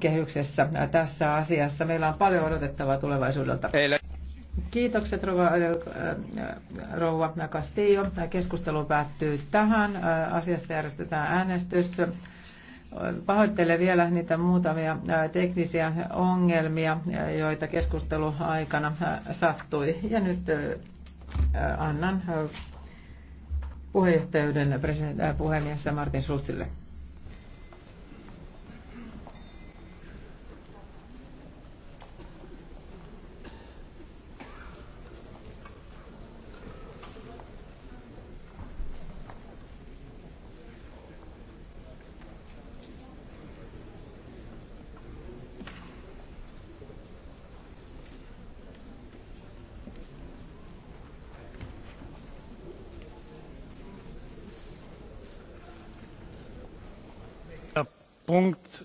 kehyksessä tässä asiassa. Meillä on paljon odotettavaa tulevaisuudelta. Heille. Kiitokset rouva, rouva Castillo. Keskustelu päättyy tähän. Asiasta järjestetään äänestys. Pahoittelen vielä niitä muutamia teknisiä ongelmia, joita keskustelu aikana sattui. Ja nyt annan puheenjohtajuuden puhemies Martin Schulzille. Punkt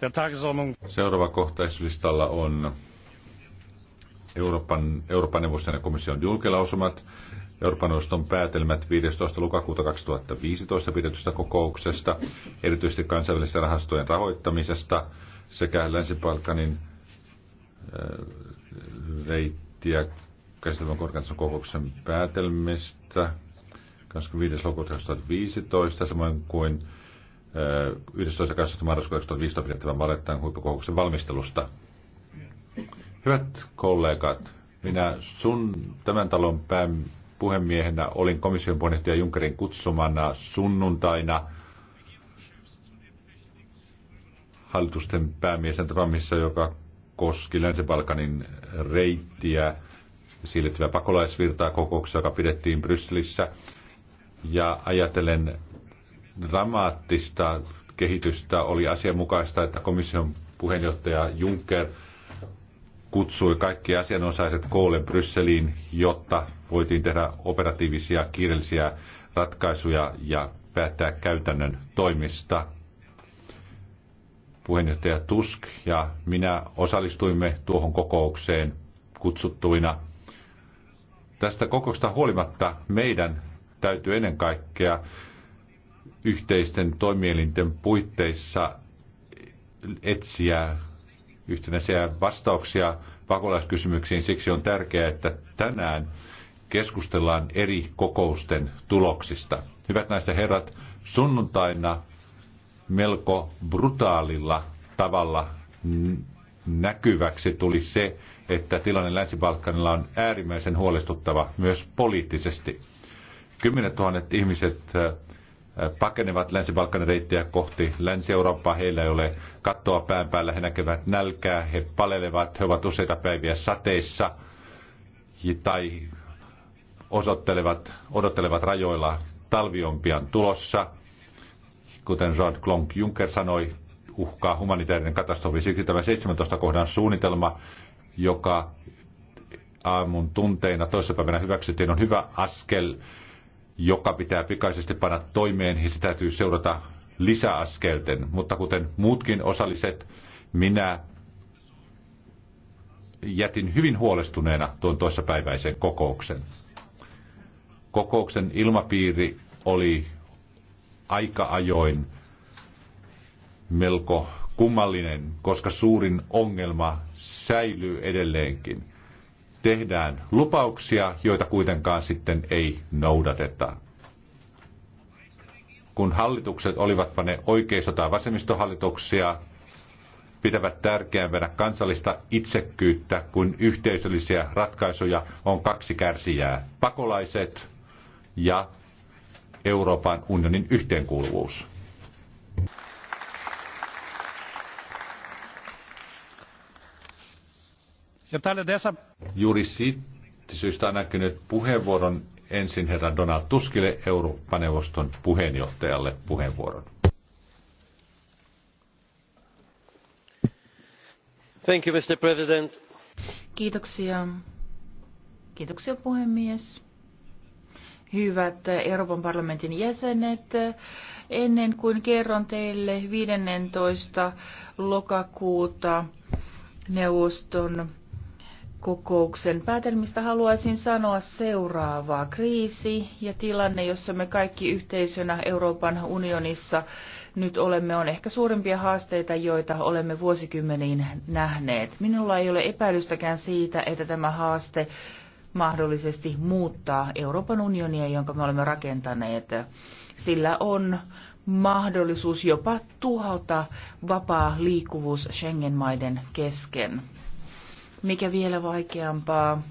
der Tagesordnung. Seuraava kohtaislistalla on Euroopan, Euroopan neuvoston ja komission julkilausumat, Euroopan neuvoston päätelmät 15. lokakuuta 2015 pidetystä kokouksesta, erityisesti kansainvälisten rahastojen rahoittamisesta sekä Länsi-Balkanin äh, reittiä käsittelevän korkean kokouksen päätelmistä 25. lokakuuta 2015, samoin kuin 11. marraskuuta 2015 pidettävän Valettan huippukokouksen valmistelusta. Hyvät kollegat, minä sun tämän talon pään puhemiehenä olin komission puheenjohtaja Junckerin kutsumana sunnuntaina hallitusten päämiesten tapaamissa, joka koski Länsi-Balkanin reittiä siirrettyvää pakolaisvirtaa kokouksessa, joka pidettiin Brysselissä. Ja ajatellen dramaattista kehitystä. Oli asianmukaista, että komission puheenjohtaja Juncker kutsui kaikki asianosaiset koolle Brysseliin, jotta voitiin tehdä operatiivisia kiireellisiä ratkaisuja ja päättää käytännön toimista. Puheenjohtaja Tusk ja minä osallistuimme tuohon kokoukseen kutsuttuina. Tästä kokouksesta huolimatta meidän täytyy ennen kaikkea yhteisten toimielinten puitteissa etsiä yhtenäisiä vastauksia pakolaiskysymyksiin. Siksi on tärkeää, että tänään keskustellaan eri kokousten tuloksista. Hyvät naiset ja herrat, sunnuntaina melko brutaalilla tavalla näkyväksi tuli se, että tilanne Länsi-Balkanilla on äärimmäisen huolestuttava myös poliittisesti. Kymmenet tuhannet ihmiset pakenevat Länsi-Balkanin reittiä kohti Länsi-Eurooppaa. Heillä ei ole kattoa pään päällä, he näkevät nälkää, he palelevat, he ovat useita päiviä sateissa tai osoittelevat, odottelevat rajoilla. Talvi on pian tulossa. Kuten Jean-Claude Juncker sanoi, uhkaa humanitaarinen katastrofi. Siksi tämä 17 kohdan suunnitelma, joka aamun tunteina toissapäivänä hyväksyttiin, on hyvä askel joka pitää pikaisesti panna toimeen ja niin sitä täytyy seurata lisäaskelten. Mutta kuten muutkin osalliset, minä jätin hyvin huolestuneena tuon toissapäiväisen kokouksen. Kokouksen ilmapiiri oli aika ajoin melko kummallinen, koska suurin ongelma säilyy edelleenkin – tehdään lupauksia, joita kuitenkaan sitten ei noudateta. Kun hallitukset olivatpa ne oikeisto- tai vasemmistohallituksia, pitävät tärkeämpänä kansallista itsekkyyttä kuin yhteisöllisiä ratkaisuja on kaksi kärsijää, pakolaiset ja Euroopan unionin yhteenkuuluvuus. Ja tälle desa... Juuri siitä syystä on näkynyt puheenvuoron ensin herran Donald Tuskille, Eurooppa-neuvoston puheenjohtajalle puheenvuoron. Thank you, Mr. President. Kiitoksia. Kiitoksia puhemies. Hyvät Euroopan parlamentin jäsenet, ennen kuin kerron teille 15. lokakuuta neuvoston kokouksen päätelmistä haluaisin sanoa seuraavaa. Kriisi ja tilanne, jossa me kaikki yhteisönä Euroopan unionissa nyt olemme, on ehkä suurimpia haasteita, joita olemme vuosikymmeniin nähneet. Minulla ei ole epäilystäkään siitä, että tämä haaste mahdollisesti muuttaa Euroopan unionia, jonka me olemme rakentaneet. Sillä on mahdollisuus jopa tuhota vapaa liikkuvuus Schengen-maiden kesken mikä vielä vaikeampaa,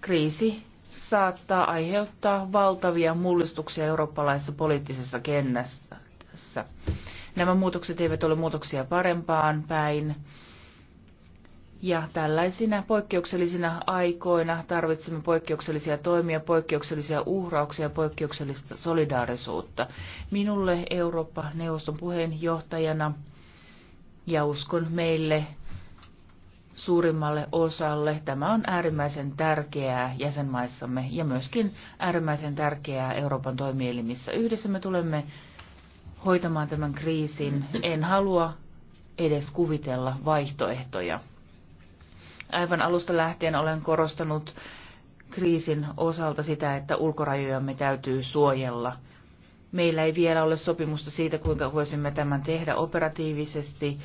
kriisi saattaa aiheuttaa valtavia mullistuksia eurooppalaisessa poliittisessa kennässä. Nämä muutokset eivät ole muutoksia parempaan päin. Ja tällaisina poikkeuksellisina aikoina tarvitsemme poikkeuksellisia toimia, poikkeuksellisia uhrauksia, poikkeuksellista solidaarisuutta. Minulle Eurooppa-neuvoston puheenjohtajana ja uskon meille suurimmalle osalle. Tämä on äärimmäisen tärkeää jäsenmaissamme ja myöskin äärimmäisen tärkeää Euroopan toimielimissä. Yhdessä me tulemme hoitamaan tämän kriisin. En halua edes kuvitella vaihtoehtoja. Aivan alusta lähtien olen korostanut kriisin osalta sitä, että ulkorajojamme täytyy suojella. Meillä ei vielä ole sopimusta siitä, kuinka voisimme tämän tehdä operatiivisesti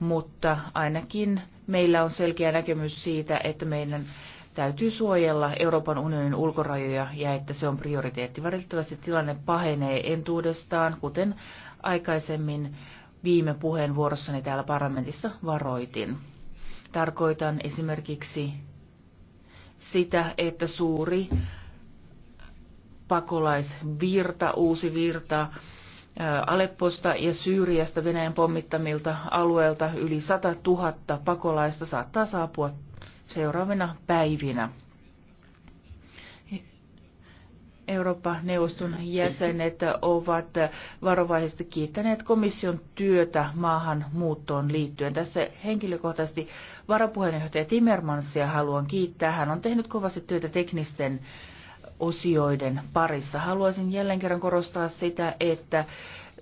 mutta ainakin meillä on selkeä näkemys siitä, että meidän täytyy suojella Euroopan unionin ulkorajoja ja että se on prioriteetti. Valitettavasti tilanne pahenee entuudestaan, kuten aikaisemmin viime puheenvuorossani täällä parlamentissa varoitin. Tarkoitan esimerkiksi sitä, että suuri pakolaisvirta, uusi virta, Alepposta ja Syyriasta Venäjän pommittamilta alueelta yli 100 000 pakolaista saattaa saapua seuraavina päivinä. Eurooppa-neuvoston jäsenet ovat varovaisesti kiittäneet komission työtä maahanmuuttoon liittyen. Tässä henkilökohtaisesti varapuheenjohtaja Timmermansia haluan kiittää. Hän on tehnyt kovasti työtä teknisten osioiden parissa. Haluaisin jälleen kerran korostaa sitä, että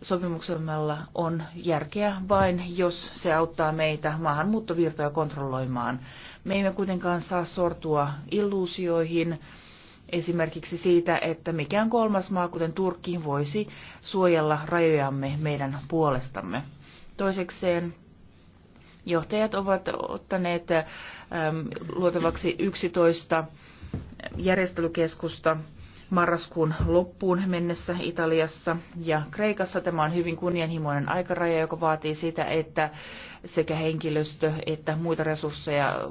sopimuksella on järkeä vain, jos se auttaa meitä maahanmuuttovirtoja kontrolloimaan. Me emme kuitenkaan saa sortua illuusioihin esimerkiksi siitä, että mikään kolmas maa, kuten Turkki, voisi suojella rajojamme meidän puolestamme. Toisekseen johtajat ovat ottaneet luotavaksi 11 järjestelykeskusta marraskuun loppuun mennessä Italiassa ja Kreikassa. Tämä on hyvin kunnianhimoinen aikaraja, joka vaatii sitä, että sekä henkilöstö että muita resursseja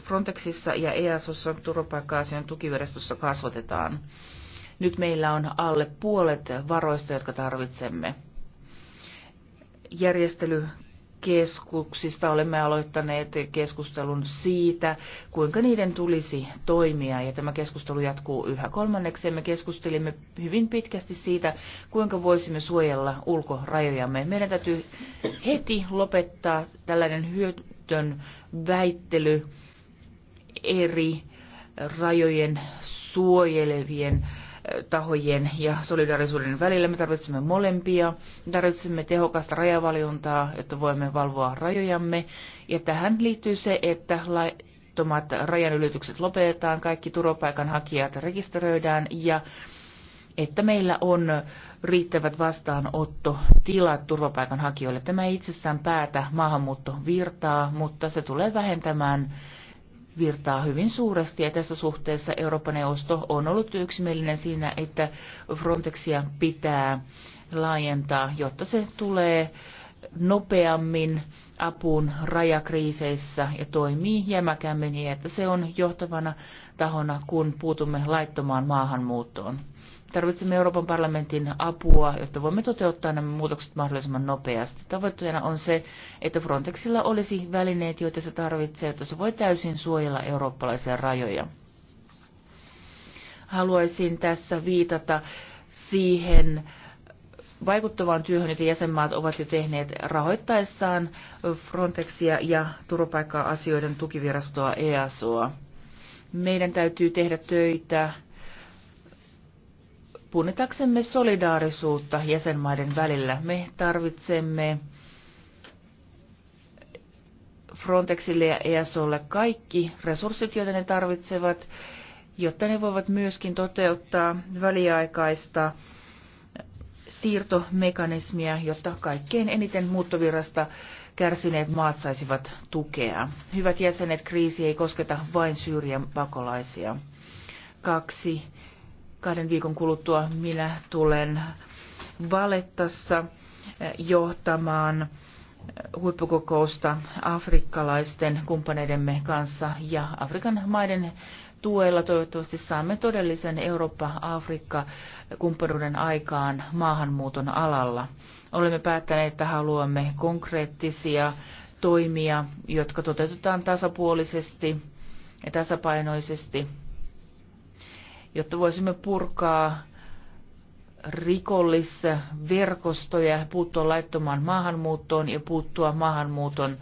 Frontexissa ja EASossa turvapaikka-asian tukiverestossa kasvatetaan. Nyt meillä on alle puolet varoista, jotka tarvitsemme. Järjestely keskuksista olemme aloittaneet keskustelun siitä, kuinka niiden tulisi toimia. Ja tämä keskustelu jatkuu yhä kolmanneksi. Me keskustelimme hyvin pitkästi siitä, kuinka voisimme suojella ulkorajojamme. Meidän täytyy heti lopettaa tällainen hyötön väittely eri rajojen suojelevien äh, tahojen ja solidaarisuuden välillä. Me tarvitsemme molempia. Me tarvitsemme tehokasta rajavalvontaa, jotta voimme valvoa rajojamme. Ja tähän liittyy se, että laittomat rajanylitykset lopetetaan, kaikki turvapaikanhakijat rekisteröidään ja että meillä on riittävät vastaanottotilat turvapaikanhakijoille. Tämä ei itsessään päätä maahanmuuttovirtaa, mutta se tulee vähentämään virtaa hyvin suuresti ja tässä suhteessa Euroopan neuvosto on ollut yksimielinen siinä, että Frontexia pitää laajentaa, jotta se tulee nopeammin apuun rajakriiseissä ja toimii jämäkämmin niin, että se on johtavana tahona, kun puutumme laittomaan maahanmuuttoon. Tarvitsemme Euroopan parlamentin apua, jotta voimme toteuttaa nämä muutokset mahdollisimman nopeasti. Tavoitteena on se, että Frontexilla olisi välineet, joita se tarvitsee, jotta se voi täysin suojella eurooppalaisia rajoja. Haluaisin tässä viitata siihen vaikuttavaan työhön, jota jäsenmaat ovat jo tehneet rahoittaessaan Frontexia ja turvapaikka-asioiden tukivirastoa EASOa. Meidän täytyy tehdä töitä punnitaksemme solidaarisuutta jäsenmaiden välillä. Me tarvitsemme Frontexille ja EASOlle kaikki resurssit, joita ne tarvitsevat, jotta ne voivat myöskin toteuttaa väliaikaista siirtomekanismia, jotta kaikkein eniten muuttovirrasta kärsineet maat saisivat tukea. Hyvät jäsenet, kriisi ei kosketa vain Syyrian pakolaisia. Kaksi kahden viikon kuluttua minä tulen Valettassa eh, johtamaan eh, huippukokousta afrikkalaisten kumppaneidemme kanssa ja Afrikan maiden tuella toivottavasti saamme todellisen Eurooppa-Afrikka-kumppanuuden aikaan maahanmuuton alalla. Olemme päättäneet, että haluamme konkreettisia toimia, jotka toteutetaan tasapuolisesti ja tasapainoisesti jotta voisimme purkaa rikollissa verkostoja, puuttua laittomaan maahanmuuttoon ja puuttua maahanmuuton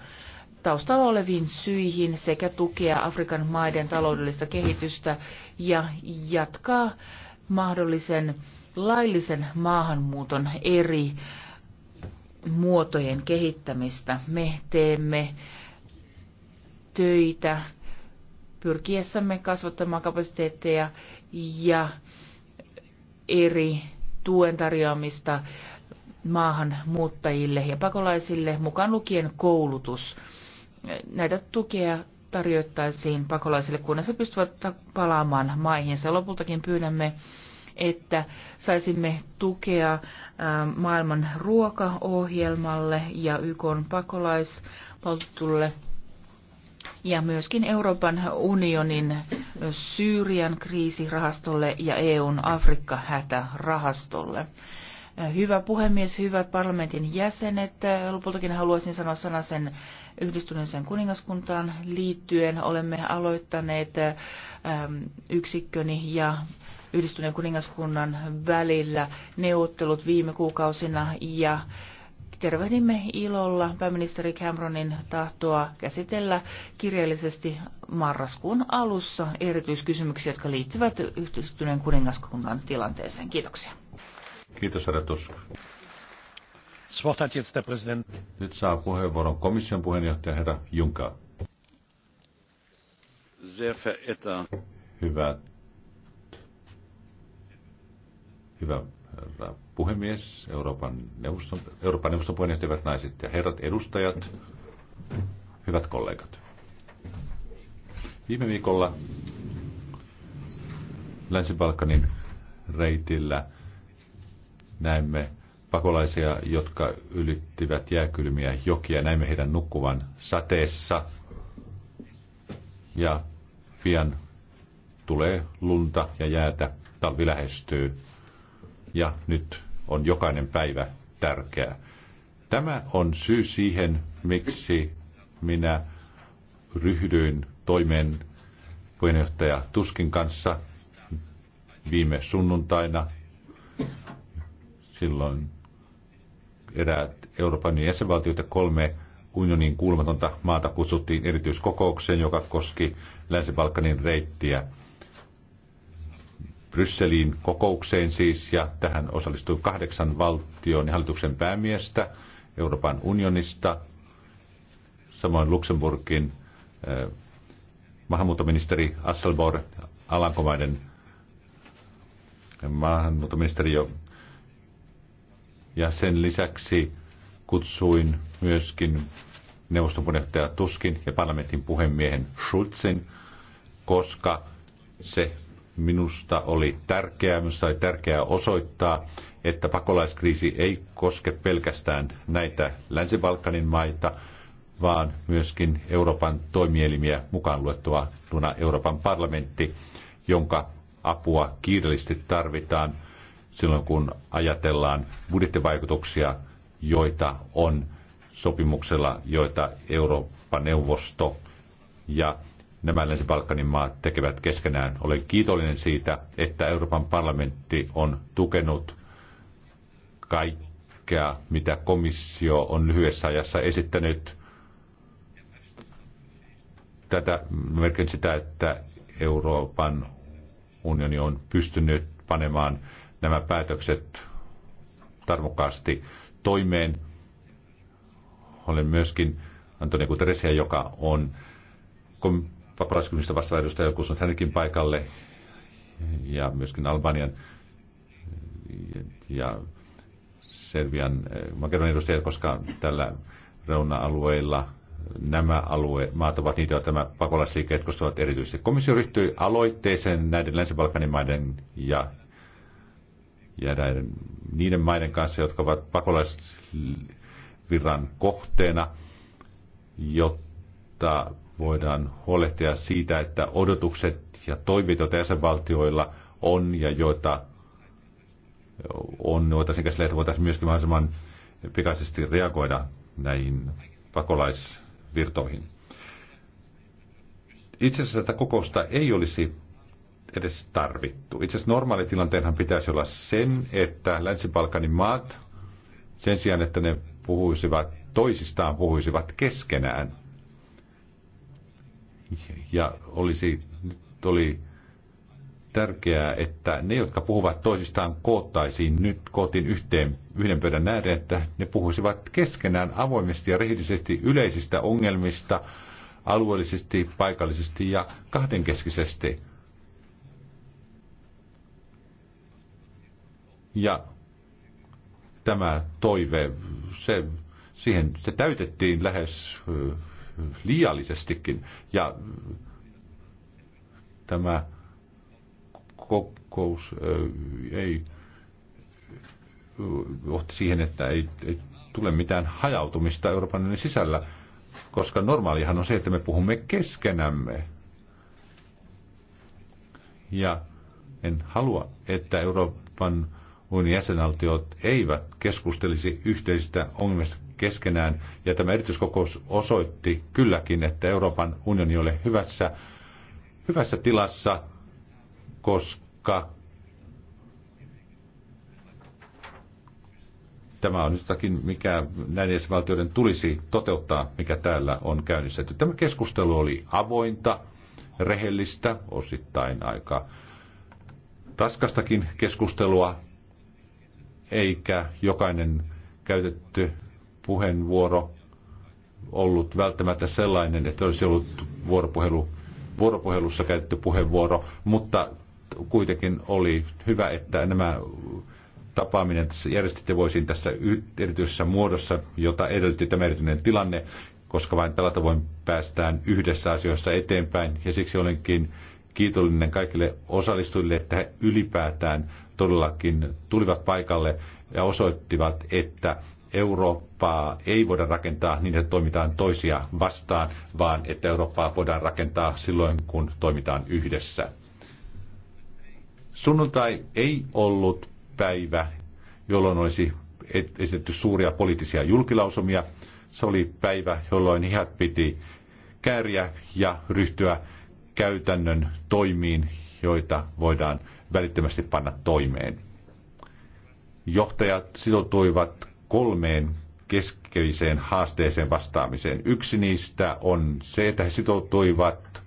taustalla oleviin syihin sekä tukea Afrikan maiden taloudellista kehitystä ja jatkaa mahdollisen laillisen maahanmuuton eri muotojen kehittämistä. Me teemme töitä pyrkiessämme kasvattamaan kapasiteetteja ja eri tuen tarjoamista maahanmuuttajille ja pakolaisille, mukaan lukien koulutus. Näitä tukea tarjottaisiin pakolaisille, kunnes he pystyvät palaamaan maihinsa. Lopultakin pyydämme, että saisimme tukea maailman ruokaohjelmalle ja YK pakolaisvaltuutulle ja myöskin Euroopan unionin Syyrian kriisirahastolle ja EUn Afrikka-hätärahastolle. Hyvä puhemies, hyvät parlamentin jäsenet. Lopultakin haluaisin sanoa sana sen yhdistyneeseen kuningaskuntaan liittyen. Olemme aloittaneet ähm, yksikköni ja yhdistyneen kuningaskunnan välillä neuvottelut viime kuukausina ja Tervehdimme ilolla pääministeri Cameronin tahtoa käsitellä kirjallisesti marraskuun alussa erityiskysymyksiä, jotka liittyvät yhdistyneen kuningaskunnan tilanteeseen. Kiitoksia. Kiitos, herra Tusk. Nyt saa puheenvuoron komission puheenjohtaja herra Juncker. Hyvät, hyvä herra puhemies, Euroopan neuvoston, Euroopan neuvoston puheenjohtaja, hyvät naiset ja herrat edustajat, hyvät kollegat. Viime viikolla Länsi-Balkanin reitillä näimme pakolaisia, jotka ylittivät jääkylmiä jokia. Näimme heidän nukkuvan sateessa ja pian tulee lunta ja jäätä. Talvi lähestyy ja nyt on jokainen päivä tärkeä. Tämä on syy siihen, miksi minä ryhdyin toimeen puheenjohtaja Tuskin kanssa viime sunnuntaina. Silloin eräät Euroopan jäsenvaltiot ja kolme unionin kuulumatonta maata kutsuttiin erityiskokoukseen, joka koski Länsi-Balkanin reittiä – Brysseliin kokoukseen siis, ja tähän osallistui kahdeksan valtion ja hallituksen päämiestä Euroopan unionista, samoin Luxemburgin eh, maahanmuuttoministeri Asselborg, Alankomaiden eh, maahanmuuttoministeri ja sen lisäksi kutsuin myöskin neuvoston puheenjohtaja Tuskin ja parlamentin puhemiehen Schulzin, koska se Minusta oli tärkeää, minusta oli tärkeää osoittaa, että pakolaiskriisi ei koske pelkästään näitä Länsi-Balkanin maita, vaan myöskin Euroopan toimielimiä mukaan luettua tuona Euroopan parlamentti, jonka apua kiireellisesti tarvitaan silloin, kun ajatellaan budjettivaikutuksia, joita on sopimuksella, joita Euroopan neuvosto ja nämä Länsi-Balkanin maat tekevät keskenään. Olen kiitollinen siitä, että Euroopan parlamentti on tukenut kaikkea, mitä komissio on lyhyessä ajassa esittänyt. Tätä merkin sitä, että Euroopan unioni on pystynyt panemaan nämä päätökset tarmokkaasti toimeen. Olen myöskin Antonio Guterresia, joka on pakolaiskysymystä vastaava edustaja on kutsunut hänenkin paikalle ja myöskin Albanian ja Serbian eh, Makedonian edustaja, koska tällä reuna-alueilla nämä alue, maat ovat niitä, joita tämä pakolaisliikkeet koskevat erityisesti. Komissio ryhtyi aloitteeseen näiden Länsi-Balkanin maiden ja, ja näiden, niiden maiden kanssa, jotka ovat pakolaisvirran kohteena, jotta voidaan huolehtia siitä, että odotukset ja toimitot jäsenvaltioilla on ja joita on, voitaisiin käsitellä, että voitaisiin myöskin mahdollisimman pikaisesti reagoida näihin pakolaisvirtoihin. Itse asiassa tätä kokousta ei olisi edes tarvittu. Itse asiassa normaalitilanteenhan pitäisi olla sen, että Länsi-Balkanin maat sen sijaan, että ne puhuisivat toisistaan, puhuisivat keskenään. Ja olisi, nyt oli tärkeää, että ne, jotka puhuvat toisistaan, koottaisiin nyt kootin yhteen yhden pöydän ääreen, että ne puhuisivat keskenään avoimesti ja rehellisesti yleisistä ongelmista, alueellisesti, paikallisesti ja kahdenkeskisesti. Ja tämä toive, se, siihen, se täytettiin lähes liiallisestikin. Ja tämä kokous ei johti siihen, että ei, ei tule mitään hajautumista Euroopan unionin sisällä, koska normaalihan on se, että me puhumme keskenämme. Ja en halua, että Euroopan unionin jäsenvaltiot eivät keskustelisi yhteisistä ongelmista keskenään. Ja tämä erityiskokous osoitti kylläkin, että Euroopan unioni oli hyvässä, hyvässä tilassa, koska tämä on jotakin, mikä näiden jäsenvaltioiden tulisi toteuttaa, mikä täällä on käynnistetty. Tämä keskustelu oli avointa, rehellistä, osittain aika raskastakin keskustelua, eikä jokainen käytetty puheenvuoro ollut välttämättä sellainen, että olisi ollut vuoropuhelu, vuoropuhelussa käytetty puheenvuoro, mutta kuitenkin oli hyvä, että nämä tapaaminen järjestettiin voisin tässä erityisessä muodossa, jota edellytti tämä erityinen tilanne, koska vain tällä tavoin päästään yhdessä asioissa eteenpäin. Ja siksi olenkin kiitollinen kaikille osallistujille, että he ylipäätään todellakin tulivat paikalle ja osoittivat, että Eurooppaa ei voida rakentaa niin, että toimitaan toisia vastaan, vaan että Eurooppaa voidaan rakentaa silloin, kun toimitaan yhdessä. Sunnuntai ei ollut päivä, jolloin olisi esitetty suuria poliittisia julkilausumia. Se oli päivä, jolloin hihat piti kääriä ja ryhtyä käytännön toimiin, joita voidaan välittömästi panna toimeen. Johtajat sitoutuivat kolmeen keskeiseen haasteeseen vastaamiseen. Yksi niistä on se, että he sitoutuivat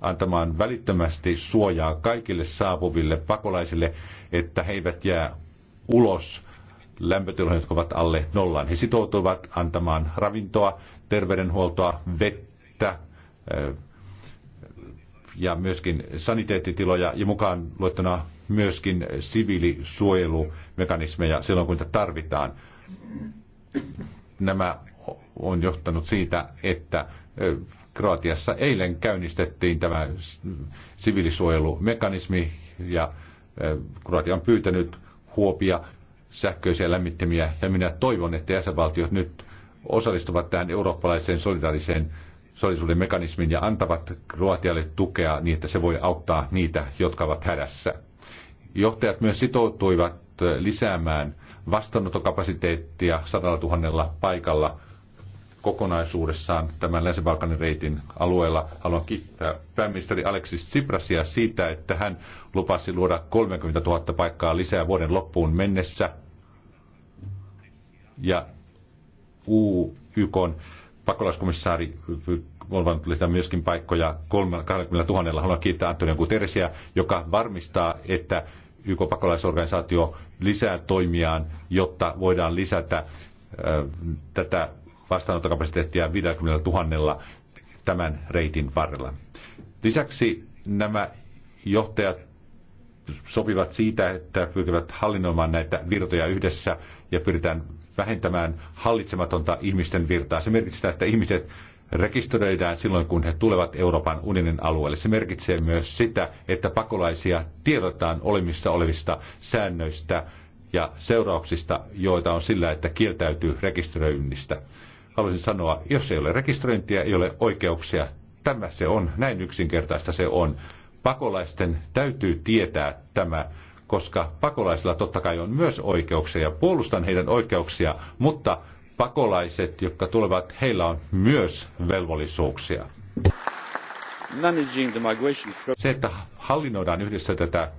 antamaan välittömästi suojaa kaikille saapuville pakolaisille, että he eivät jää ulos lämpötiloihin, jotka ovat alle nollaan. He sitoutuivat antamaan ravintoa, terveydenhuoltoa, vettä eh, ja myöskin saniteettitiloja ja mukaan luettuna myöskin siviilisuojelumekanismeja silloin, kun niitä tarvitaan. Nämä on johtanut siitä, että Kroatiassa eilen käynnistettiin tämä sivilisuojelumekanismi ja Kroatia on pyytänyt huopia sähköisiä lämmittimiä ja minä toivon, että jäsenvaltiot nyt osallistuvat tähän eurooppalaiseen solidaariseen solidaarisuuden mekanismiin ja antavat Kroatialle tukea niin, että se voi auttaa niitä, jotka ovat hädässä. Johtajat myös sitoutuivat lisäämään vastaanottokapasiteettia 100 000 paikalla kokonaisuudessaan tämän Länsi-Balkanin reitin alueella. Haluan kiittää pääministeri Aleksis Siprasia siitä, että hän lupasi luoda 30 000 paikkaa lisää vuoden loppuun mennessä. Ja YK pakolaiskomissaari Volvan lisätä myöskin paikkoja 30 000. Haluan kiittää Antonio Guterresia, joka varmistaa, että YK-pakolaisorganisaatio lisää toimiaan, jotta voidaan lisätä tätä vastaanottokapasiteettia 50 000 tämän reitin varrella. Lisäksi nämä johtajat sopivat siitä, että pyrkivät hallinnoimaan näitä virtoja yhdessä ja pyritään vähentämään hallitsematonta ihmisten virtaa. Se merkitsee sitä, että ihmiset rekisteröidään silloin, kun he tulevat Euroopan unionin alueelle. Se merkitsee myös sitä, että pakolaisia tiedotetaan olemissa olevista säännöistä ja seurauksista, joita on sillä, että kieltäytyy rekisteröinnistä. Haluaisin sanoa, jos ei ole rekisteröintiä, ei ole oikeuksia. Tämä se on, näin yksinkertaista se on. Pakolaisten täytyy tietää tämä, koska pakolaisilla totta kai on myös oikeuksia ja puolustan heidän oikeuksia, mutta pakolaiset, jotka tulevat, heillä on myös velvollisuuksia. Se, että hallinnoidaan yhdessä tätä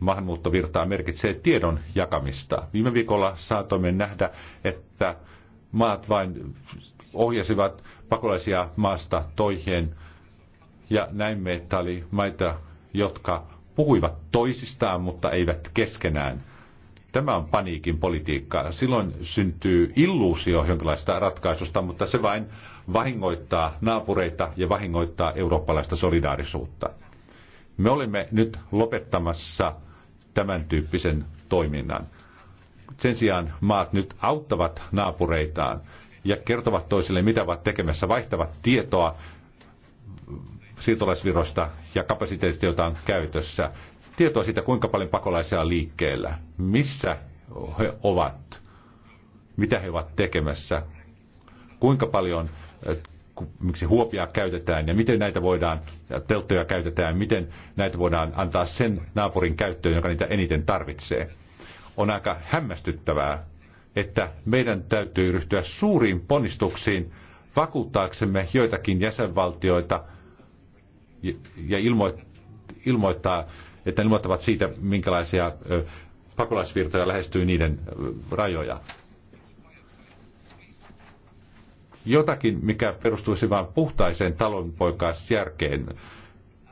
maahanmuuttovirtaa, merkitsee tiedon jakamista. Viime viikolla saatoimme nähdä, että maat vain ohjasivat pakolaisia maasta toiheen. Ja näimme, että oli maita, jotka puhuivat toisistaan, mutta eivät keskenään. Tämä on paniikin politiikka. Silloin syntyy illuusio jonkinlaista ratkaisusta, mutta se vain vahingoittaa naapureita ja vahingoittaa eurooppalaista solidaarisuutta. Me olemme nyt lopettamassa tämän tyyppisen toiminnan. Sen sijaan maat nyt auttavat naapureitaan ja kertovat toisille, mitä ovat tekemässä, vaihtavat tietoa siirtolaisvirosta ja kapasiteetista, jota on käytössä tietoa siitä, kuinka paljon pakolaisia on liikkeellä, missä he ovat, mitä he ovat tekemässä, kuinka paljon miksi huopia käytetään ja miten näitä voidaan, ja telttoja käytetään, miten näitä voidaan antaa sen naapurin käyttöön, joka niitä eniten tarvitsee. On aika hämmästyttävää, että meidän täytyy ryhtyä suuriin ponnistuksiin vakuuttaaksemme joitakin jäsenvaltioita ja ilmoittaa että ne luottavat siitä, minkälaisia pakolaisvirtoja lähestyy niiden rajoja. Jotakin, mikä perustuisi vain puhtaiseen talonpoikaisjärkeen.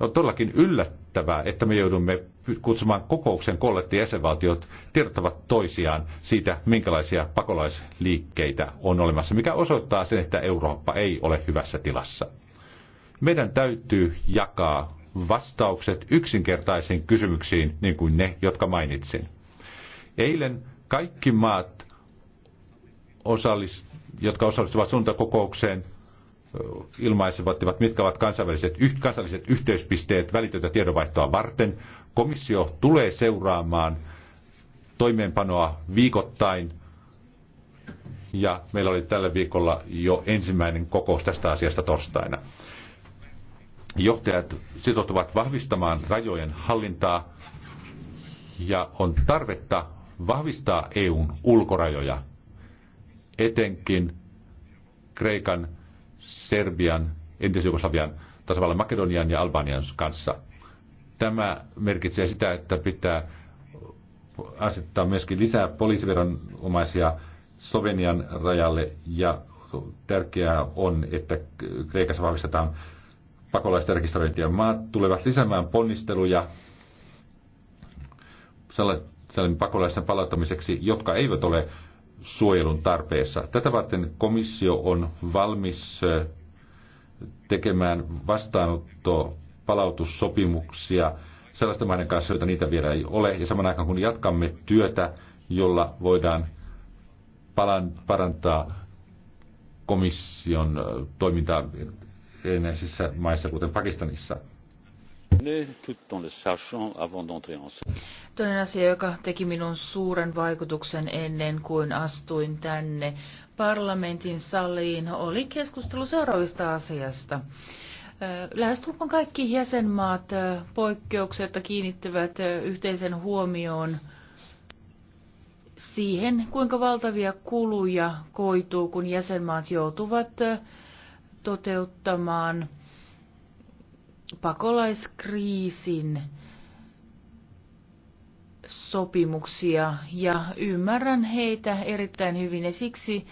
On todellakin yllättävää, että me joudumme kutsumaan kokouksen kolletti jäsenvaltiot tiedottavat toisiaan siitä, minkälaisia pakolaisliikkeitä on olemassa, mikä osoittaa sen, että Eurooppa ei ole hyvässä tilassa. Meidän täytyy jakaa vastaukset yksinkertaisiin kysymyksiin, niin kuin ne, jotka mainitsin. Eilen kaikki maat, jotka osallistuvat suuntakokoukseen, ilmaisivat, mitkä ovat kansainväliset, kansalliset yhteyspisteet välitöntä tiedonvaihtoa varten. Komissio tulee seuraamaan toimeenpanoa viikoittain ja meillä oli tällä viikolla jo ensimmäinen kokous tästä asiasta torstaina johtajat sitoutuvat vahvistamaan rajojen hallintaa ja on tarvetta vahvistaa EUn ulkorajoja, etenkin Kreikan, Serbian, Entis-Jugoslavian, tasavallan Makedonian ja Albanian kanssa. Tämä merkitsee sitä, että pitää asettaa myöskin lisää poliisiveronomaisia Slovenian rajalle ja tärkeää on, että Kreikassa vahvistetaan pakolaisten rekisteröintiä. Maat tulevat lisäämään ponnisteluja sellaisen pakolaisten palauttamiseksi, jotka eivät ole suojelun tarpeessa. Tätä varten komissio on valmis tekemään vastaanotto palautussopimuksia sellaisten maiden kanssa, joita niitä vielä ei ole. Ja saman aikaan kun jatkamme työtä, jolla voidaan parantaa komission toimintaa keskeisissä maissa, kuten Pakistanissa. Toinen asia, joka teki minun suuren vaikutuksen ennen kuin astuin tänne parlamentin saliin, oli keskustelu seuraavista asiasta. Lähestulkoon kaikki jäsenmaat poikkeuksetta kiinnittyvät yhteisen huomioon siihen, kuinka valtavia kuluja koituu, kun jäsenmaat joutuvat toteuttamaan pakolaiskriisin sopimuksia ja ymmärrän heitä erittäin hyvin ja siksi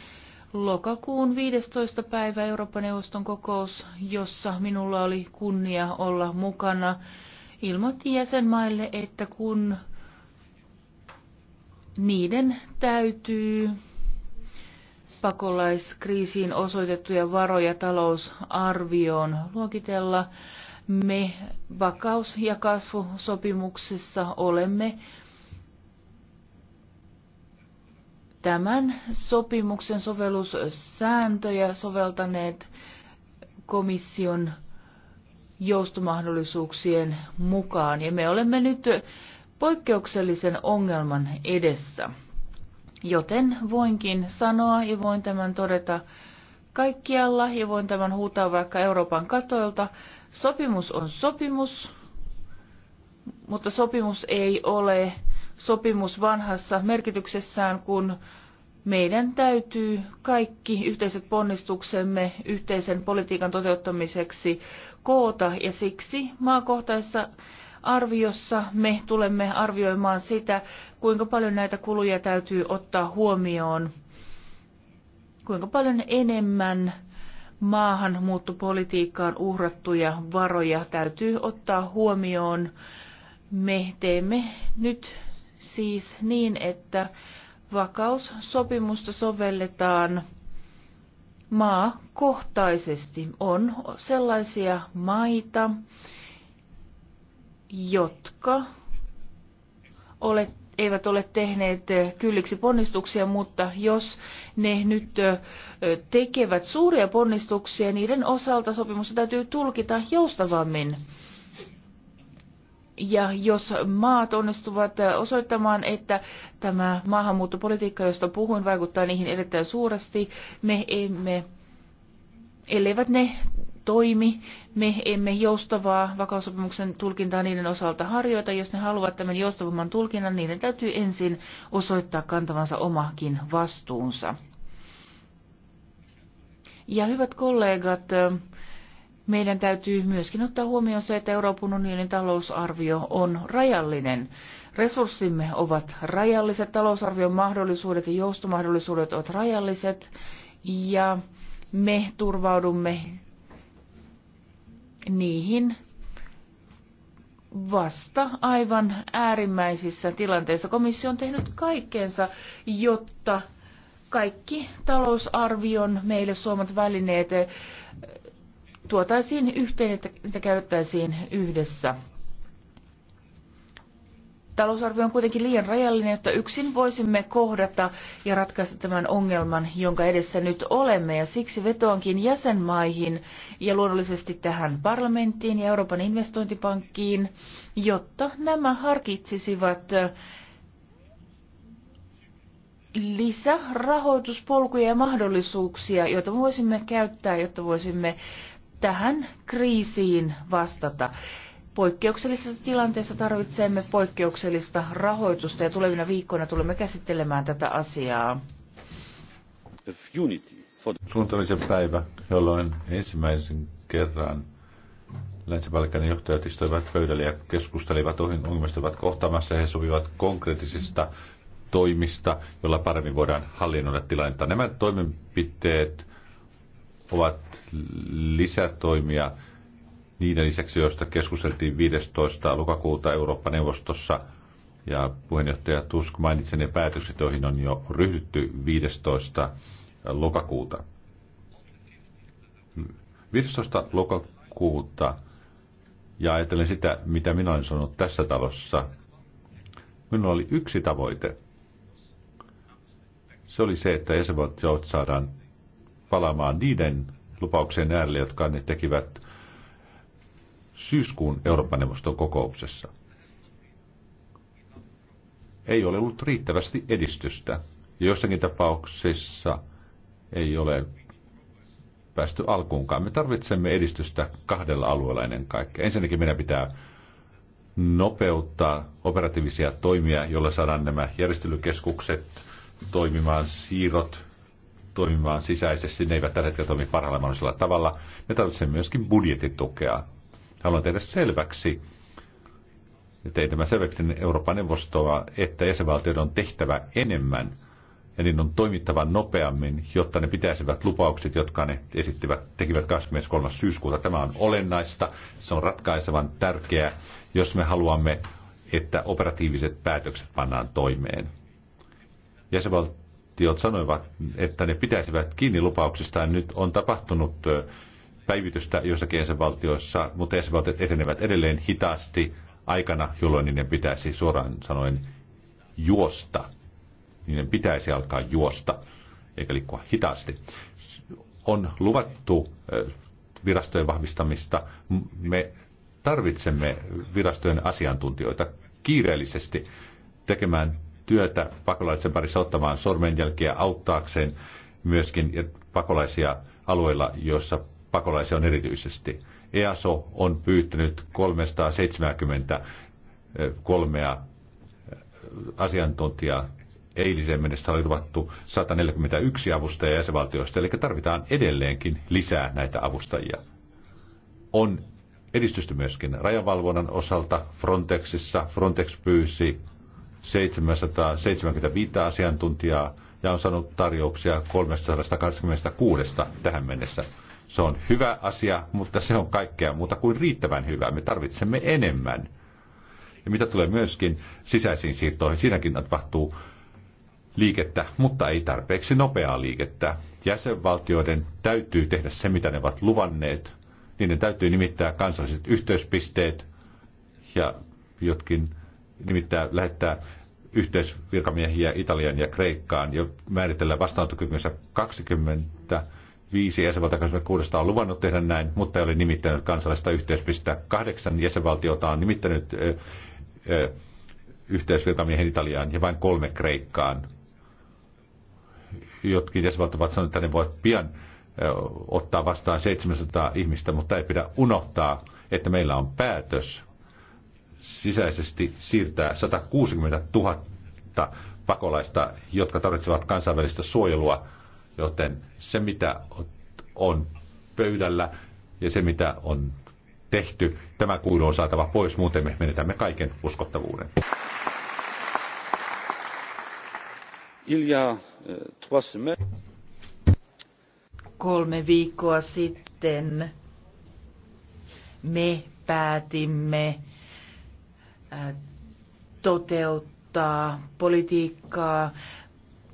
lokakuun 15. päivä Euroopan neuvoston kokous, jossa minulla oli kunnia olla mukana, ilmoitti jäsenmaille, että kun niiden täytyy pakolaiskriisiin osoitettuja varoja talousarvioon luokitella. Me vakaus- ja kasvusopimuksessa olemme tämän sopimuksen sovellussääntöjä soveltaneet komission joustomahdollisuuksien mukaan. Ja me olemme nyt poikkeuksellisen ongelman edessä. Joten voinkin sanoa ja voin tämän todeta kaikkialla ja voin tämän huutaa vaikka Euroopan katoilta. Sopimus on sopimus, mutta sopimus ei ole sopimus vanhassa merkityksessään, kun meidän täytyy kaikki yhteiset ponnistuksemme yhteisen politiikan toteuttamiseksi koota ja siksi maakohtaisessa arviossa me tulemme arvioimaan sitä, kuinka paljon näitä kuluja täytyy ottaa huomioon, kuinka paljon enemmän maahanmuuttopolitiikkaan uhrattuja varoja täytyy ottaa huomioon. Me teemme nyt siis niin, että vakaussopimusta sovelletaan maakohtaisesti. On sellaisia maita, jotka olet, eivät ole tehneet kylliksi ponnistuksia, mutta jos ne nyt tekevät suuria ponnistuksia, niiden osalta sopimusta täytyy tulkita joustavammin. Ja jos maat onnistuvat osoittamaan, että tämä maahanmuuttopolitiikka, josta puhuin, vaikuttaa niihin erittäin suuresti, me emme, elleivät ne toimi. Me emme joustavaa vakaussopimuksen tulkintaa niiden osalta harjoita. Jos ne haluavat tämän joustavamman tulkinnan, niiden täytyy ensin osoittaa kantavansa omakin vastuunsa. Ja hyvät kollegat, meidän täytyy myöskin ottaa huomioon se, että Euroopan unionin talousarvio on rajallinen. Resurssimme ovat rajalliset, talousarvion mahdollisuudet ja joustomahdollisuudet ovat rajalliset ja me turvaudumme niihin vasta aivan äärimmäisissä tilanteissa. Komissio on tehnyt kaikkeensa, jotta kaikki talousarvion meille suomat välineet eh, tuotaisiin yhteen, että niitä käytettäisiin yhdessä. Talousarvio on kuitenkin liian rajallinen, jotta yksin voisimme kohdata ja ratkaista tämän ongelman, jonka edessä nyt olemme. Ja siksi vetoankin jäsenmaihin ja luonnollisesti tähän parlamenttiin ja Euroopan investointipankkiin, jotta nämä harkitsisivat lisärahoituspolkuja ja mahdollisuuksia, joita voisimme käyttää, jotta voisimme tähän kriisiin vastata. Poikkeuksellisessa tilanteessa tarvitsemme poikkeuksellista rahoitusta ja tulevina viikkoina tulemme käsittelemään tätä asiaa. Suuntamisen päivä, jolloin ensimmäisen kerran Länsi-Balkanin johtajat istuivat pöydälle ja keskustelivat ongelmista ovat kohtaamassa ja he sopivat konkreettisista toimista, joilla paremmin voidaan hallinnoida tilannetta. Nämä toimenpiteet ovat lisätoimia niiden lisäksi, joista keskusteltiin 15. lokakuuta Eurooppa-neuvostossa. Ja puheenjohtaja Tusk mainitsi ne päätökset, joihin on jo ryhdytty 15. lokakuuta. 15. lokakuuta ja ajatellen sitä, mitä minä olen sanonut tässä talossa, minulla oli yksi tavoite. Se oli se, että jäsenvaltiot saadaan palaamaan niiden lupauksien äärelle, jotka ne tekivät syyskuun Euroopan neuvoston kokouksessa. Ei ole ollut riittävästi edistystä. Joissakin tapauksissa ei ole päästy alkuunkaan. Me tarvitsemme edistystä kahdella alueella ennen kaikkea. Ensinnäkin meidän pitää nopeuttaa operatiivisia toimia, joilla saadaan nämä järjestelykeskukset toimimaan, siirrot toimimaan sisäisesti. Ne eivät tällä hetkellä toimi parhaalla mahdollisella tavalla. Me tarvitsemme myöskin budjettitukea. Haluan tehdä selväksi, tein tämä selväksi niin Euroopan neuvostoa, että jäsenvaltioiden on tehtävä enemmän ja niin on toimittava nopeammin, jotta ne pitäisivät lupaukset, jotka ne esittivät, tekivät 23. syyskuuta. Tämä on olennaista, se on ratkaisevan tärkeää, jos me haluamme, että operatiiviset päätökset pannaan toimeen. Jäsenvaltiot sanoivat, että ne pitäisivät kiinni lupauksistaan. Nyt on tapahtunut päivitystä jossakin jäsenvaltioissa, mutta jäsenvaltiot etenevät edelleen hitaasti aikana, jolloin niiden pitäisi suoraan sanoen juosta. Niiden pitäisi alkaa juosta, eikä liikkua hitaasti. On luvattu virastojen vahvistamista. Me tarvitsemme virastojen asiantuntijoita kiireellisesti tekemään työtä pakolaisen parissa ottamaan sormenjälkiä auttaakseen myöskin pakolaisia alueilla, joissa pakolaisia on erityisesti. EASO on pyytänyt 373 eh, asiantuntijaa. Eiliseen mennessä oli luvattu 141 avustajaa jäsenvaltioista, eli tarvitaan edelleenkin lisää näitä avustajia. On edistystä myöskin rajavalvonnan osalta Frontexissa. Frontex pyysi 775 asiantuntijaa ja on saanut tarjouksia 326 tähän mennessä. Se on hyvä asia, mutta se on kaikkea muuta kuin riittävän hyvä. Me tarvitsemme enemmän. Ja mitä tulee myöskin sisäisiin siirtoihin, siinäkin tapahtuu liikettä, mutta ei tarpeeksi nopeaa liikettä. Jäsenvaltioiden täytyy tehdä se, mitä ne ovat luvanneet. Niiden täytyy nimittää kansalliset yhteyspisteet ja jotkin nimittää lähettää yhteisvirkamiehiä Italian ja Kreikkaan ja määritellä vastaanottokykynsä 20 Viisi jäsenvaltiota 26 on luvannut tehdä näin, mutta ei ole nimittänyt kansallista yhteispistä. Kahdeksan jäsenvaltiota on nimittänyt ö, ö, yhteisvirkamiehen Italiaan ja vain kolme Kreikkaan. Jotkin jäsenvaltiot ovat sanoneet, että ne voivat pian ö, ottaa vastaan 700 ihmistä, mutta ei pidä unohtaa, että meillä on päätös sisäisesti siirtää 160 000 pakolaista, jotka tarvitsevat kansainvälistä suojelua – Joten se, mitä on pöydällä ja se, mitä on tehty, tämä kuilu on saatava pois, muuten me menetämme kaiken uskottavuuden. Ilja euh, Kolme viikkoa sitten me päätimme äh, toteuttaa politiikkaa,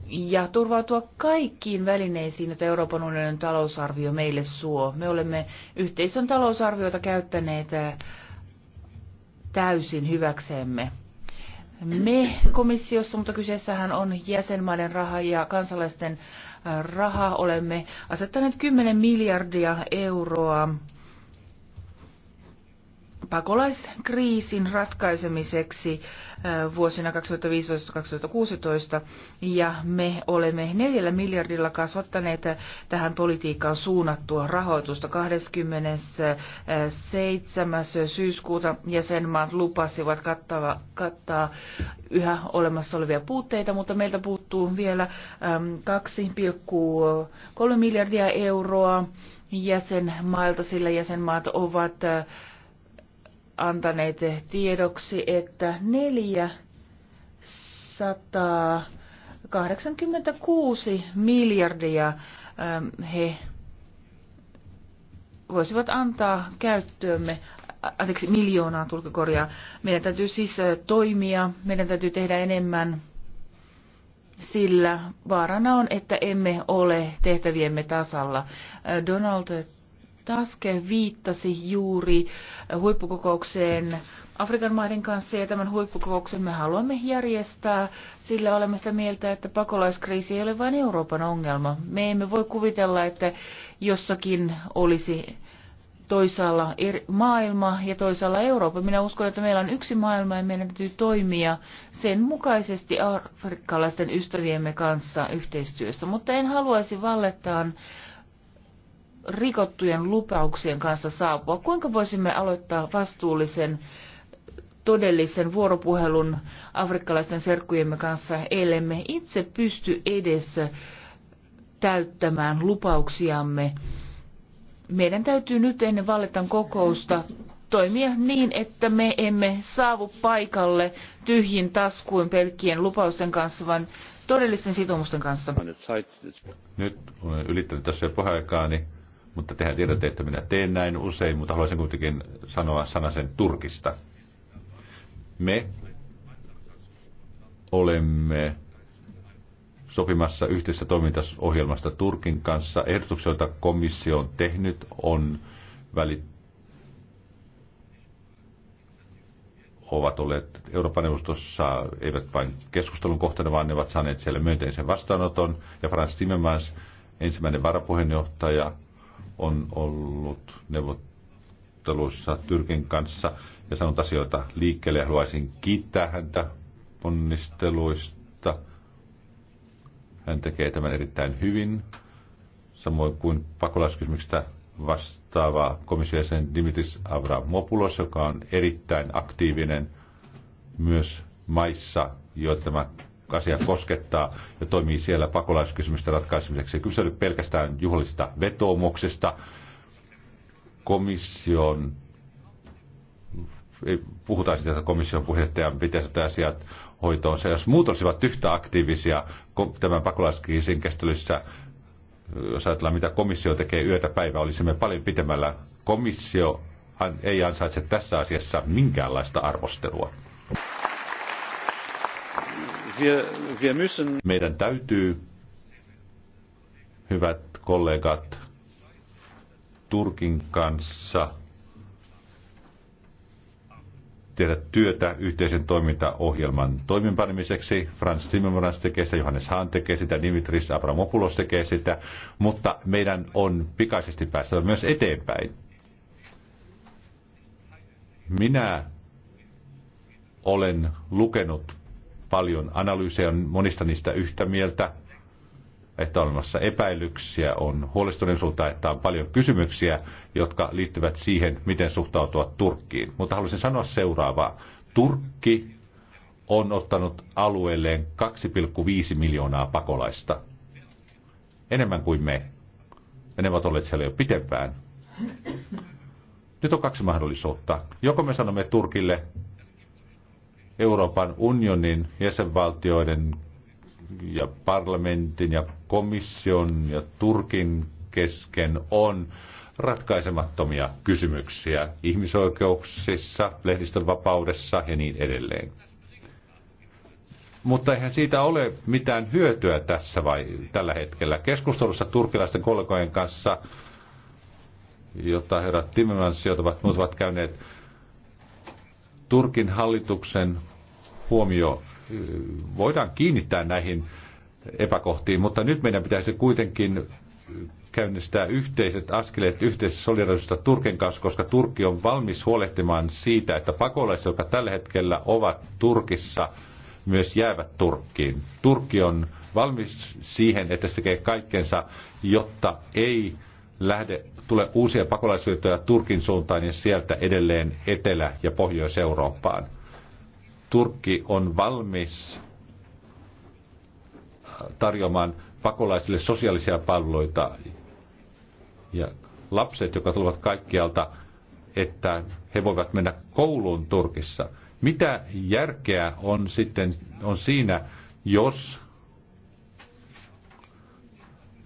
ja turvautua kaikkiin välineisiin, joita Euroopan unionin talousarvio meille suo. Me olemme yhteisön talousarviota käyttäneet eh, täysin hyväksemme. Me komissiossa, mutta kyseessähän on jäsenmaiden raha ja kansalaisten eh, raha, olemme asettaneet 10 miljardia euroa pakolaiskriisin ratkaisemiseksi vuosina 2015-2016 ja me olemme neljällä miljardilla kasvattaneet tähän politiikkaan suunnattua rahoitusta 27. syyskuuta jäsenmaat lupasivat kattava, kattaa yhä olemassa olevia puutteita, mutta meiltä puuttuu vielä 2,3 miljardia euroa jäsenmailta, sillä jäsenmaat ovat antaneet tiedoksi, että 486 miljardia ähm, he voisivat antaa käyttöömme, anteeksi miljoonaa tulkakorjaa. Meidän täytyy siis äh, toimia, meidän täytyy tehdä enemmän, sillä vaarana on, että emme ole tehtäviemme tasalla. Äh, Donald Taske viittasi juuri huippukokoukseen Afrikan maiden kanssa ja tämän huippukokouksen me haluamme järjestää, sillä olemme sitä mieltä, että pakolaiskriisi ei ole vain Euroopan ongelma. Me emme voi kuvitella, että jossakin olisi toisaalla maailma ja toisaalla Eurooppa. Minä uskon, että meillä on yksi maailma ja meidän täytyy toimia sen mukaisesti afrikkalaisten ystäviemme kanssa yhteistyössä. Mutta en haluaisi vallettaan rikottujen lupauksien kanssa saapua? Kuinka voisimme aloittaa vastuullisen todellisen vuoropuhelun afrikkalaisten serkkujemme kanssa, ellemme itse pysty edessä täyttämään lupauksiamme. Meidän täytyy nyt ennen valitan kokousta toimia niin, että me emme saavu paikalle tyhjin taskuin pelkkien lupausten kanssa, vaan todellisten sitoumusten kanssa. Nyt olen ylittänyt tässä jo niin mutta tehän tiedätte, että minä teen näin usein, mutta haluaisin kuitenkin sanoa sanasen Turkista. Me olemme sopimassa yhteisestä toimintaohjelmasta Turkin kanssa. Ehdotuksia, joita komissio on tehnyt, on välit ovat olleet Euroopan neuvostossa, eivät vain keskustelun kohteena, vaan ne ovat saaneet siellä myönteisen vastaanoton. Ja Frans Timmermans, ensimmäinen varapuheenjohtaja, on ollut neuvotteluissa Tyrkin kanssa ja sanonut asioita liikkeelle. Ja haluaisin kiittää häntä onnisteluista, Hän tekee tämän erittäin hyvin, samoin kuin pakolaiskysymyksistä vastaava komissiojäsen Dimitris Avramopoulos, joka on erittäin aktiivinen myös maissa, joita tämä asia koskettaa ja toimii siellä pakolaiskysymysten ratkaisemiseksi. Kyse oli pelkästään juhlista vetoomuksesta. Komission ei puhutaan siitä, että komission puheenjohtajan pitäisi ottaa asiat hoitoonsa. Se, jos muut olisivat yhtä aktiivisia tämän pakolaiskriisin kestelyssä, jos ajatellaan mitä komissio tekee yötä päivää, olisimme paljon pitemmällä. Komissio ei ansaitse tässä asiassa minkäänlaista arvostelua. Meidän täytyy, hyvät kollegat, Turkin kanssa tehdä työtä yhteisen toimintaohjelman toimimpanemiseksi. Franz Timmermans tekee sitä, Johannes Hahn tekee sitä, Dimitris Abramopoulos tekee sitä, mutta meidän on pikaisesti päästävä myös eteenpäin. Minä olen lukenut paljon analyysejä, on monista niistä yhtä mieltä, että on olemassa epäilyksiä, on huolestuneisuutta, että on paljon kysymyksiä, jotka liittyvät siihen, miten suhtautua Turkkiin. Mutta haluaisin sanoa seuraavaa. Turkki on ottanut alueelleen 2,5 miljoonaa pakolaista. Enemmän kuin me. Ja ne ovat olleet siellä jo pitempään. Nyt on kaksi mahdollisuutta. Joko me sanomme Turkille, Euroopan unionin jäsenvaltioiden ja parlamentin ja komission ja Turkin kesken on ratkaisemattomia kysymyksiä ihmisoikeuksissa, lehdistön vapaudessa ja niin edelleen. Mutta eihän siitä ole mitään hyötyä tässä vai tällä hetkellä. Keskustelussa turkilaisten kollegojen kanssa, jota herrat Timmermans ja muut ovat käyneet Turkin hallituksen huomio äh, voidaan kiinnittää näihin epäkohtiin, mutta nyt meidän pitäisi kuitenkin käynnistää yhteiset askeleet yhteisessä solidarisuudesta Turkin kanssa, koska Turkki on valmis huolehtimaan siitä, että pakolaiset, jotka tällä hetkellä ovat Turkissa, myös jäävät Turkkiin. Turkki on valmis siihen, että se tekee kaikkensa, jotta ei lähde tulee uusia pakolaisvirtoja Turkin suuntaan ja sieltä edelleen Etelä- ja Pohjois-Eurooppaan. Turkki on valmis äh, tarjoamaan pakolaisille sosiaalisia palveluita ja lapset, jotka tulevat kaikkialta, että he voivat mennä kouluun Turkissa. Mitä järkeä on sitten on siinä, jos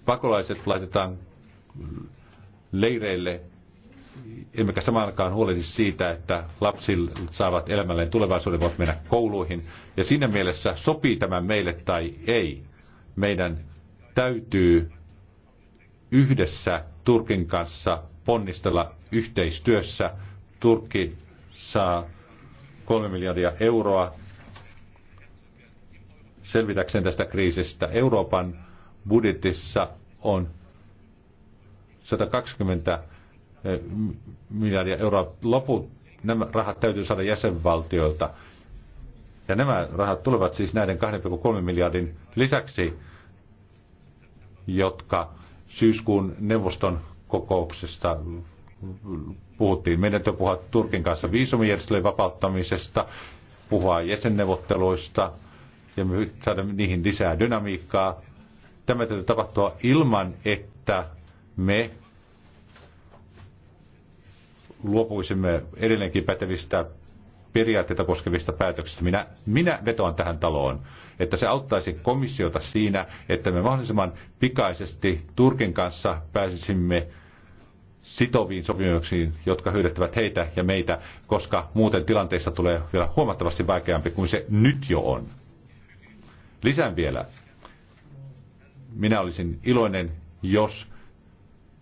pakolaiset laitetaan leireille, emmekä samaan aikaan huolehdi siitä, että lapsil saavat elämälleen tulevaisuuden, voivat mennä kouluihin. Ja siinä mielessä sopii tämä meille tai ei. Meidän täytyy yhdessä Turkin kanssa ponnistella yhteistyössä. Turkki saa kolme miljardia euroa selvitäkseen tästä kriisistä. Euroopan budjetissa on 120 eh, miljardia euroa. Loput nämä rahat täytyy saada jäsenvaltioilta. Ja nämä rahat tulevat siis näiden 2,3 miljardin lisäksi, jotka syyskuun neuvoston kokouksesta puhuttiin. Meidän täytyy puhua Turkin kanssa viisumijärjestelyjen vapauttamisesta, puhua jäsenneuvotteluista ja saada niihin lisää dynamiikkaa. Tämä täytyy tapahtua ilman, että me luopuisimme edelleenkin pätevistä periaatteita koskevista päätöksistä. Minä, minä vetoan tähän taloon, että se auttaisi komissiota siinä, että me mahdollisimman pikaisesti Turkin kanssa pääsisimme sitoviin sopimuksiin, jotka hyödyttävät heitä ja meitä, koska muuten tilanteessa tulee vielä huomattavasti vaikeampi kuin se nyt jo on. Lisään vielä. Minä olisin iloinen, jos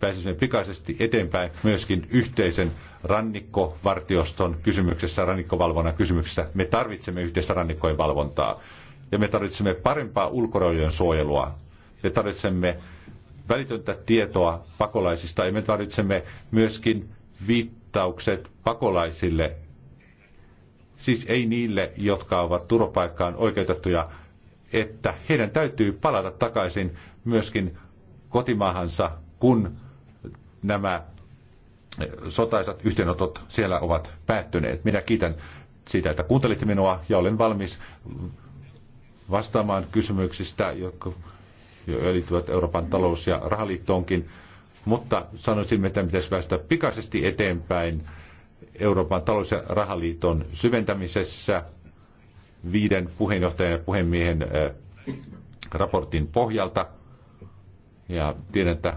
pääsisimme pikaisesti eteenpäin myöskin yhteisen rannikkovartioston kysymyksessä, rannikkovalvonnan kysymyksessä. Me tarvitsemme yhteistä rannikkojen valvontaa ja me tarvitsemme parempaa ulkorajojen suojelua. Me tarvitsemme välitöntä tietoa pakolaisista ja me tarvitsemme myöskin viittaukset pakolaisille, siis ei niille, jotka ovat turvapaikkaan oikeutettuja, että heidän täytyy palata takaisin myöskin kotimaahansa, kun nämä sotaisat yhteenotot siellä ovat päättyneet. Minä kiitän siitä, että kuuntelitte minua ja olen valmis vastaamaan kysymyksistä, jotka liittyvät Euroopan talous- ja rahaliittoonkin, mutta sanoisin, että pitäisi päästä pikaisesti eteenpäin Euroopan talous- ja rahaliiton syventämisessä viiden puheenjohtajan ja puhemiehen äh, raportin pohjalta. Ja tiedän, että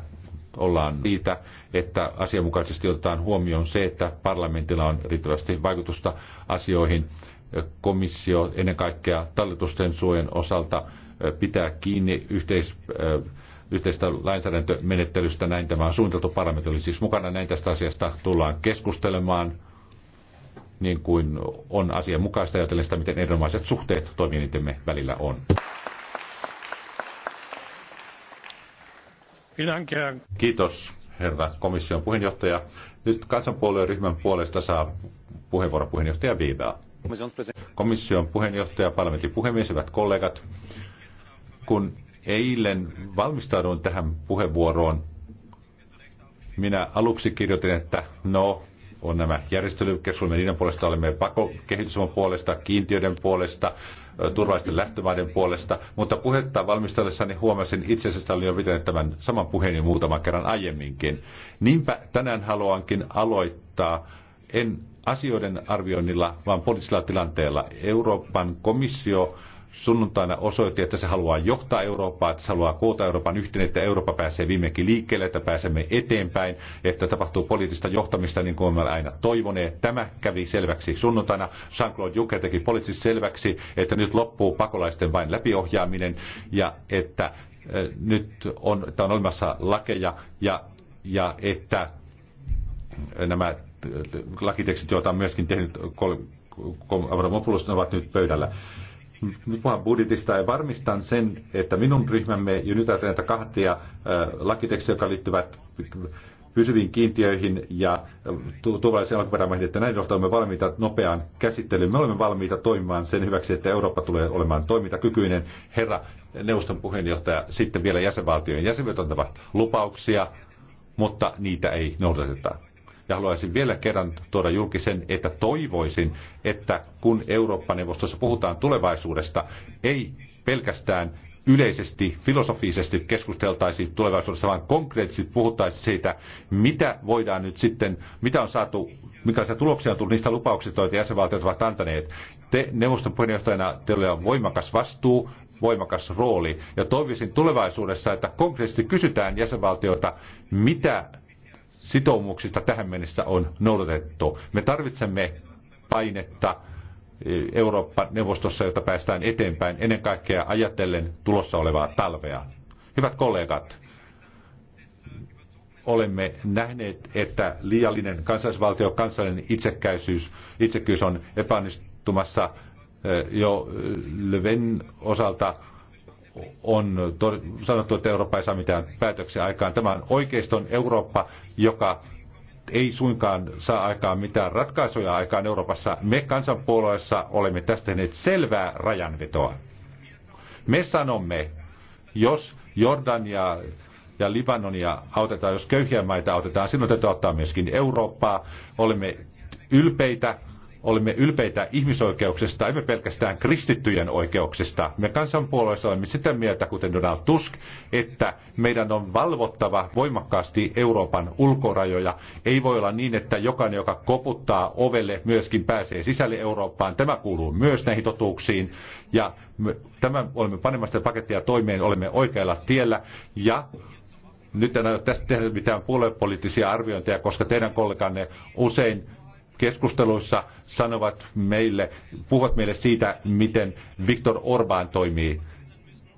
ollaan siitä, että asianmukaisesti otetaan huomioon se, että parlamentilla on riittävästi vaikutusta asioihin. Komissio ennen kaikkea talletusten suojan osalta pitää kiinni yhteis, yhteistä lainsäädäntömenettelystä. Näin tämä on suunniteltu parlamentti oli siis mukana. Näin tästä asiasta tullaan keskustelemaan niin kuin on asianmukaista ajatellen sitä, miten erinomaiset suhteet toimielintemme välillä on. Kiitos, herra komission puheenjohtaja. Nyt kansanpuolueen ryhmän puolesta saa puheenvuoro puheenjohtaja Viivää. Komission puheenjohtaja, parlamentin puhemies, hyvät kollegat. Kun eilen valmistauduin tähän puheenvuoroon, minä aluksi kirjoitin, että no, on nämä järjestelykeskustelut, niiden puolesta olemme pakokehitysavun puolesta, kiintiöiden puolesta, turvallisten lähtömaiden puolesta, mutta puhetta valmistellessani huomasin itse asiassa olin jo pitänyt tämän saman puheen jo muutaman kerran aiemminkin. Niinpä tänään haluankin aloittaa en asioiden arvioinnilla, vaan poliittisella tilanteella. Euroopan komissio sunnuntaina osoitti, että se haluaa johtaa Eurooppaa, että se haluaa koota Euroopan yhteen, että Eurooppa pääsee viimekin liikkeelle, että pääsemme eteenpäin, että tapahtuu poliittista johtamista niin kuin me aina toivoneet. Tämä kävi selväksi sunnuntaina. Jean-Claude Juncker teki poliittisesti selväksi, että nyt loppuu pakolaisten vain läpiohjaaminen ja että eh, nyt on, että on olemassa lakeja ja, ja että eh, nämä eh, lakitekstit, joita on myöskin tehnyt Avramopoulos, ovat nyt pöydällä nyt puhun budjetista ja varmistan sen, että minun ryhmämme, ja nyt ajatellaan näitä kahtia lakitekstejä, jotka liittyvät pysyviin kiintiöihin ja turvallisiin alkuperämaihin, että näiden osalta olemme valmiita nopeaan käsittelyyn. Me olemme valmiita toimimaan sen hyväksi, että Eurooppa tulee olemaan toimintakykyinen. Herra neuvoston puheenjohtaja, sitten vielä jäsenvaltioiden jäsenvaltiot antavat lupauksia, mutta niitä ei noudateta. Ja haluaisin vielä kerran tuoda julkisen, että toivoisin, että kun Eurooppa-neuvostossa puhutaan tulevaisuudesta, ei pelkästään yleisesti, filosofisesti keskusteltaisiin tulevaisuudessa, vaan konkreettisesti puhuttaisiin siitä, mitä voidaan nyt sitten, mitä on saatu, minkälaisia tuloksia on tullut niistä lupauksista, joita jäsenvaltiot ovat antaneet. Te neuvoston puheenjohtajana teillä on voimakas vastuu, voimakas rooli. Ja toivoisin tulevaisuudessa, että konkreettisesti kysytään jäsenvaltioita, mitä sitoumuksista tähän mennessä on noudatettu. Me tarvitsemme painetta e, Euroopan neuvostossa, jotta päästään eteenpäin ennen kaikkea ajatellen tulossa olevaa talvea. Hyvät kollegat, olemme nähneet, että liiallinen kansallisvaltio, kansallinen itsekkäisyys, itsekkyys on epäonnistumassa e, jo e, Löven osalta – on sanottu, että Eurooppa ei saa mitään päätöksiä aikaan. Tämä on oikeiston Eurooppa, joka ei suinkaan saa aikaan mitään ratkaisuja aikaan Euroopassa. Me kansanpuolueessa olemme tästä tehneet selvää rajanvetoa. Me sanomme, jos Jordania ja Libanonia autetaan, jos köyhiä maita autetaan, silloin täytyy ottaa myöskin Eurooppaa. Olemme ylpeitä olemme ylpeitä ihmisoikeuksista, emme pelkästään kristittyjen oikeuksista. Me kansanpuolueessa olemme sitä mieltä, kuten Donald Tusk, että meidän on valvottava voimakkaasti Euroopan ulkorajoja. Ei voi olla niin, että jokainen, joka koputtaa ovelle, myöskin pääsee sisälle Eurooppaan. Tämä kuuluu myös näihin totuuksiin. Ja me, tämän olemme panemasta pakettia toimeen, olemme oikealla tiellä. Ja nyt en aio tästä tehdä mitään puoluepoliittisia arviointeja, koska teidän kolleganne usein keskusteluissa sanovat meille, puhuvat meille siitä, miten Viktor Orban toimii.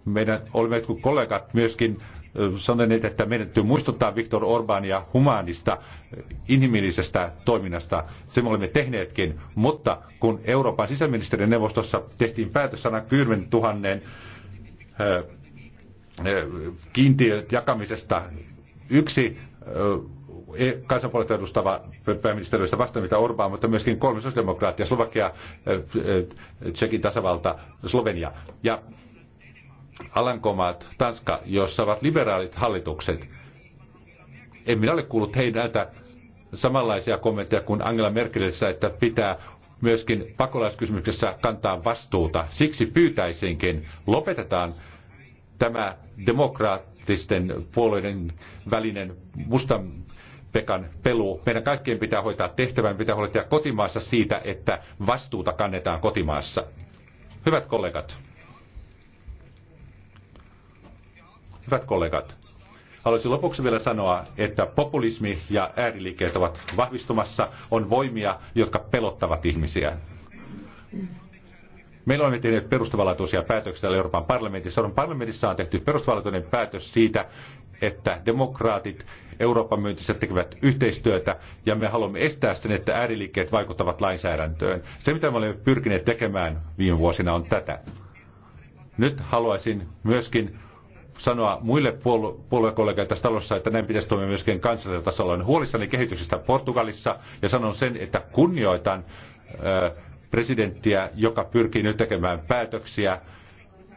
Meidän olemme kollegat myöskin sanoneet, että meidän täytyy muistuttaa Viktor Orbania humaanista, inhimillisestä toiminnasta. Se me olemme tehneetkin, mutta kun Euroopan sisäministeriön neuvostossa tehtiin päätös 110 000 kiintiön jakamisesta, yksi E, kansanpuolta edustava pääministeriöstä vastaan, mitä Orbán, mutta myöskin kolme sosiaalidemokraattia, Slovakia, e, e, Tsekin tasavalta, Slovenia. Ja Alankomaat, Tanska, jossa ovat liberaalit hallitukset. En minä ole kuullut heidältä samanlaisia kommentteja kuin Angela Merkelissä, että pitää myöskin pakolaiskysymyksessä kantaa vastuuta. Siksi pyytäisinkin, lopetetaan tämä demokraattisten puolueiden välinen mustan pekan peluu. Meidän kaikkien pitää hoitaa tehtävän, pitää huolehtia kotimaassa siitä, että vastuuta kannetaan kotimaassa. Hyvät kollegat, hyvät kollegat, haluaisin lopuksi vielä sanoa, että populismi ja ääriliikkeet ovat vahvistumassa, on voimia, jotka pelottavat ihmisiä. Meillä on tehneet perustavanlaatuisia päätöksiä täällä Euroopan parlamentissa. Euroopan parlamentissa on tehty perustavanlaatuinen päätös siitä, että demokraatit Euroopan myyntissä tekevät yhteistyötä ja me haluamme estää sen, että ääriliikkeet vaikuttavat lainsäädäntöön. Se, mitä me olemme pyrkineet tekemään viime vuosina, on tätä. Nyt haluaisin myöskin sanoa muille puolue- puoluekollegoille tässä talossa, että näin pitäisi toimia myöskin kansallisella tasolla. Olen huolissani kehityksestä Portugalissa ja sanon sen, että kunnioitan ö, presidenttiä, joka pyrkii nyt tekemään päätöksiä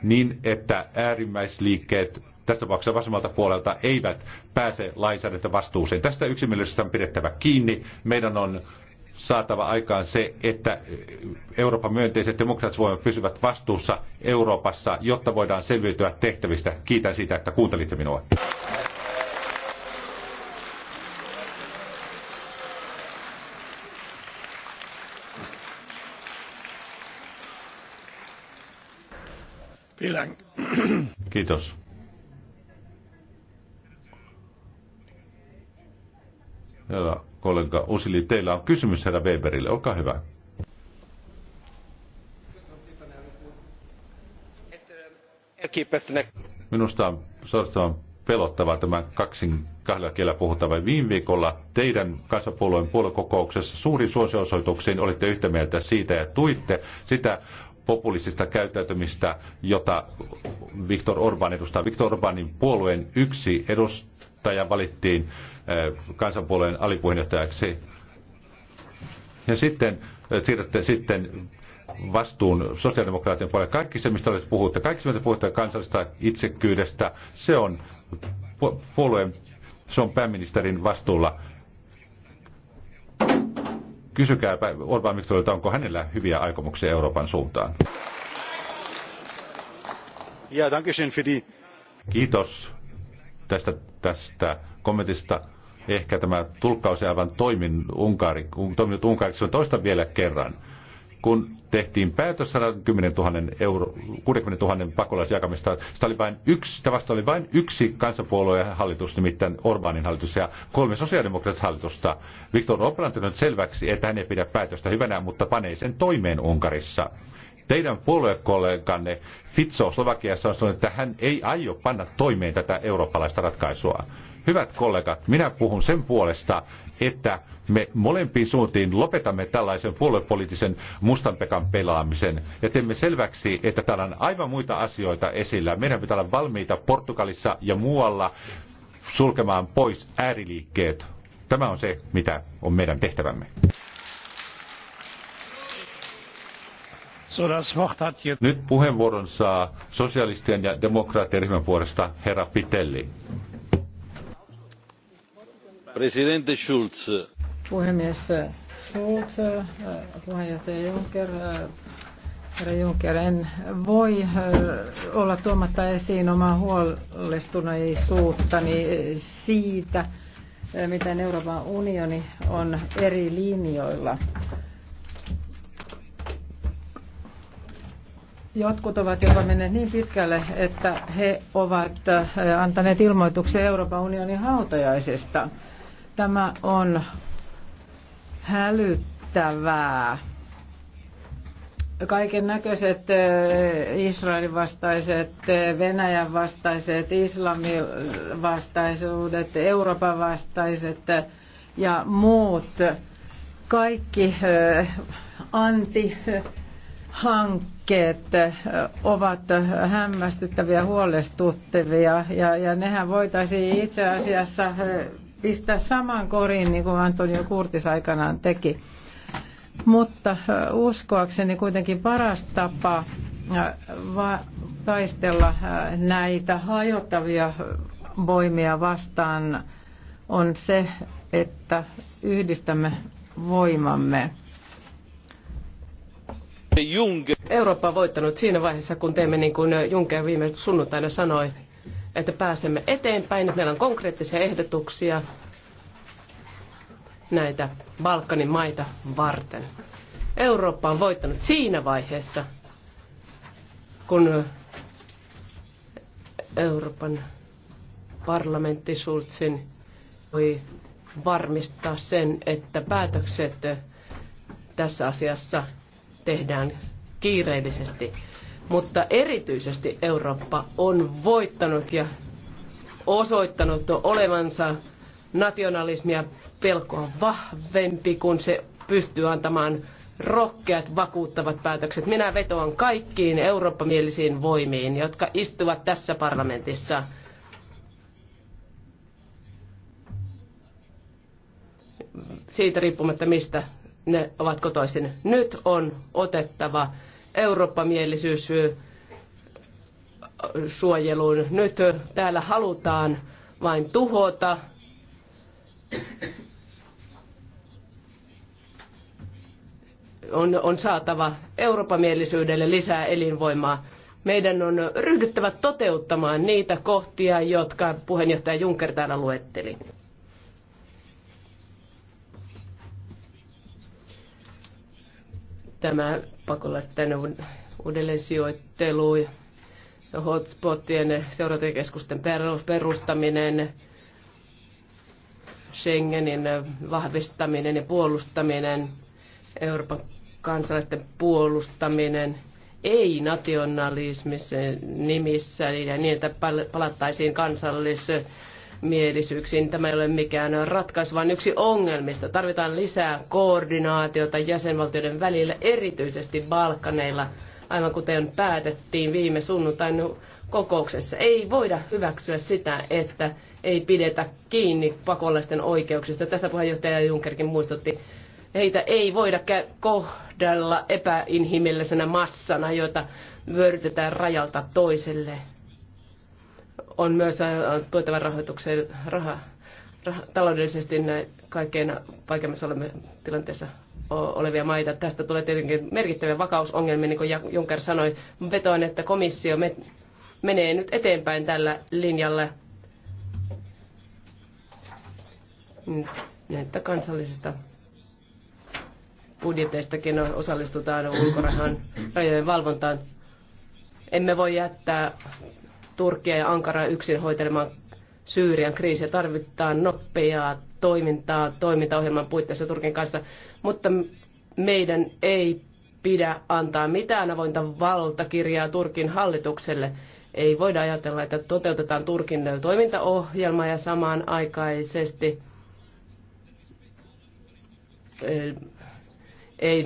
niin, että äärimmäisliikkeet tässä tapauksessa vasemmalta puolelta, eivät pääse lainsäädäntövastuuseen. Tästä yksimielisyydestä on pidettävä kiinni. Meidän on saatava aikaan se, että Euroopan myönteiset demokraattiset voimat pysyvät vastuussa Euroopassa, jotta voidaan selviytyä tehtävistä. Kiitän siitä, että kuuntelitte minua. Kiitos. Herra kollega Usili, teillä on kysymys herra Weberille. Olkaa hyvä. Minusta on suorastaan pelottavaa tämä kaksin kahdella kielellä puhutava. Viime viikolla teidän kansapuolueen puoluekokouksessa suuri suosiosoituksiin olitte yhtä mieltä siitä ja tuitte sitä populistista käyttäytymistä, jota Viktor Orban edustaa. Viktor Orbanin puolueen yksi edustaja puheenjohtaja valittiin eh, kansanpuolueen alipuheenjohtajaksi. Ja sitten eh, siirrätte sitten vastuun sosiaalidemokraattien puolelle. Kaikki se, mistä olet puhutte, kaikki se, mitä puhutte kansallisesta itsekkyydestä, se on puolueen, se on pääministerin vastuulla. Kysykää Orban Viktorilta, onko hänellä hyviä aikomuksia Euroopan suuntaan. Ja, danke schön für die. Kiitos tästä, tästä kommentista. Ehkä tämä tulkkaus ei aivan toimin unkaari, toiminut unkariksi, toista vielä kerran. Kun tehtiin päätös 110 000 euro, 60 000 pakolaisjakamista, sitä oli vain yksi, sitä vasta oli vain yksi kansanpuolue hallitus, nimittäin Orbanin hallitus ja kolme sosiaalidemokraattista hallitusta. Viktor Orban on selväksi, että hän ei pidä päätöstä hyvänä, mutta panee sen toimeen Unkarissa. Teidän puoluekolleganne Fitso Slovakiassa on sanonut, että hän ei aio panna toimeen tätä eurooppalaista ratkaisua. Hyvät kollegat, minä puhun sen puolesta, että me molempiin suuntiin lopetamme tällaisen puoluepoliittisen mustanpekan pelaamisen ja teemme selväksi, että täällä on aivan muita asioita esillä. Meidän pitää olla valmiita Portugalissa ja muualla sulkemaan pois ääriliikkeet. Tämä on se, mitä on meidän tehtävämme. Nyt puheenvuoron saa sosialistien ja demokraattien ryhmän puolesta herra Pitelli. Presidente Schulz. Puhemies Schulz, puheenjohtaja Juncker, herra Juncker, en voi äh, olla tuomatta esiin omaa huolestuneisuuttani siitä, äh, miten Euroopan unioni on eri linjoilla Jotkut ovat jopa menneet niin pitkälle, että he ovat äh, antaneet ilmoituksen Euroopan unionin hautajaisesta. Tämä on hälyttävää. Kaiken näköiset äh, Israelin vastaiset, äh, Venäjän vastaiset, islamin vastaisuudet, Euroopan vastaiset ja muut, kaikki anti hankkeet ovat hämmästyttäviä, huolestuttavia ja, ja nehän voitaisiin itse asiassa pistää saman koriin, niin kuin Antonio Kurtis aikanaan teki. Mutta uskoakseni kuitenkin paras tapa taistella näitä hajottavia voimia vastaan on se, että yhdistämme voimamme. Eurooppa on voittanut siinä vaiheessa, kun teemme niin kuin Juncker viime sunnuntaina sanoi, että pääsemme eteenpäin. Meillä on konkreettisia ehdotuksia näitä Balkanin maita varten. Eurooppa on voittanut siinä vaiheessa, kun Euroopan parlamentti Schulzin voi varmistaa sen, että päätökset tässä asiassa tehdään kiireellisesti. Mutta erityisesti Eurooppa on voittanut ja osoittanut olevansa nationalismia pelkoa vahvempi, kun se pystyy antamaan rohkeat, vakuuttavat päätökset. Minä vetoan kaikkiin eurooppamielisiin voimiin, jotka istuvat tässä parlamentissa. Siitä riippumatta, mistä ne ovat kotoisin. Nyt on otettava eurooppamielisyys suojeluun. Nyt täällä halutaan vain tuhota. On, on saatava eurooppamielisyydelle lisää elinvoimaa. Meidän on ryhdyttävä toteuttamaan niitä kohtia, jotka puheenjohtaja Juncker täällä luetteli. tämä pakolaisten uudelleen sijoittelu, hotspotien seurantakeskusten perustaminen, Schengenin vahvistaminen ja puolustaminen, Euroopan kansalaisten puolustaminen, ei nationalismissa nimissä ja niin, että palattaisiin kansallisuuteen erimielisyyksiin. Tämä ei ole mikään ratkaisu, vaan yksi ongelmista. Tarvitaan lisää koordinaatiota jäsenvaltioiden välillä, erityisesti Balkaneilla, aivan kuten päätettiin viime sunnuntain kokouksessa. Ei voida hyväksyä sitä, että ei pidetä kiinni pakolaisten oikeuksista. Tästä puheenjohtaja Junckerkin muistutti. Heitä ei voida kohdella epäinhimillisenä massana, jota vyörytetään rajalta toiselle on myös tuettava rahoitukseen raha, raha, taloudellisesti näin kaikkein vaikeimmassa tilanteessa olevia maita. Tästä tulee tietenkin merkittäviä vakausongelmia, niin kuin Juncker sanoi. Vetoan, että komissio menee nyt eteenpäin tällä linjalla näitä kansallisista budjeteistakin osallistutaan ulkorahan rajojen valvontaan. Emme voi jättää Turkia ja Ankara yksin hoitelemaan Syyrian kriisiä. Tarvitaan nopeaa toimintaa toimintaohjelman puitteissa Turkin kanssa, mutta meidän ei pidä antaa mitään avointa valtakirjaa Turkin hallitukselle. Ei voida ajatella, että toteutetaan Turkin toimintaohjelma ja samanaikaisesti eh, ei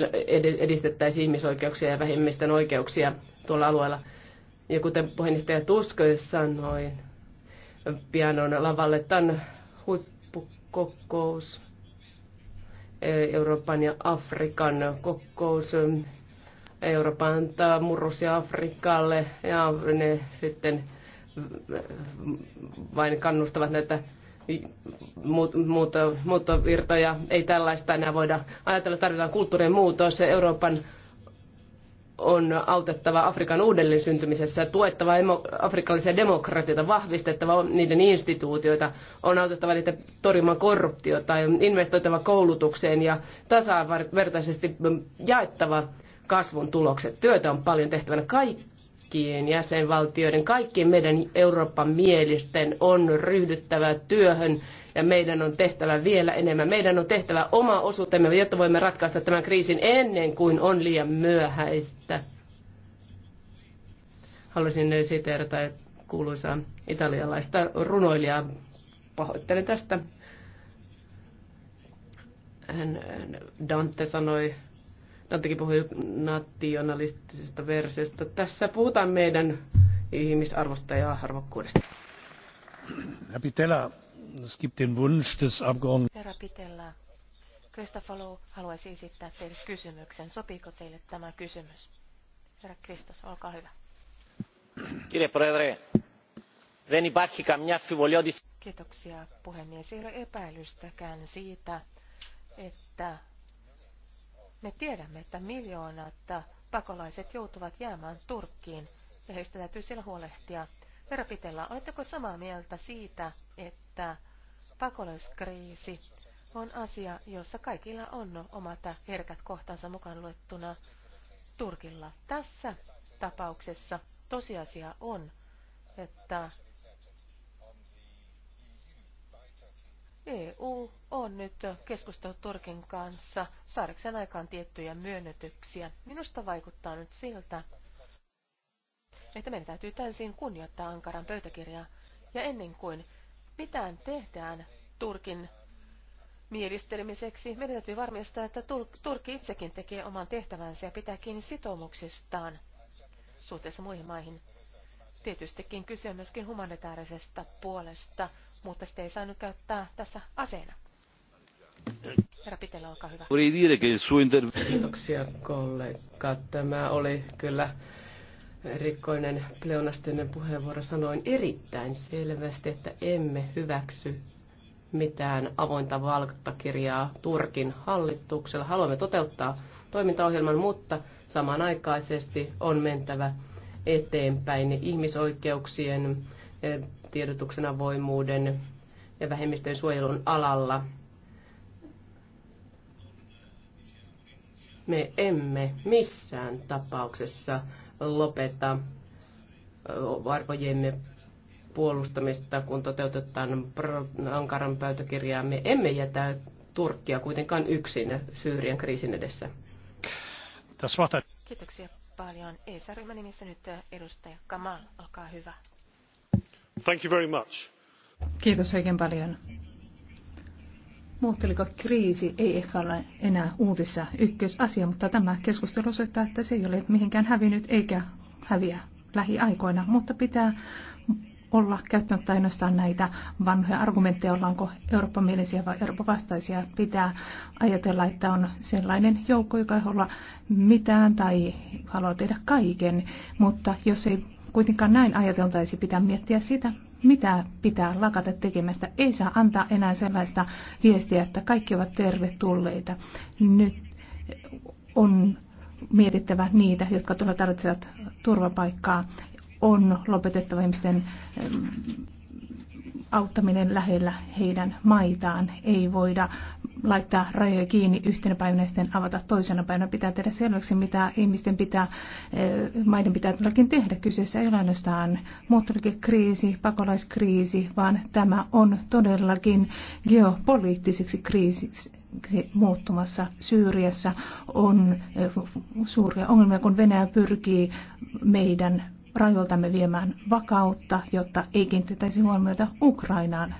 edistettäisi ihmisoikeuksia ja vähemmistön oikeuksia tuolla alueella. Ja kuten puheenjohtaja Tusko sanoi, pian on lavalle tämän huippukokous, e, Euroopan ja Afrikan kokous. Euroopan antaa murrosia Afrikalle ja ne sitten vain kannustavat näitä muuttovirtoja. Ei tällaista enää voida ajatella. Tarvitaan kulttuurin muutos. Euroopan on autettava Afrikan uudelleen syntymisessä, tuettava afrikkalaisia demokratioita, vahvistettava niiden instituutioita, on autettava niitä torjumaan korruptiota, investoitava koulutukseen ja tasavertaisesti jaettava kasvun tulokset. Työtä on paljon tehtävänä kaikkien jäsenvaltioiden, kaikkien meidän Euroopan mielisten on ryhdyttävä työhön ja meidän on tehtävä vielä enemmän. Meidän on tehtävä oma osuutemme, jotta voimme ratkaista tämän kriisin ennen kuin on liian myöhäistä. Haluaisin siteerata kuuluisaa italialaista runoilijaa. Pahoittelen tästä. Hän, Dante sanoi, Dantekin puhui nationalistisesta versiosta. Tässä puhutaan meidän ihmisarvosta ja arvokkuudesta. Läpi telää Es gibt den Wunsch des Abgeordneten. Herra Pitella, Kristofalo haluaisi esittää teille kysymyksen. Sopiiko teille tämä kysymys? Herra olkaa hyvä. δεν υπάρχει καμιά Kiitoksia puhemies. Ei ole epäilystäkään siitä, että me tiedämme, että miljoonat pakolaiset joutuvat jäämään Turkkiin ja heistä täytyy siellä huolehtia. Herra Pitellä, oletteko samaa mieltä siitä, että että pakolaiskriisi on asia, jossa kaikilla on omat herkät kohtansa mukaan luettuna Turkilla. Tässä tapauksessa tosiasia on, että EU on nyt keskustellut Turkin kanssa saadakseen aikaan tiettyjä myönnytyksiä. Minusta vaikuttaa nyt siltä, että meidän täytyy täysin kunnioittaa Ankaran pöytäkirjaa. Ja ennen kuin mitään tehdään Turkin mielistelemiseksi, meidän täytyy varmistaa, että Turkki itsekin tekee oman tehtävänsä ja pitää kiinni sitoumuksistaan suhteessa muihin maihin. Tietystikin kyse on myöskin humanitaarisesta puolesta, mutta sitä ei saa nyt käyttää tässä aseena. Herra Pitele, olkaa hyvä. Kiitoksia kollega. Tämä oli kyllä rikkoinen pleonastinen puheenvuoro sanoin erittäin selvästi, että emme hyväksy mitään avointa valtakirjaa Turkin hallituksella. Haluamme toteuttaa toimintaohjelman, mutta samanaikaisesti on mentävä eteenpäin ihmisoikeuksien, eh, tiedotuksen avoimuuden ja vähemmistöjen suojelun alalla. Me emme missään tapauksessa lopeta arvojemme puolustamista, kun toteutetaan Ankaran pöytäkirjaa. Me emme jätä Turkkia kuitenkaan yksin Syyrian kriisin edessä. Kiitoksia paljon. ESA-ryhmän nimissä nyt edustaja Kamal, olkaa hyvä. Thank you very much. Kiitos oikein paljon kriisi ei ehkä ole enää uutissa ykkösasia, mutta tämä keskustelu osoittaa, että se ei ole mihinkään hävinnyt eikä häviä lähiaikoina, mutta pitää olla käyttänyt ainoastaan näitä vanhoja argumentteja, ollaanko eurooppamielisiä vai eurooppavastaisia. Pitää ajatella, että on sellainen joukko, joka ei halua mitään tai haluaa tehdä kaiken, mutta jos ei kuitenkaan näin ajateltaisi, pitää miettiä sitä, mitä pitää lakata tekemästä. Ei saa antaa enää sellaista viestiä, että kaikki ovat tervetulleita. Nyt on mietittävä niitä, jotka tulevat tarvitsevat turvapaikkaa. On lopetettava ihmisten auttaminen lähellä heidän maitaan. Ei voida laittaa rajoja kiinni yhtenä päivänä ja sitten avata toisena päivänä. Pitää tehdä selväksi, mitä ihmisten pitää, eh, maiden pitää todellakin tehdä. Kyseessä ei ole ainoastaan kriisi pakolaiskriisi, vaan tämä on todellakin geopoliittiseksi kriisiksi muuttumassa Syyriassa on eh, suuria ongelmia, kun Venäjä pyrkii meidän rajoiltamme viemään vakautta, jotta ei kiinnitettäisi huomiota Ukrainaan.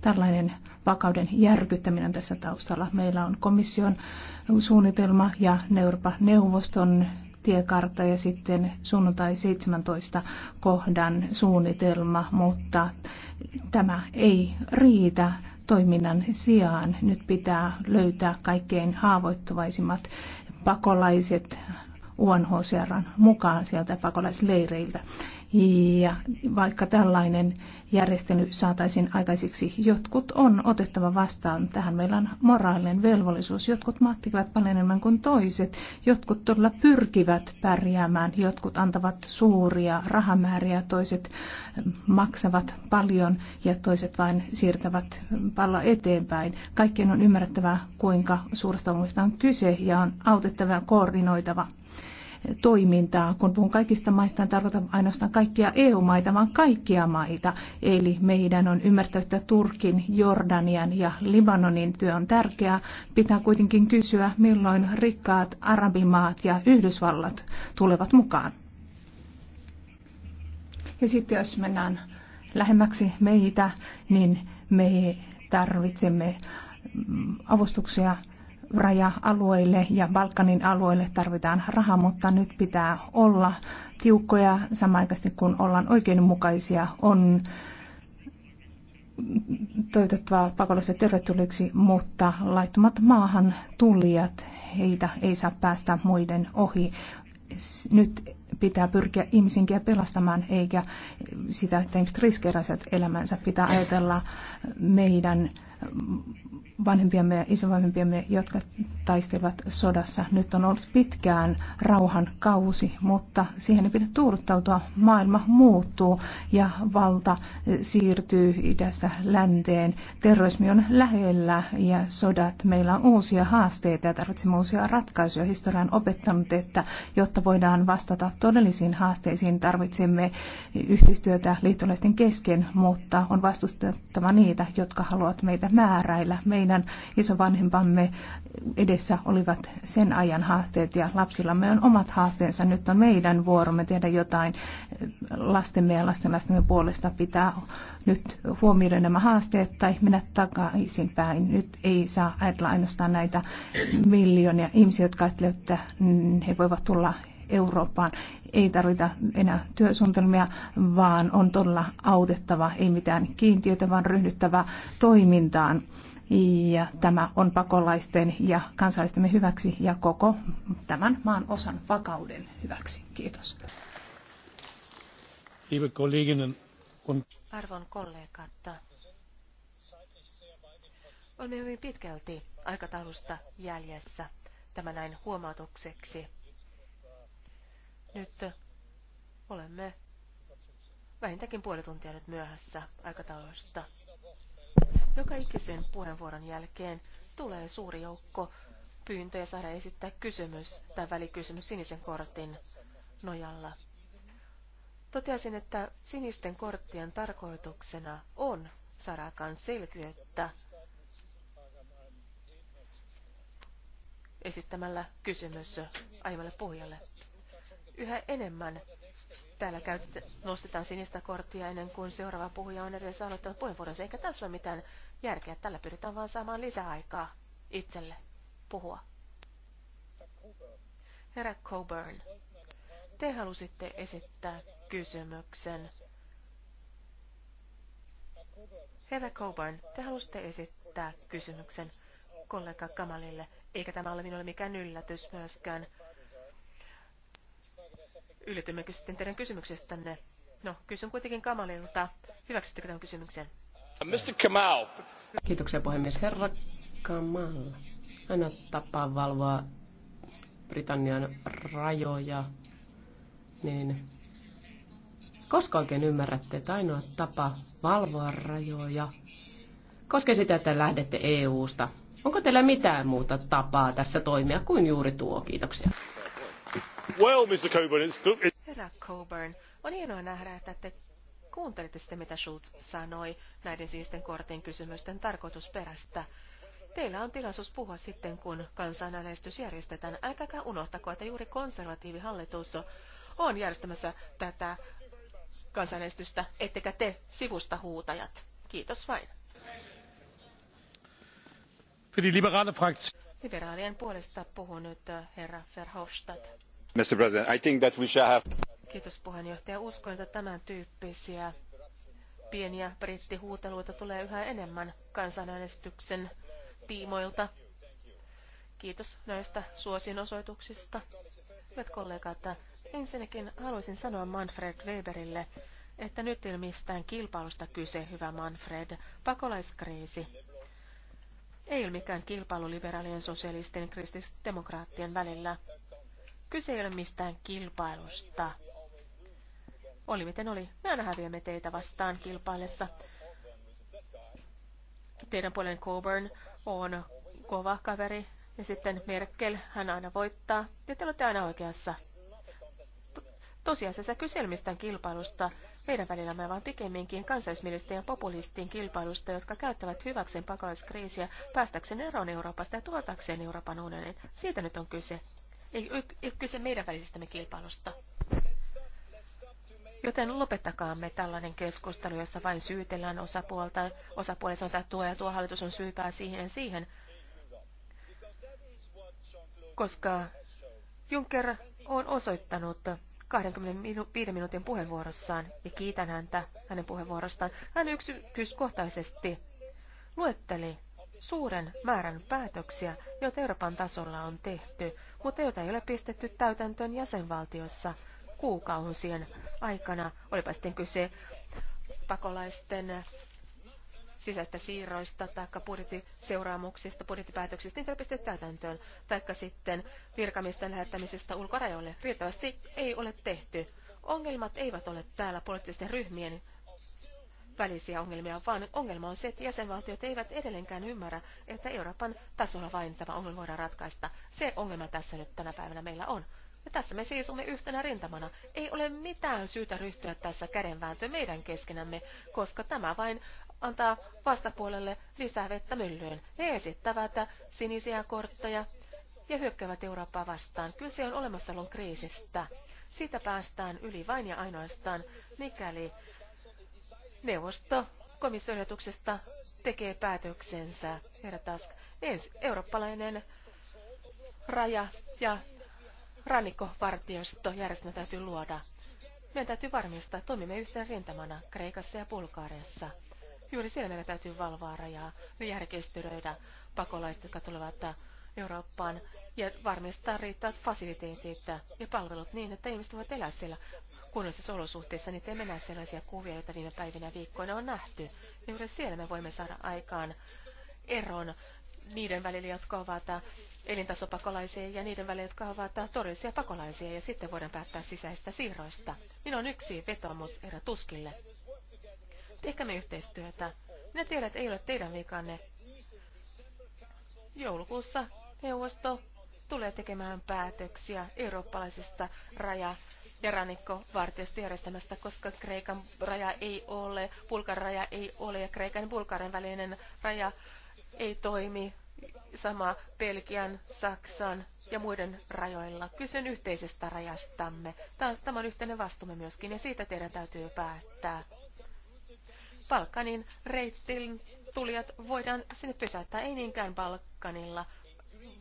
Tällainen vakauden järkyttäminen tässä taustalla. Meillä on komission suunnitelma ja Euroopan neuvoston tiekartta ja sitten sunnuntai 17 kohdan suunnitelma, mutta tämä ei riitä toiminnan sijaan. Nyt pitää löytää kaikkein haavoittuvaisimmat pakolaiset, UNHCR mukaan sieltä pakolaisleireiltä. Ja vaikka tällainen järjestely saataisiin aikaisiksi, jotkut on otettava vastaan. Tähän meillä on moraalinen velvollisuus. Jotkut maat tekevät paljon enemmän kuin toiset. Jotkut todella pyrkivät pärjäämään. Jotkut antavat suuria rahamääriä, toiset maksavat paljon ja toiset vain siirtävät palloa eteenpäin. Kaikkien on ymmärrettävä, kuinka suuresta on kyse ja on autettava ja koordinoitava toimintaa. Kun puhun kaikista maista, en tarkoita ainoastaan kaikkia EU-maita, vaan kaikkia maita. Eli meidän on ymmärtävä, että Turkin, Jordanian ja Libanonin työ on tärkeää. Pitää kuitenkin kysyä, milloin rikkaat arabimaat ja Yhdysvallat tulevat mukaan. Ja sitten jos mennään lähemmäksi meitä, niin me tarvitsemme avustuksia raja-alueille ja Balkanin alueille tarvitaan rahaa, mutta nyt pitää olla tiukkoja samanaikaisesti kun ollaan oikeudenmukaisia. On toivottavaa pakolaiset tervetulleeksi, mutta laittomat maahan tulijat, heitä ei saa päästä muiden ohi. Nyt pitää pyrkiä ihmisinkiä pelastamaan, eikä sitä, että ihmiset riskeeraiset elämänsä. Pitää ajatella meidän vanhempiamme ja isovanhempiamme, jotka taistelivat sodassa. Nyt on ollut pitkään rauhan kausi, mutta siihen ei pidä tuuduttautua. Maailma muuttuu ja valta siirtyy idästä länteen. Terrorismi on lähellä ja sodat. Meillä on uusia haasteita ja tarvitsemme uusia ratkaisuja. Historia on opettanut, että jotta voidaan vastata todellisiin haasteisiin, tarvitsemme yhteistyötä liittolaisten kesken, mutta on vastustettava niitä, jotka haluavat meitä määräillä. Meidän meidän isovanhempamme edessä olivat sen ajan haasteet ja lapsillamme on omat haasteensa. Nyt on meidän vuoromme tehdä jotain lastemme ja lastenlastemme puolesta. Pitää nyt huomioida nämä haasteet tai mennä takaisin päin. Nyt ei saa ajatella ainoastaan näitä miljoonia ihmisiä, jotka ajattelevat, että he voivat tulla Eurooppaan. Ei tarvita enää työsuunnitelmia, vaan on todella autettava, ei mitään kiintiötä, vaan ryhdyttävä toimintaan ja tämä on pakolaisten ja kansalaistemme hyväksi ja koko tämän maan osan vakauden hyväksi. Kiitos. Arvon kollegat, olemme hyvin pitkälti aikataulusta jäljessä tämä näin huomautukseksi. Nyt olemme vähintäänkin puoli tuntia nyt myöhässä aikataulusta. Joka ikisen puheenvuoron jälkeen tulee suuri joukko pyyntöjä saada esittää kysymys tai välikysymys sinisen kortin nojalla. Toteasin, että sinisten korttien tarkoituksena on sarakan selkyyttä esittämällä kysymys aiemmalle puhujalle. Yhä enemmän Täällä käytet, nostetaan sinistä korttia ennen kuin seuraava puhuja on edes aloittanut puheenvuoronsa, eikä tässä ole mitään järkeä. Tällä pyritään vain saamaan lisäaikaa itselle puhua. Herra Coburn, te halusitte esittää kysymyksen. Herra Coburn, te halusitte esittää kysymyksen kollega Kamalille, eikä tämä ole minulle mikään yllätys myöskään. Ylitymmekö sitten teidän kysymyksestänne? No, kysyn kuitenkin Kamalilta. Hyväksyttekö tämän kysymyksen? Uh, Mr. Kamal. Kiitoksia puhemies. Herra Kamal, aina tapaa valvoa Britannian rajoja, niin koska oikein ymmärrätte, että ainoa tapa valvoa rajoja koskee sitä, että lähdette EU-sta. Onko teillä mitään muuta tapaa tässä toimia kuin juuri tuo? Kiitoksia. Herra Coburn, on hienoa nähdä, että te kuuntelitte sitä, mitä Schultz sanoi näiden siisten kortin kysymysten tarkoitusperästä. Teillä on tilaisuus puhua sitten, kun kansanäänestys järjestetään. Älkääkä unohtako, että juuri konservatiivihallitus on järjestämässä tätä kansanäänestystä, ettekä te sivusta huutajat. Kiitos vain. Liberaalien puolesta puhuu nyt äh, herra Verhofstadt. Kiitos puheenjohtaja. Uskon, että tämän tyyppisiä pieniä brittihuuteluita tulee yhä enemmän kansanäänestyksen tiimoilta. Kiitos näistä suosinosoituksista. Hyvät kollegat, ensinnäkin haluaisin sanoa Manfred Weberille, että nyt ei ole mistään kilpailusta kyse, hyvä Manfred. Pakolaiskriisi ei ole mikään kilpailu liberaalien, sosialistien ja kristillisdemokraattien välillä. Kyse ei ole mistään kilpailusta. Oli miten oli, me aina häviämme teitä vastaan kilpailessa. Teidän puolen Coburn on kova kaveri ja sitten Merkel, hän aina voittaa ja te olette aina oikeassa. Tosiasiassa kyselmistään kilpailusta meidän välillämme vaan pikemminkin kansallismielisten ja populistien kilpailusta, jotka käyttävät hyväkseen pakolaiskriisiä päästäkseen eroon Euroopasta ja tuotakseen Euroopan unionin. Siitä nyt on kyse. Ei ole kyse meidän välisestämme kilpailusta. Joten lopettakaamme tällainen keskustelu, jossa vain syytellään osapuolta, osapuoli sanotaan, että tuo ja tuo hallitus on syypää siihen ja siihen. Koska Juncker on osoittanut 25 minuutin puheenvuorossaan, ja kiitän häntä hänen puheenvuorostaan, hän yksityiskohtaisesti luetteli suuren määrän päätöksiä, joita Euroopan tasolla on tehty, mutta joita ei ole pistetty täytäntöön jäsenvaltiossa kuukausien aikana. Olipa sitten kyse pakolaisten sisäistä siirroista tai budjettiseuraamuksista, budjettipäätöksistä, niitä ei pistetty täytäntöön, tai sitten virkamiesten lähettämisestä ulkorajoille. Riittävästi ei ole tehty. Ongelmat eivät ole täällä poliittisten ryhmien välisiä ongelmia, vaan ongelma on se, että jäsenvaltiot eivät edelleenkään ymmärrä, että Euroopan tasolla vain tämä ongelma voidaan ratkaista. Se ongelma tässä nyt tänä päivänä meillä on. Ja tässä me seisomme yhtenä rintamana. Ei ole mitään syytä ryhtyä tässä kädenvääntöön meidän keskenämme, koska tämä vain antaa vastapuolelle lisää vettä myllyyn. He esittävät sinisiä kortteja ja hyökkäävät Eurooppaa vastaan. Kyse on olemassaolon kriisistä. Siitä päästään yli vain ja ainoastaan, mikäli neuvosto komission ehdotuksesta tekee päätöksensä. Herra Task, ensi eurooppalainen raja ja rannikkovartiosto järjestelmä täytyy luoda. Meidän täytyy varmistaa, että toimimme yhtenä rintamana Kreikassa ja Bulgaariassa. Juuri siellä meidän täytyy valvoa rajaa ja järkistyröidä pakolaiset, jotka tulevat Eurooppaan, ja varmistaa riittävät fasiliteetit ja palvelut niin, että ihmiset voivat elää siellä kunnollisissa olosuhteissa, niin teemme näin sellaisia kuvia, joita viime päivinä ja viikkoina on nähty. Juuri siellä me voimme saada aikaan eron niiden välillä, jotka ovat elintasopakolaisia ja niiden välillä, jotka ovat todellisia pakolaisia, ja sitten voidaan päättää sisäistä siirroista. Minä on yksi vetomus erä Tuskille. Tehkäämme yhteistyötä. Minä tiedän, että ei ole teidän vikanne. Joulukuussa neuvosto tulee tekemään päätöksiä eurooppalaisista raja- ja rannikkovartiostojärjestelmästä, koska Kreikan raja ei ole, Bulgarin raja ei ole ja Kreikan ja Bulgarin välinen raja ei toimi sama Belgian, Saksan ja muiden rajoilla. Kysyn yhteisestä rajastamme. Tämä on yhteinen vastuumme myöskin ja siitä teidän täytyy päättää. Balkanin reittin tulijat voidaan sinne pysäyttää, ei niinkään Balkanilla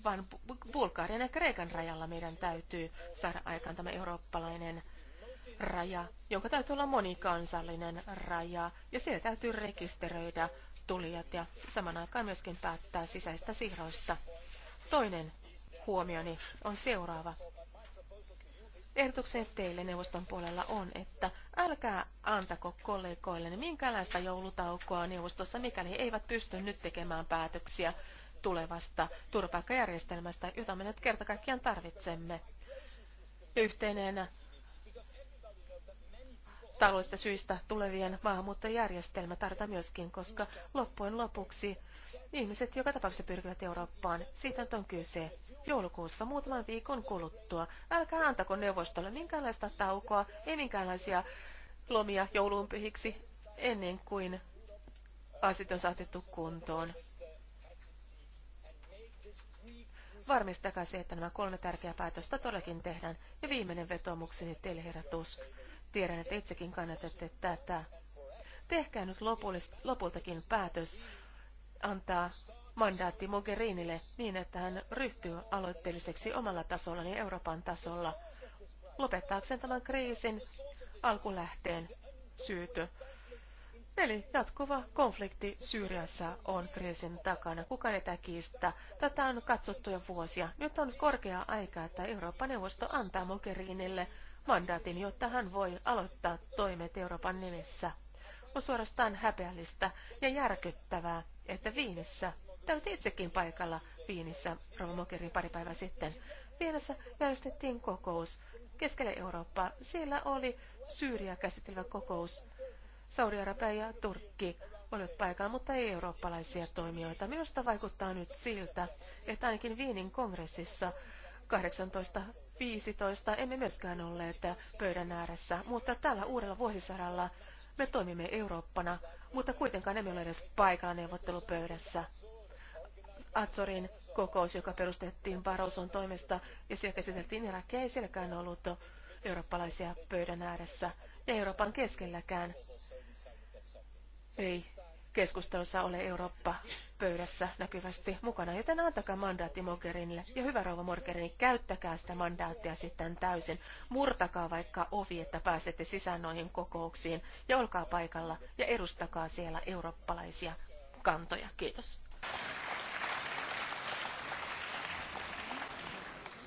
vaan Bulgarian ja Kreikan rajalla meidän täytyy saada aikaan tämä eurooppalainen raja, jonka täytyy olla monikansallinen raja, ja siellä täytyy rekisteröidä tulijat ja saman aikaan myöskin päättää sisäistä siirroista. Toinen huomioni on seuraava. Ehdotukseen teille neuvoston puolella on, että älkää antako kollegoille minkäänlaista joulutaukoa neuvostossa, mikäli he eivät pysty nyt tekemään päätöksiä tulevasta turvapaikkajärjestelmästä, jota me nyt kerta kaikkiaan tarvitsemme. Ja yhteinen taloudellisista syistä tulevien maahanmuuttojärjestelmä tarvitaan myöskin, koska loppujen lopuksi ihmiset joka tapauksessa pyrkivät Eurooppaan. Siitä nyt on kyse. Joulukuussa muutaman viikon kuluttua. Älkää antako neuvostolle minkäänlaista taukoa, ei minkäänlaisia lomia joulunpyhiksi ennen kuin asiat on saatettu kuntoon. Varmistakaa se, että nämä kolme tärkeää päätöstä todellakin tehdään. Ja viimeinen vetomukseni teille, herra Tusk. Tiedän, että itsekin kannatatte tätä. Tehkää nyt lopultakin päätös antaa mandaatti Mogherinille niin, että hän ryhtyy aloitteelliseksi omalla tasolla, niin Euroopan tasolla, lopettaakseen tämän kriisin alkulähteen syyty. Eli jatkuva konflikti Syyriassa on kriisin takana. Kukaan ei kiistä. Tätä on katsottu jo vuosia. Nyt on korkea aika, että Euroopan neuvosto antaa Mogherinille mandaatin, jotta hän voi aloittaa toimet Euroopan nimessä. On suorastaan häpeällistä ja järkyttävää, että Viinissä, te olitte itsekin paikalla Viinissä, Rova Mogherin pari päivää sitten, Viinissä järjestettiin kokous keskelle Eurooppaa. Siellä oli Syyriä käsittelevä kokous Saudi-Arabia ja Turkki olivat paikalla, mutta ei eurooppalaisia toimijoita. Minusta vaikuttaa nyt siltä, että ainakin Viinin kongressissa 1815 emme myöskään olleet pöydän ääressä, mutta tällä uudella vuosisadalla me toimimme Eurooppana, mutta kuitenkaan emme ole edes paikalla neuvottelupöydässä. Atsorin kokous, joka perustettiin Barroson toimesta ja siellä käsiteltiin Irakia, ei sielläkään ollut eurooppalaisia pöydän ääressä. Euroopan keskelläkään ei keskustelussa ole Eurooppa pöydässä näkyvästi mukana, joten antakaa mandaatti Mogherinille. Ja hyvä rouva Mogherini, käyttäkää sitä mandaattia sitten täysin. Murtakaa vaikka ovi, että pääsette sisään noihin kokouksiin ja olkaa paikalla ja edustakaa siellä eurooppalaisia kantoja. Kiitos.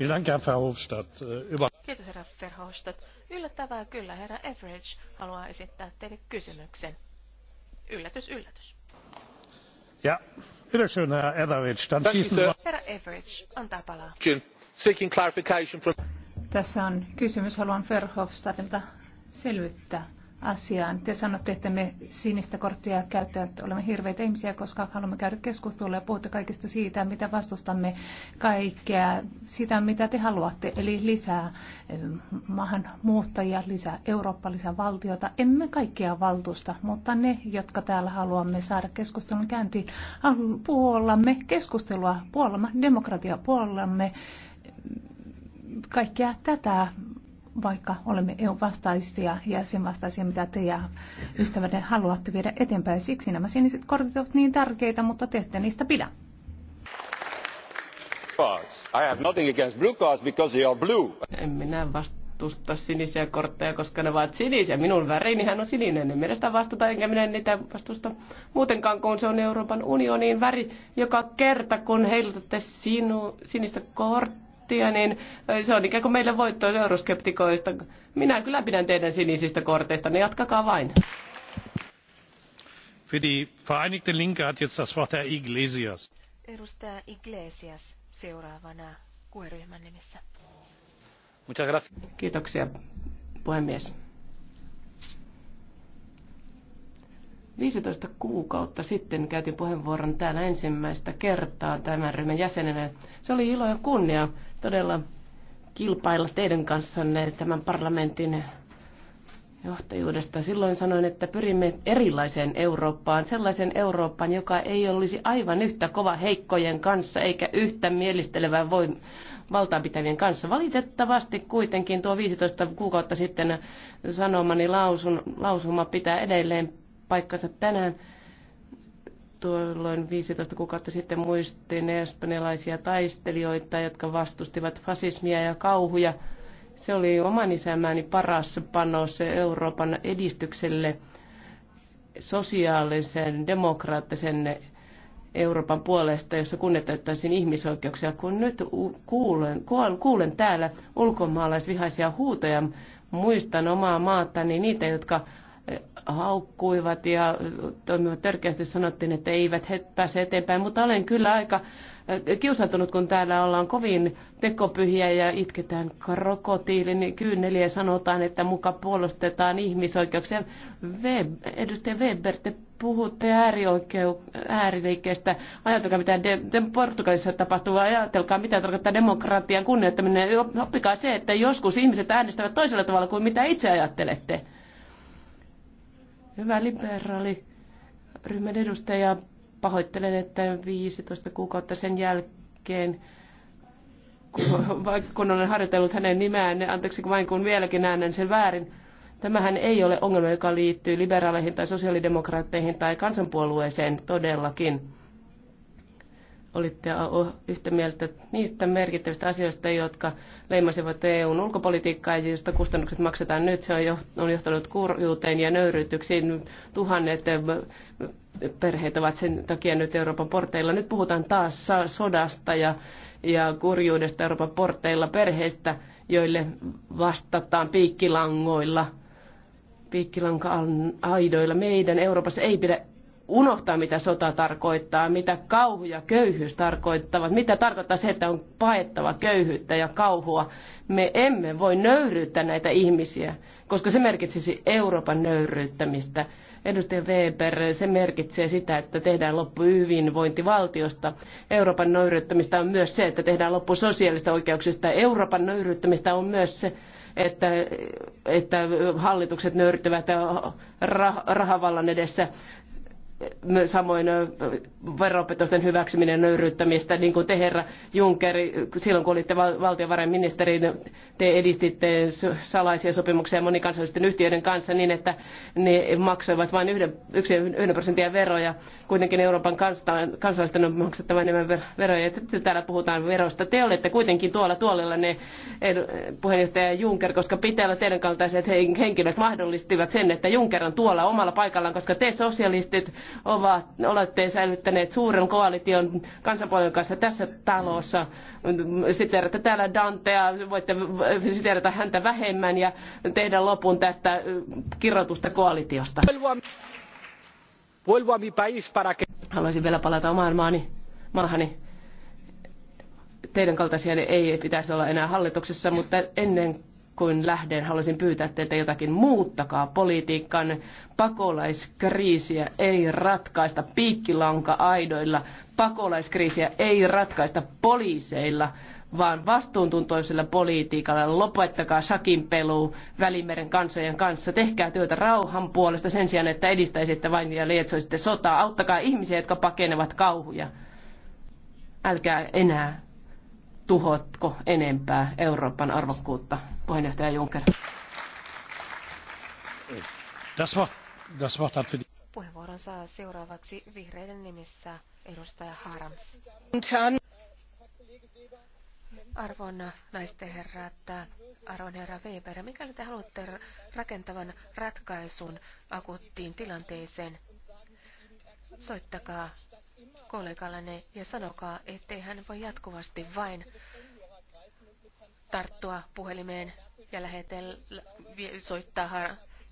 Äh, Kiitos herra Verhofstadt. Yllättävää kyllä herra Everidge haluaa esittää teille kysymyksen. Yllätys, yllätys. Ja, yllätys herra Everidge. Dann schießen Herra Everidge, antaa palaa. Seeking clarification from... Tässä on kysymys, haluan Verhofstadilta selvittää asiaan. Te sanotte, että me sinistä korttia käyttäen olemme hirveitä ihmisiä, koska haluamme käydä keskustelua ja puhutte kaikesta siitä, mitä vastustamme kaikkea, sitä mitä te haluatte, eli lisää eh, maahanmuuttajia, lisää Eurooppa, lisää valtiota. Emme kaikkia valtuusta, mutta ne, jotka täällä haluamme saada keskustelun käyntiin, puolamme keskustelua, puolamme demokratia, puolamme kaikkea tätä vaikka olemme EU-vastaisia ja sen vastaisia, mitä te ja ystävänne haluatte viedä eteenpäin. Siksi nämä siniset kortit ovat niin tärkeitä, mutta te ette niistä pidä. I have nothing against blue cards because they are blue. En minä vastusta sinisiä kortteja, koska ne ovat sinisiä. Minun värinihän on sininen. En minä sitä vastuta, enkä minä niitä vastusta muutenkaan, kun se on Euroopan unionin väri. Joka kerta, kun heilutatte sinu, sinistä korttia, korttia, niin se on ikään kuin meille voitto euroskeptikoista. Minä kyllä pidän teidän sinisistä korteista, niin jatkakaa vain. Für die Vereinigte Linke hat jetzt das Wort Herr Iglesias. Edustaja Iglesias seuraavana kuoryhmän nimissä. Kiitoksia, puhemies. 15 kuukautta sitten käytin puheenvuoron täällä ensimmäistä kertaa tämän ryhmän jäsenenä. Se oli ilo ja kunnia todella kilpailla teidän kanssanne tämän parlamentin johtajuudesta. Silloin sanoin, että pyrimme erilaiseen Eurooppaan, sellaisen Eurooppaan, joka ei olisi aivan yhtä kova heikkojen kanssa eikä yhtä mielistelevän voim- valtaanpitävien kanssa. Valitettavasti kuitenkin tuo 15 kuukautta sitten sanomani lausun, lausuma pitää edelleen paikkansa tänään tuolloin 15 kuukautta sitten ne espanjalaisia taistelijoita, jotka vastustivat fasismia ja kauhuja. Se oli oman isämääni paras panos Euroopan edistykselle sosiaalisen, demokraattisen Euroopan puolesta, jossa kunnioitettaisiin ihmisoikeuksia. Kun nyt kuulen, kuulen täällä ulkomaalaisvihaisia huutoja, muistan omaa maata, niin niitä, jotka haukkuivat ja toimivat törkeästi, sanottiin, että eivät he pääse eteenpäin, mutta olen kyllä aika äh, kiusantunut, kun täällä ollaan kovin tekopyhiä ja itketään krokotiilin niin kyyneliä ja sanotaan, että muka puolustetaan ihmisoikeuksia. Web, edustaja Weber, te puhutte äärioikeu- ääriliikkeestä. Ajatelkaa, mitä de- de- Portugalissa tapahtuu. Ajatelkaa, mitä tarkoittaa demokratian kunnioittaminen. Oppikaa se, että joskus ihmiset äänestävät toisella tavalla kuin mitä itse ajattelette. Hyvä liberaali ryhmän edustaja, pahoittelen, että 15 kuukautta sen jälkeen kun olen harjoitellut hänen nimeään, niin anteeksi vain kun vieläkin äänen sen väärin. Tämähän ei ole ongelma, joka liittyy liberaaleihin tai sosiaalidemokraatteihin tai kansanpuolueeseen todellakin olitte yhtä mieltä niistä merkittävistä asioista, jotka leimasivat EUn ulkopolitiikkaa ja joista kustannukset maksetaan nyt. Se on johtanut kurjuuteen ja nöyryytyksiin. Tuhannet eh, perheet ovat sen takia nyt Euroopan porteilla. Nyt puhutaan taas sodasta ja, ja kurjuudesta Euroopan porteilla perheistä, joille vastataan piikkilangoilla, piikkilanka-aidoilla. Meidän Euroopassa ei pidä unohtaa, mitä sota tarkoittaa, mitä kauhu ja köyhyys tarkoittavat, mitä tarkoittaa se, että on paettava köyhyyttä ja kauhua. Me emme voi nöyryyttää näitä ihmisiä, koska se merkitsisi Euroopan nöyryyttämistä. Edustaja Weber, se merkitsee sitä, että tehdään loppu hyvinvointivaltiosta. Euroopan nöyryyttämistä on myös se, että tehdään loppu sosiaalista oikeuksista. Euroopan nöyryyttämistä on myös se, että, että hallitukset nöyrtyvät rah- rahavallan edessä samoin veropetosten hyväksyminen nöyryyttämistä, niin kuin te herra Juncker, silloin kun olitte valtiovarainministeri, te edistitte salaisia sopimuksia monikansallisten yhtiöiden kanssa niin, että ne maksoivat vain yhden, prosenttia prosentin veroja. Kuitenkin Euroopan kansalaisten on maksettava enemmän veroja. täällä puhutaan verosta. Te olette kuitenkin tuolla tuolilla ne puheenjohtaja Juncker, koska pitää olla teidän kaltaiset henkilöt mahdollistivat sen, että Juncker on tuolla omalla paikallaan, koska te sosialistit ovat, olette säilyttäneet suuren koalition kansanpuolen kanssa tässä talossa. Siteerätte täällä Dantea, voitte siteerata häntä vähemmän ja tehdä lopun tästä kirjoitusta koalitiosta. Haluaisin vielä palata omaan maani, maahani teidän kaltaisia ei pitäisi olla enää hallituksessa, mutta ennen kuin lähden, haluaisin pyytää teiltä jotakin. Muuttakaa politiikan pakolaiskriisiä, ei ratkaista piikkilanka-aidoilla. Pakolaiskriisiä ei ratkaista poliiseilla, vaan vastuuntuntoisella politiikalla. Lopettakaa sakinpelu peluu Välimeren kansojen kanssa. Tehkää työtä rauhan puolesta sen sijaan, että edistäisitte vain ja lietsoisitte sotaa. Auttakaa ihmisiä, jotka pakenevat kauhuja. Älkää enää tuhotko enempää Euroopan arvokkuutta, puheenjohtaja Juncker? Das war, das war dann für die... Puheenvuoron saa seuraavaksi vihreiden nimissä edustaja Harams. Arvon naisten herra, että arvon herra Weber, mikäli te haluatte rakentavan ratkaisun akuuttiin tilanteeseen, soittakaa kollegallenne ja sanokaa, ettei hän voi jatkuvasti vain tarttua puhelimeen ja lähetellä, soittaa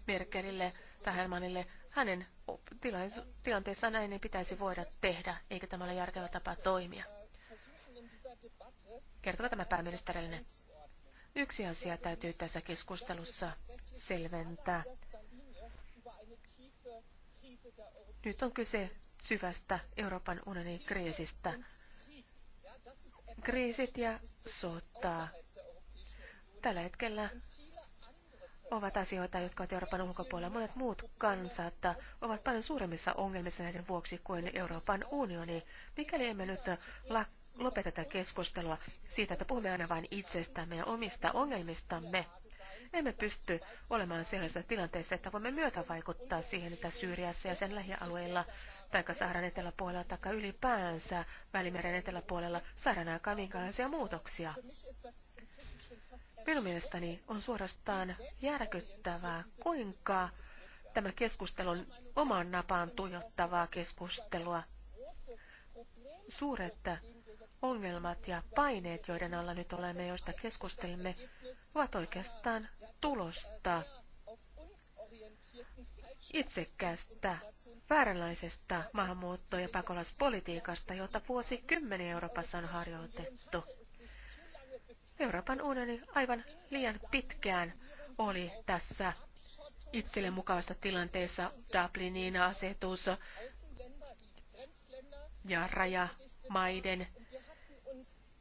Merkelille tai Hermanille. Hänen tilanteessaan näin ei pitäisi voida tehdä, eikä tämä ole järkevä tapa toimia. Kertokaa tämä pääministerille. Yksi asia täytyy tässä keskustelussa selventää. Nyt on kyse syvästä Euroopan unionin kriisistä. Kriisit ja sotaa tällä hetkellä ovat asioita, jotka ovat Euroopan ulkopuolella. Monet muut kansat ovat paljon suuremmissa ongelmissa näiden vuoksi kuin Euroopan unioni. Mikäli emme nyt lopeta tätä keskustelua siitä, että puhumme aina vain itsestämme ja omista ongelmistamme, emme pysty olemaan sellaisessa tilanteessa, että voimme myötä vaikuttaa siihen, että Syyriassa ja sen lähialueilla tai Saharan eteläpuolella tai ylipäänsä Välimeren eteläpuolella saadaan aikaan minkälaisia muutoksia. Minun mielestäni on suorastaan järkyttävää, kuinka tämä keskustelu on oman napaan tuijottavaa keskustelua. Suuret ongelmat ja paineet, joiden alla nyt olemme, joista keskustelemme, ovat oikeastaan tulosta itsekkäästä, vääränlaisesta maahanmuutto- ja pakolaispolitiikasta, jota vuosikymmeniä Euroopassa on harjoitettu. Euroopan unioni aivan liian pitkään oli tässä itselle mukavasta tilanteessa Dublinin asetus ja rajamaiden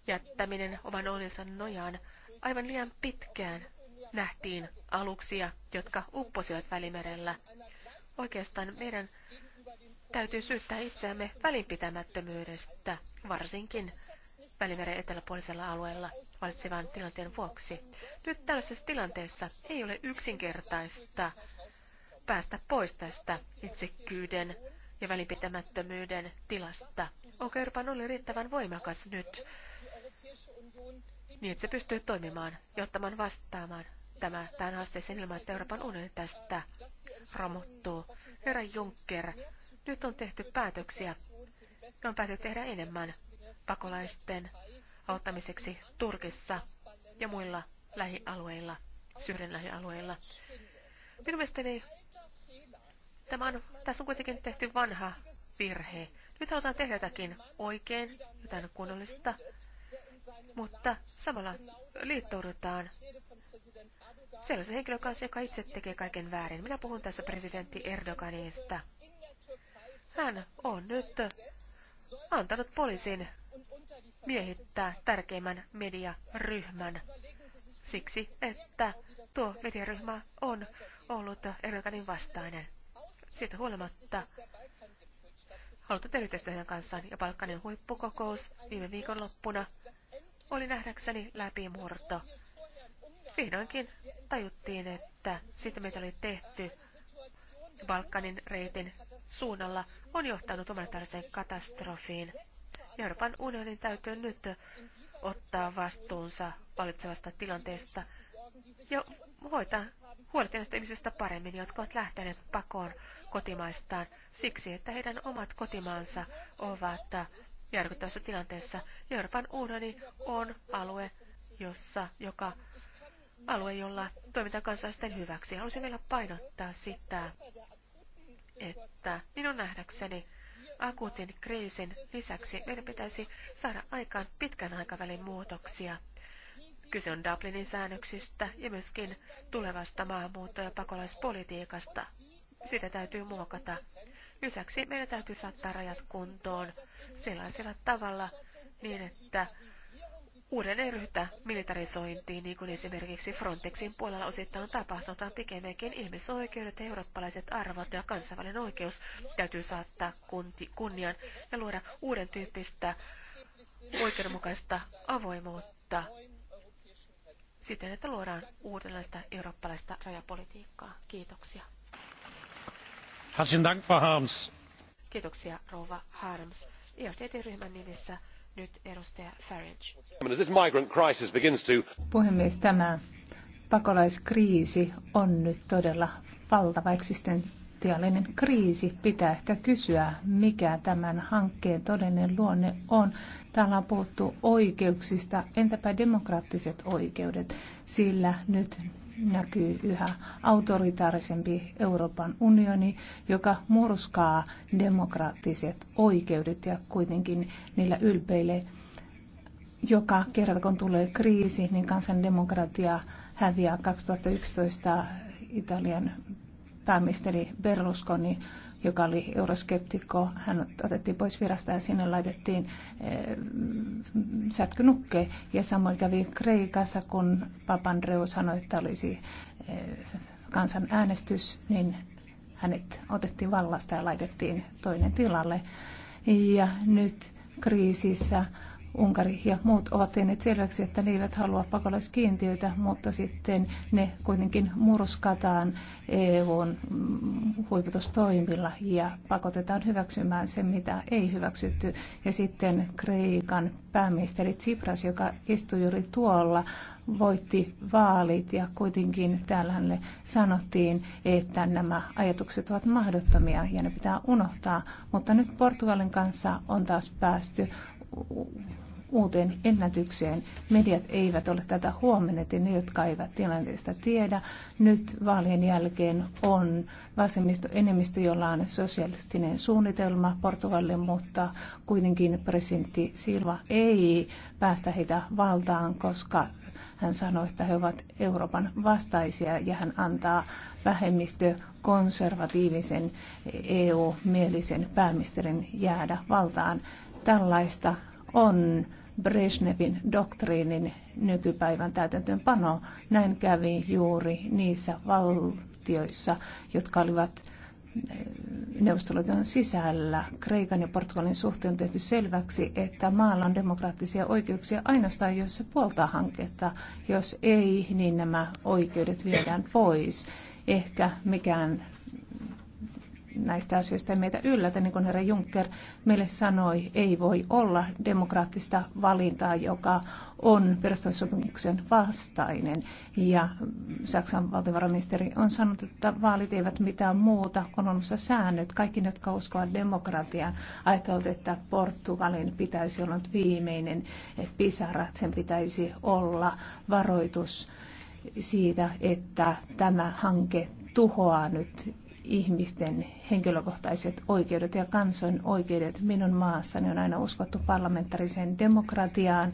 jättäminen oman onnensa nojaan aivan liian pitkään nähtiin aluksia, jotka upposivat Välimerellä. Oikeastaan meidän täytyy syyttää itseämme välinpitämättömyydestä, varsinkin Välimeren eteläpuolisella alueella valitsevan tilanteen vuoksi. Nyt tällaisessa tilanteessa ei ole yksinkertaista päästä pois tästä itsekyyden ja välinpitämättömyyden tilasta. Onko Euroopan oli riittävän voimakas nyt, niin että se pystyy toimimaan ja ottamaan vastaamaan tämä tämän haasteeseen ilman, että Euroopan unioni tästä romuttuu. Herra Juncker, nyt on tehty päätöksiä. Ne on päätetty tehdä enemmän pakolaisten auttamiseksi Turkissa ja muilla lähialueilla, Syyrian lähialueilla. Minun mielestäni tämä on, tässä on kuitenkin tehty vanha virhe. Nyt halutaan tehdä jotakin oikein, jotain kunnollista, mutta samalla liittoudutaan sellaisen henkilön kanssa, joka itse tekee kaiken väärin. Minä puhun tässä presidentti Erdoganista. Hän on nyt antanut poliisin miehittää tärkeimmän mediaryhmän siksi, että tuo mediaryhmä on ollut Erdoganin vastainen. Siitä huolimatta halutaan tehdä heidän kanssaan ja Balkanin huippukokous viime viikonloppuna oli nähdäkseni läpimurto. Vihdoinkin tajuttiin, että sitä mitä oli tehty Balkanin reitin suunnalla on johtanut humanitaariseen katastrofiin. Euroopan unionin täytyy nyt ottaa vastuunsa valitsevasta tilanteesta ja hoitaa huolehtia näistä ihmisistä paremmin, jotka ovat lähteneet pakoon kotimaistaan siksi, että heidän omat kotimaansa ovat järkyttävässä tilanteessa. Euroopan unioni on alue, jossa, joka alue, jolla toimitaan kansalaisten hyväksi. Haluaisin vielä painottaa sitä, että minun nähdäkseni akuutin kriisin lisäksi meidän pitäisi saada aikaan pitkän aikavälin muutoksia. Kyse on Dublinin säännöksistä ja myöskin tulevasta maahanmuutto- ja pakolaispolitiikasta. Sitä täytyy muokata. Lisäksi meidän täytyy saattaa rajat kuntoon sellaisella tavalla niin, että uudelleen ryhtyä militarisointiin, niin kuin esimerkiksi Frontexin puolella osittain tapahtunut, pikemminkin ihmisoikeudet, eurooppalaiset arvot ja kansainvälinen oikeus täytyy saattaa kunti, kunnian ja luoda uuden tyyppistä oikeudenmukaista avoimuutta siten, että luodaan uudenlaista eurooppalaista rajapolitiikkaa. Kiitoksia. Herzlichen Dank, Frau Harms. Kiitoksia, rouva Harms. EFTD-ryhmän nimissä nyt edustaja Farage. Puhemies, tämä pakolaiskriisi on nyt todella valtava eksistentiaalinen kriisi. Pitää ehkä kysyä, mikä tämän hankkeen todellinen luonne on. Täällä on puhuttu oikeuksista, entäpä demokraattiset oikeudet, sillä nyt näkyy yhä autoritaarisempi Euroopan unioni, joka murskaa demokraattiset oikeudet ja kuitenkin niillä ylpeilee. Joka kerta kun tulee kriisi, niin kansandemokratia häviää 2011 Italian pääministeri Berlusconi joka oli euroskeptikko, hän otettiin pois virasta ja sinne laitettiin eh, sätkynukke. Ja samoin kävi Kreikassa, kun Papandreou sanoi, että olisi eh, äänestys, niin hänet otettiin vallasta ja laitettiin toinen tilalle. Ja nyt kriisissä Unkari ja muut ovat tehneet selväksi, että ne eivät halua pakolaiskiintiöitä, mutta sitten ne kuitenkin murskataan EUn mm, huiputustoimilla ja pakotetaan hyväksymään se, mitä ei hyväksytty. Ja sitten Kreikan pääministeri Tsipras, joka istui juuri tuolla, voitti vaalit ja kuitenkin täällä hänelle sanottiin, että nämä ajatukset ovat mahdottomia ja ne pitää unohtaa. Mutta nyt Portugalin kanssa on taas päästy uuteen ennätykseen. Mediat eivät ole tätä huomenneet ja ne, jotka eivät tilanteesta tiedä. Nyt vaalien jälkeen on vasemmisto enemmistö, jolla on sosialistinen suunnitelma Portugalille, mutta kuitenkin presidentti Silva ei päästä heitä valtaan, koska hän sanoi, että he ovat Euroopan vastaisia ja hän antaa vähemmistö konservatiivisen EU-mielisen pääministerin jäädä valtaan. Tällaista on Brezhnevin doktriinin nykypäivän täytäntöönpano. Näin kävi juuri niissä valtioissa, jotka olivat eh, neuvostoliiton sisällä Kreikan ja Portugalin suhteen on tehty selväksi, että maalla on demokraattisia oikeuksia ainoastaan, jos se puoltaa hanketta. Jos ei, niin nämä oikeudet viedään pois. Ehkä mikään näistä asioista meitä yllätä, niin kuin herra Juncker meille sanoi, ei voi olla demokraattista valintaa, joka on perustamissopimuksen vastainen. Ja Saksan valtiovarainministeri on sanonut, että vaalit eivät mitään muuta, on olemassa säännöt. Kaikki, jotka uskovat demokratiaan, ajattelut, että Portugalin pitäisi olla viimeinen pisara, sen pitäisi olla varoitus siitä, että tämä hanke tuhoaa nyt ihmisten henkilökohtaiset oikeudet ja kansojen oikeudet. Minun maassani on aina uskottu parlamentaariseen demokratiaan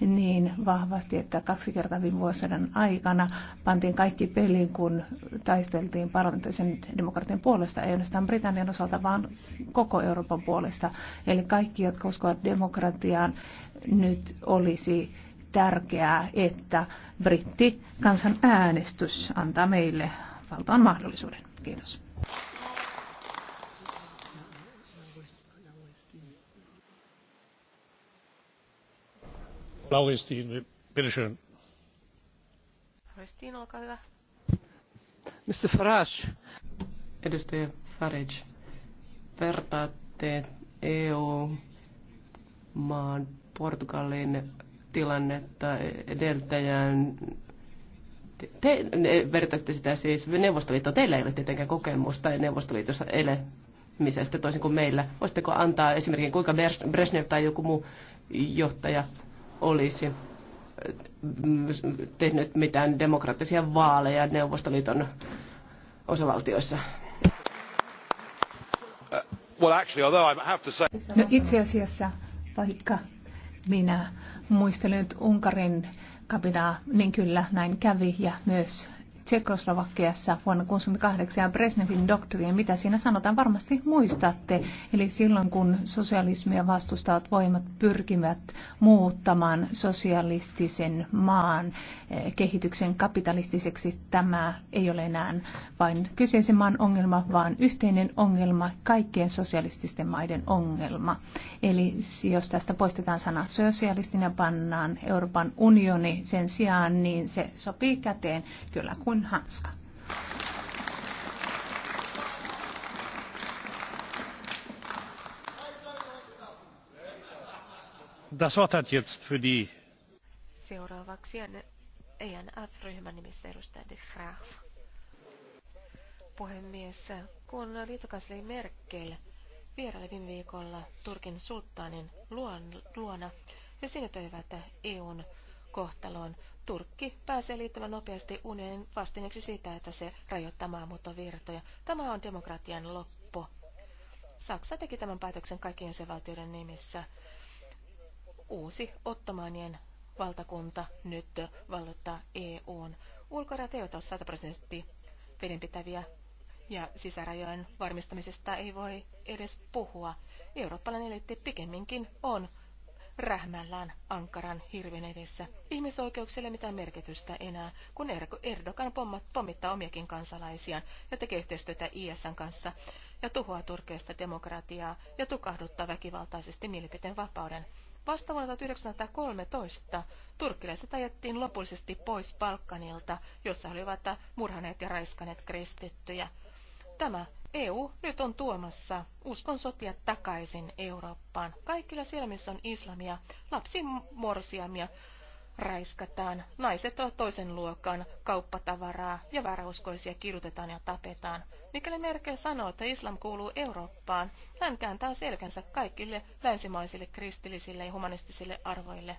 niin vahvasti, että kaksi kertaa viime vuosien aikana pantiin kaikki peliin, kun taisteltiin parlamentaarisen demokratian puolesta, ei ainoastaan Britannian osalta, vaan koko Euroopan puolesta. Eli kaikki, jotka uskovat demokratiaan, nyt olisi tärkeää, että britti äänestys antaa meille valtaan mahdollisuuden. Kiitos. Lauristin, olkaa hyvä. Mr. Farage. Edustaja Farage, vertaatte EU-maan Portugalin tilannetta edeltäjään te vertaisitte sitä siis Neuvostoliittoon. Teillä ei ole tietenkään kokemusta Neuvostoliitossa elämisestä toisin kuin meillä. Voisitteko antaa esimerkiksi kuinka Brezhnev tai joku muu johtaja olisi äh, tehnyt mitään demokraattisia vaaleja Neuvostoliiton osavaltioissa? Uh, no itse asiassa, vaikka minä muistelen nyt Unkarin kapinaa, niin kyllä näin kävi ja myös Tsekoslovakiassa vuonna 1968 ja Brezhnevin doktriin, mitä siinä sanotaan, varmasti muistatte. Eli silloin kun sosialismia vastustavat voimat pyrkivät muuttamaan sosialistisen maan eh, kehityksen kapitalistiseksi, tämä ei ole enää vain kyseisen maan ongelma, vaan yhteinen ongelma, kaikkien sosialististen maiden ongelma. Eli jos tästä poistetaan sana sosialistinen ja pannaan Euroopan unioni sen sijaan, niin se sopii käteen kyllä kuin kuin hanska. Das Wort hat jetzt für die Seuraavaksi on ENF-ryhmän nimissä edustaja de Graaf. Puhemies, kun liitokansleri Merkel vieraili viime viikolla Turkin sulttaanin luona, he sinetöivät EUn kohtaloon. Turkki pääsee liittymään nopeasti unionin vastineeksi siitä, että se rajoittaa maahanmuuttovirtoja. Tämä on demokratian loppu. Saksa teki tämän päätöksen kaikkien jäsenvaltioiden nimissä. Uusi ottomaanien valtakunta nyt vallottaa EUn. Ulkorajat eivät ole 100 prosenttia vedenpitäviä ja sisärajojen varmistamisesta ei voi edes puhua. Eurooppalainen eliitti pikemminkin on rähmällään ankaran hirven edessä. Ihmisoikeuksille mitään merkitystä enää, kun Erdogan pommittaa omiakin kansalaisiaan ja tekee yhteistyötä ISN kanssa ja tuhoaa turkeista demokratiaa ja tukahduttaa väkivaltaisesti mielipiteen vapauden. Vasta vuonna 1913 turkkilaiset ajettiin lopullisesti pois Balkanilta, jossa olivat murhaneet ja raiskaneet kristittyjä. Tämä EU nyt on tuomassa uskon sotia takaisin Eurooppaan. Kaikilla siellä, missä on islamia, lapsimorsiamia raiskataan, naiset ovat toisen luokan kauppatavaraa ja varauskoisia kirjoitetaan ja tapetaan. Mikäli Merkel sanoo, että islam kuuluu Eurooppaan, hän kääntää selkänsä kaikille länsimaisille kristillisille ja humanistisille arvoille.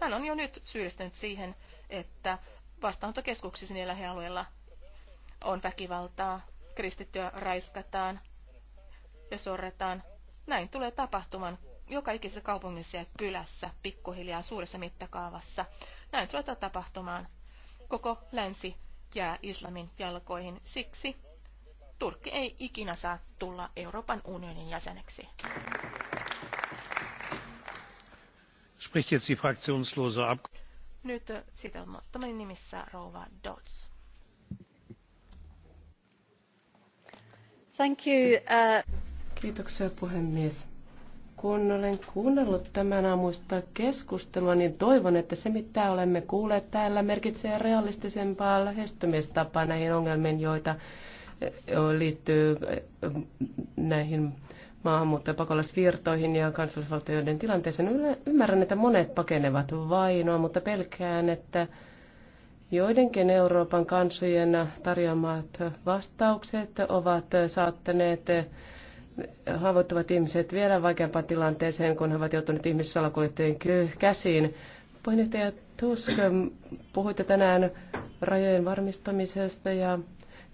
Hän on jo nyt syyllistynyt siihen, että vastaanottokeskuksissa lähialueilla on väkivaltaa, kristittyä raiskataan ja sorretaan. Näin tulee tapahtumaan, joka ikisessä kaupungissa ja kylässä, pikkuhiljaa suuressa mittakaavassa. Näin tulee tapahtumaan. Koko länsi jää islamin jalkoihin. Siksi Turkki ei ikinä saa tulla Euroopan unionin jäseneksi. Nyt sitelmattomien nimissä Rova Dodds. Thank you, uh... Kiitoksia puhemies. Kun olen kuunnellut tämän aamuista keskustelua, niin toivon, että se mitä olemme kuulleet täällä merkitsee realistisempaa lähestymistapaa näihin ongelmiin, joita eh, liittyy eh, näihin maahanmuutto- ja pakolaisvirtoihin ja kansallisvaltioiden tilanteeseen. Ymmärrän, että monet pakenevat vainoa, mutta pelkään, että Joidenkin Euroopan kansojen tarjoamat vastaukset ovat saattaneet haavoittuvat ihmiset vielä vaikeampaan tilanteeseen, kun he ovat joutuneet ihmissalakuljettajien käsiin. Puheenjohtaja Tusk, puhuitte tänään rajojen varmistamisesta ja,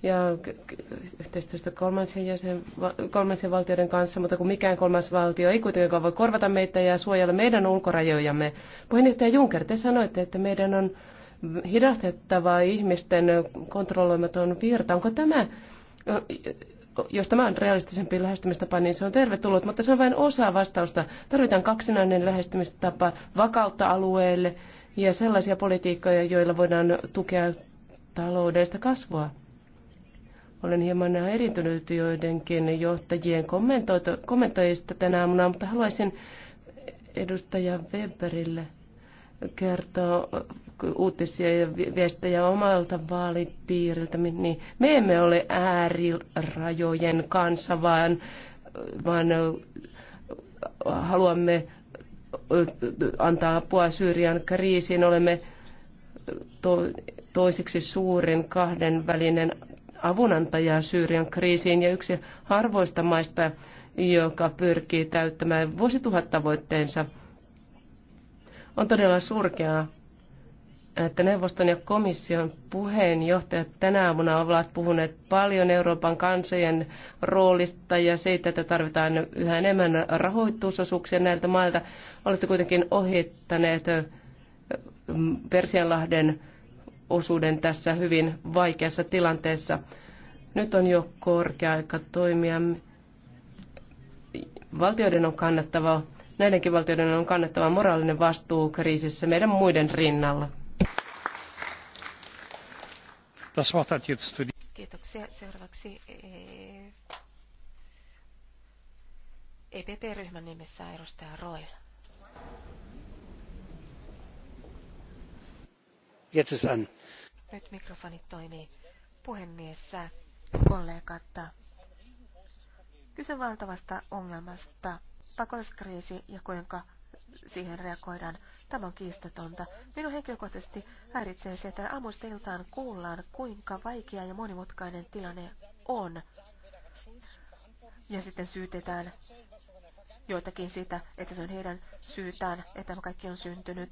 ja yhteistyöstä kolmansien, jäsen, kolmansien valtioiden kanssa, mutta kun mikään kolmas valtio ei kuitenkaan voi korvata meitä ja suojella meidän ulkorajojamme. Puheenjohtaja Juncker, te sanoitte, että meidän on hidastettava ihmisten kontrolloimaton virta. Onko tämä, jos tämä on realistisempi lähestymistapa, niin se on tervetullut, mutta se on vain osa vastausta. Tarvitaan kaksinainen lähestymistapa vakautta alueelle ja sellaisia politiikkoja, joilla voidaan tukea taloudellista kasvua. Olen hieman häiriintynyt joidenkin johtajien kommentoijista tänä aamuna, mutta haluaisin edustaja Weberille kertoa uutisia ja viestejä omalta vaalipiiriltä, niin me emme ole äärirajojen kanssa, vaan, vaan äh, haluamme äh, antaa apua Syyrian kriisiin. Olemme äh, to, toiseksi suurin kahdenvälinen avunantaja Syyrian kriisiin ja yksi harvoista maista, joka pyrkii täyttämään vuosituhattavoitteensa. On todella surkeaa, että neuvoston ja komission puheenjohtajat tänä aamuna ovat puhuneet paljon Euroopan kansojen roolista ja siitä, että tarvitaan yhä enemmän rahoitusosuuksia näiltä mailta. Olette kuitenkin ohittaneet Persianlahden osuuden tässä hyvin vaikeassa tilanteessa. Nyt on jo korkea aika toimia. Valtioiden on kannattava, näidenkin valtioiden on kannattava moraalinen vastuu kriisissä meidän muiden rinnalla. Das Wort hat jetzt für die Kiitoksia. Seuraavaksi EPP-ryhmän eh, e nimissä edustaja Roil. Nyt mikrofoni toimii. Puhemies, kollegat. Kyse valtavasta ongelmasta, pakolaiskriisi ja kuinka siihen reagoidaan. Tämä on kiistatonta. Minun henkilökohtaisesti häiritsee se, että aamusta iltaan kuullaan, kuinka vaikea ja monimutkainen tilanne on. Ja sitten syytetään joitakin sitä, että se on heidän syytään, että tämä kaikki on syntynyt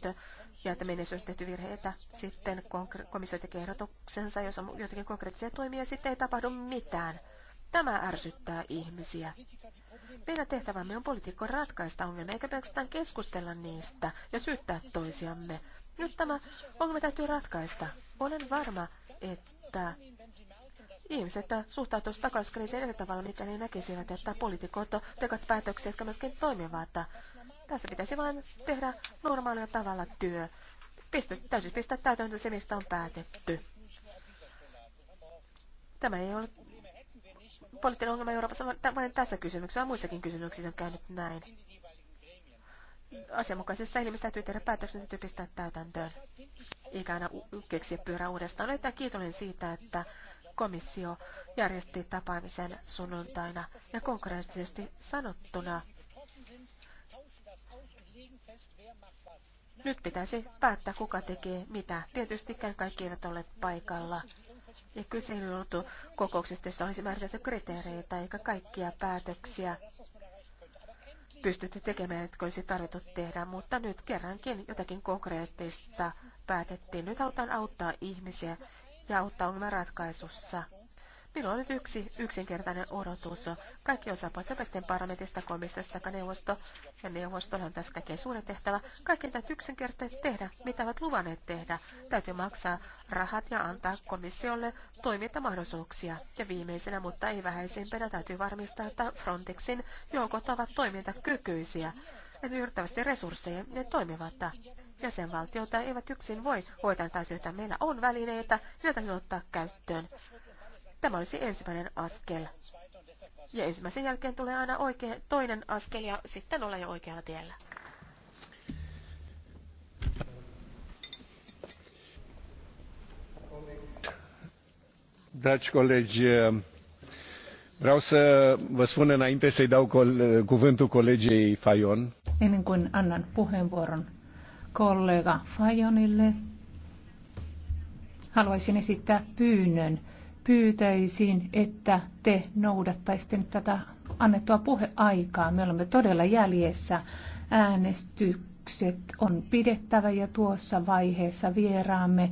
ja että meidän on tehty virheitä. Sitten komissio tekee ehdotuksensa, jos on jotakin konkreettisia toimia, ja sitten ei tapahdu mitään. Tämä ärsyttää ihmisiä. Meidän tehtävämme on poliitikkojen ratkaista ongelmia, eikä pelkästään keskustella niistä ja syyttää toisiamme. Nyt tämä ongelma täytyy ratkaista. Olen varma, että ihmiset suhtautuisivat talouskriisiin eri tavalla, mikä ne näkisivät, että poliitikot tekevät päätöksiä, jotka myöskin toimivat. Tässä pitäisi vain tehdä normaalilla tavalla työ. Pistä, täytyy pistää täytäntöön se, mistä on päätetty. Tämä ei ole poliittinen ongelma Euroopassa vain tässä kysymyksessä, vaan muissakin kysymyksissä on käynyt näin. Asianmukaisessa elimessä täytyy tehdä päätöksen, täytyy pistää täytäntöön, eikä aina keksiä pyörää uudestaan. Olen erittäin kiitollinen siitä, että komissio järjesti tapaamisen sunnuntaina ja konkreettisesti sanottuna nyt pitäisi päättää, kuka tekee mitä. Tietysti kaikki eivät ole paikalla. Ja kyse ei ollut kokouksesta, jossa olisi määritelty kriteereitä eikä kaikkia päätöksiä pystytty tekemään, jotka olisi tarvittu tehdä, mutta nyt kerrankin jotakin konkreettista päätettiin. Nyt halutaan auttaa ihmisiä ja auttaa ongelman ratkaisussa. Minulla on nyt yksi yksinkertainen odotus. Kaikki osapuolet, joka sitten parlamentista, komissiosta ja neuvosto, ja neuvostolla on tässä kaikkein suurin tehtävä, kaikki täytyy yksinkertaisesti tehdä, mitä ovat luvanneet tehdä. Täytyy maksaa rahat ja antaa komissiolle toimintamahdollisuuksia. Ja viimeisenä, mutta ei vähäisimpänä, täytyy varmistaa, että Frontexin joukot ovat toimintakykyisiä. Ja yrittävästi resursseja ne toimivat. Jäsenvaltiota eivät yksin voi hoitaa asioita. meillä on välineitä, joita täytyy ottaa käyttöön. Tämä olisi ensimmäinen askel. Ja ensimmäisen jälkeen tulee aina oikea, toinen askel ja sitten olla jo oikealla tiellä. Dragi colegi, vreau să vă spun înainte să-i dau cuvântul colegei Fayon. Ennen kuin annan puheenvuoron kollega Fajonille, haluaisin esittää pyynnön pyytäisin, että te noudattaisitte nyt tätä annettua puheaikaa. Me olemme todella jäljessä. Äänestykset on pidettävä ja tuossa vaiheessa vieraamme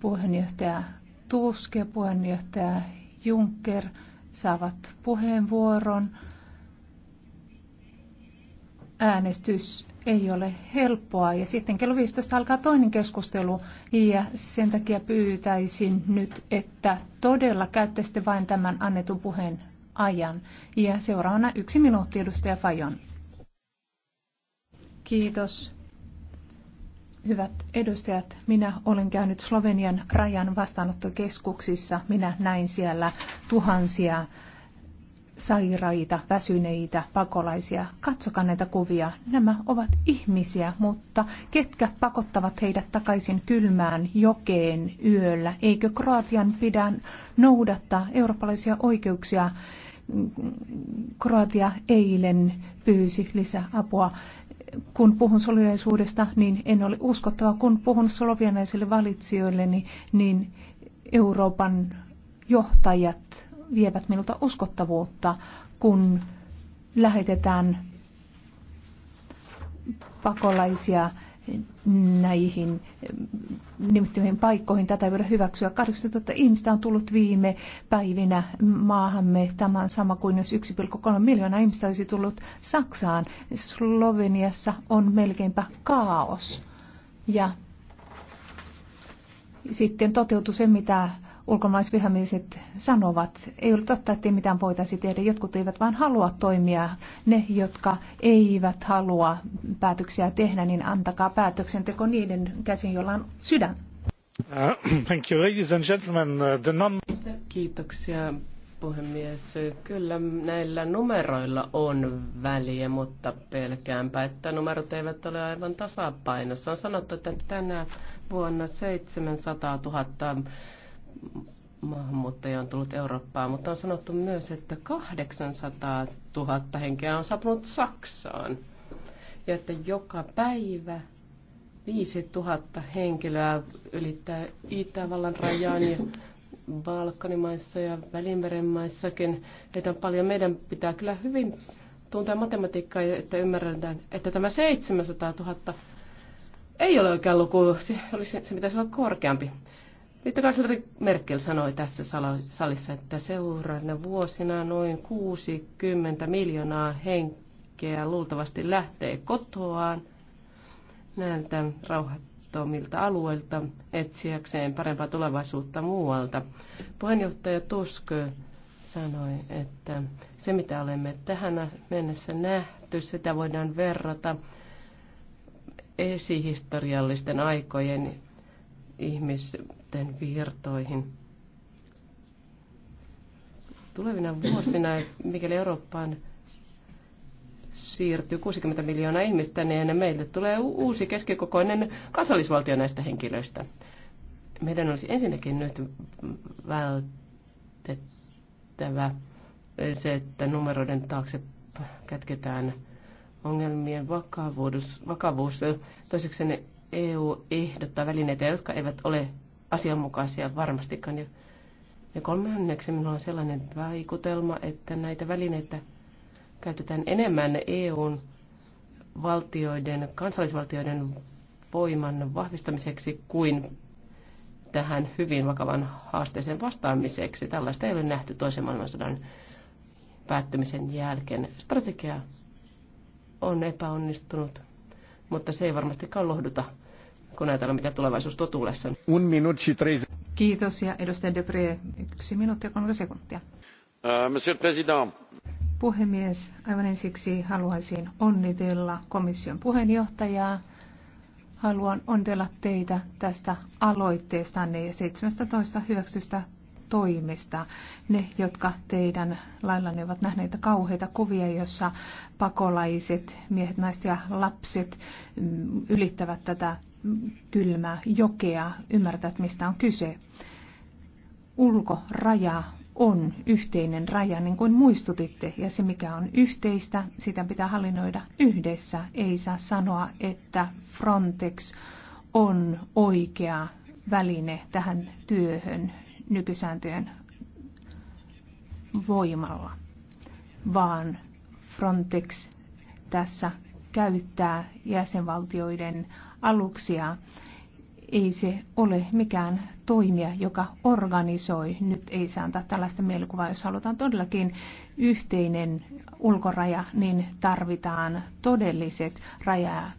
puheenjohtaja Tuske ja puheenjohtaja Juncker saavat puheenvuoron. Äänestys ei ole helppoa. Ja sitten kello 15 alkaa toinen keskustelu ja sen takia pyytäisin nyt, että todella käyttäisitte vain tämän annetun puheen ajan. Ja seuraavana yksi minuutti edustaja Fajon. Kiitos. Hyvät edustajat, minä olen käynyt Slovenian rajan vastaanottokeskuksissa. Minä näin siellä tuhansia sairaita, väsyneitä, pakolaisia. Katsokaa näitä kuvia. Nämä ovat ihmisiä, mutta ketkä pakottavat heidät takaisin kylmään jokeen yöllä? Eikö Kroatian pidä noudattaa eurooppalaisia oikeuksia? Kroatia eilen pyysi lisäapua kun puhun solidaisuudesta, niin en ole uskottava. Kun puhun slovianaisille valitsijoille, niin Euroopan johtajat vievät minulta uskottavuutta, kun lähetetään pakolaisia näihin nimittäin paikkoihin. Tätä ei voida hyväksyä. 000 ihmistä on tullut viime päivinä maahamme. Tämä on sama kuin jos 1,3 miljoonaa ihmistä olisi tullut Saksaan. Sloveniassa on melkeinpä kaos. Ja sitten toteutui se, mitä ulkomaisvihamiset sanovat. Ei ole totta, että mitään voitaisiin tehdä. Jotkut eivät vain halua toimia. Ne, jotka eivät halua päätöksiä tehdä, niin antakaa päätöksenteko niiden käsin, joilla on sydän. Äh, thank you, ladies and gentlemen. Äh, the num- Kiitoksia puhemies. Kyllä näillä numeroilla on väliä, mutta pelkäänpä, että numerot eivät ole aivan tasapainossa. On sanottu, että tänä vuonna 700 000 maahanmuuttajia on tullut Eurooppaan, mutta on sanottu myös, että 800 000 henkeä on saapunut Saksaan. Ja että joka päivä 5 000 henkilöä ylittää Itävallan rajan ja Balkanimaissa ja Välimeren maissakin. Heitä on paljon. Meidän pitää kyllä hyvin tuntea matematiikkaa, että ymmärretään, että tämä 700 000 ei ole oikea luku. Se, olisi, se pitäisi olla korkeampi. Liittokansleri Merkel sanoi tässä salissa, että seuraavana vuosina noin 60 miljoonaa henkeä luultavasti lähtee kotoaan näiltä rauhattomilta alueilta etsiäkseen parempaa tulevaisuutta muualta. Puheenjohtaja Tusk sanoi, että se mitä olemme tähän mennessä nähty, sitä voidaan verrata esihistoriallisten aikojen ihmis maahanmuuttajien virtoihin. Tulevina vuosina, mikäli Eurooppaan siirtyy 60 miljoonaa ihmistä, niin meille tulee uusi keskikokoinen kansallisvaltio näistä henkilöistä. Meidän olisi ensinnäkin nyt vältettävä se, että numeroiden taakse kätketään ongelmien vakavuus. vakavuus. Toiseksi EU ehdottaa välineitä, jotka eivät ole asianmukaisia varmastikaan. Ja, ja kolmanneksi minulla on sellainen vaikutelma, että näitä välineitä käytetään enemmän EUn valtioiden, kansallisvaltioiden voiman vahvistamiseksi kuin tähän hyvin vakavan haasteeseen vastaamiseksi. Tällaista ei ole nähty toisen maailmansodan päättymisen jälkeen. Strategia on epäonnistunut, mutta se ei varmastikaan lohduta kun ajatellaan, mitä tulevaisuus tuo tullessaan. Un Kiitos ja edustaja Debré, yksi minuutti ja 30 sekuntia. Uh, monsieur le Président. Puhemies, aivan ensiksi haluaisin onnitella komission puheenjohtajaa. Haluan onnitella teitä tästä aloitteestanne ja 17 hyväksystä toimista. Ne, jotka teidän laillanne ovat nähneet kauheita kuvia, jossa pakolaiset, miehet, naiset ja lapset mm, ylittävät tätä kylmää jokea ymmärtävät, mistä on kyse. Ulkoraja on yhteinen raja, niin kuin muistutitte, ja se mikä on yhteistä, sitä pitää hallinnoida yhdessä. Ei saa sanoa, että Frontex on oikea väline tähän työhön nykysääntöjen voimalla, vaan Frontex tässä käyttää jäsenvaltioiden aluksia ei se ole mikään toimija, joka organisoi. Nyt ei saa antaa tällaista mielikuvaa, jos halutaan todellakin yhteinen ulkoraja, niin tarvitaan todelliset raja-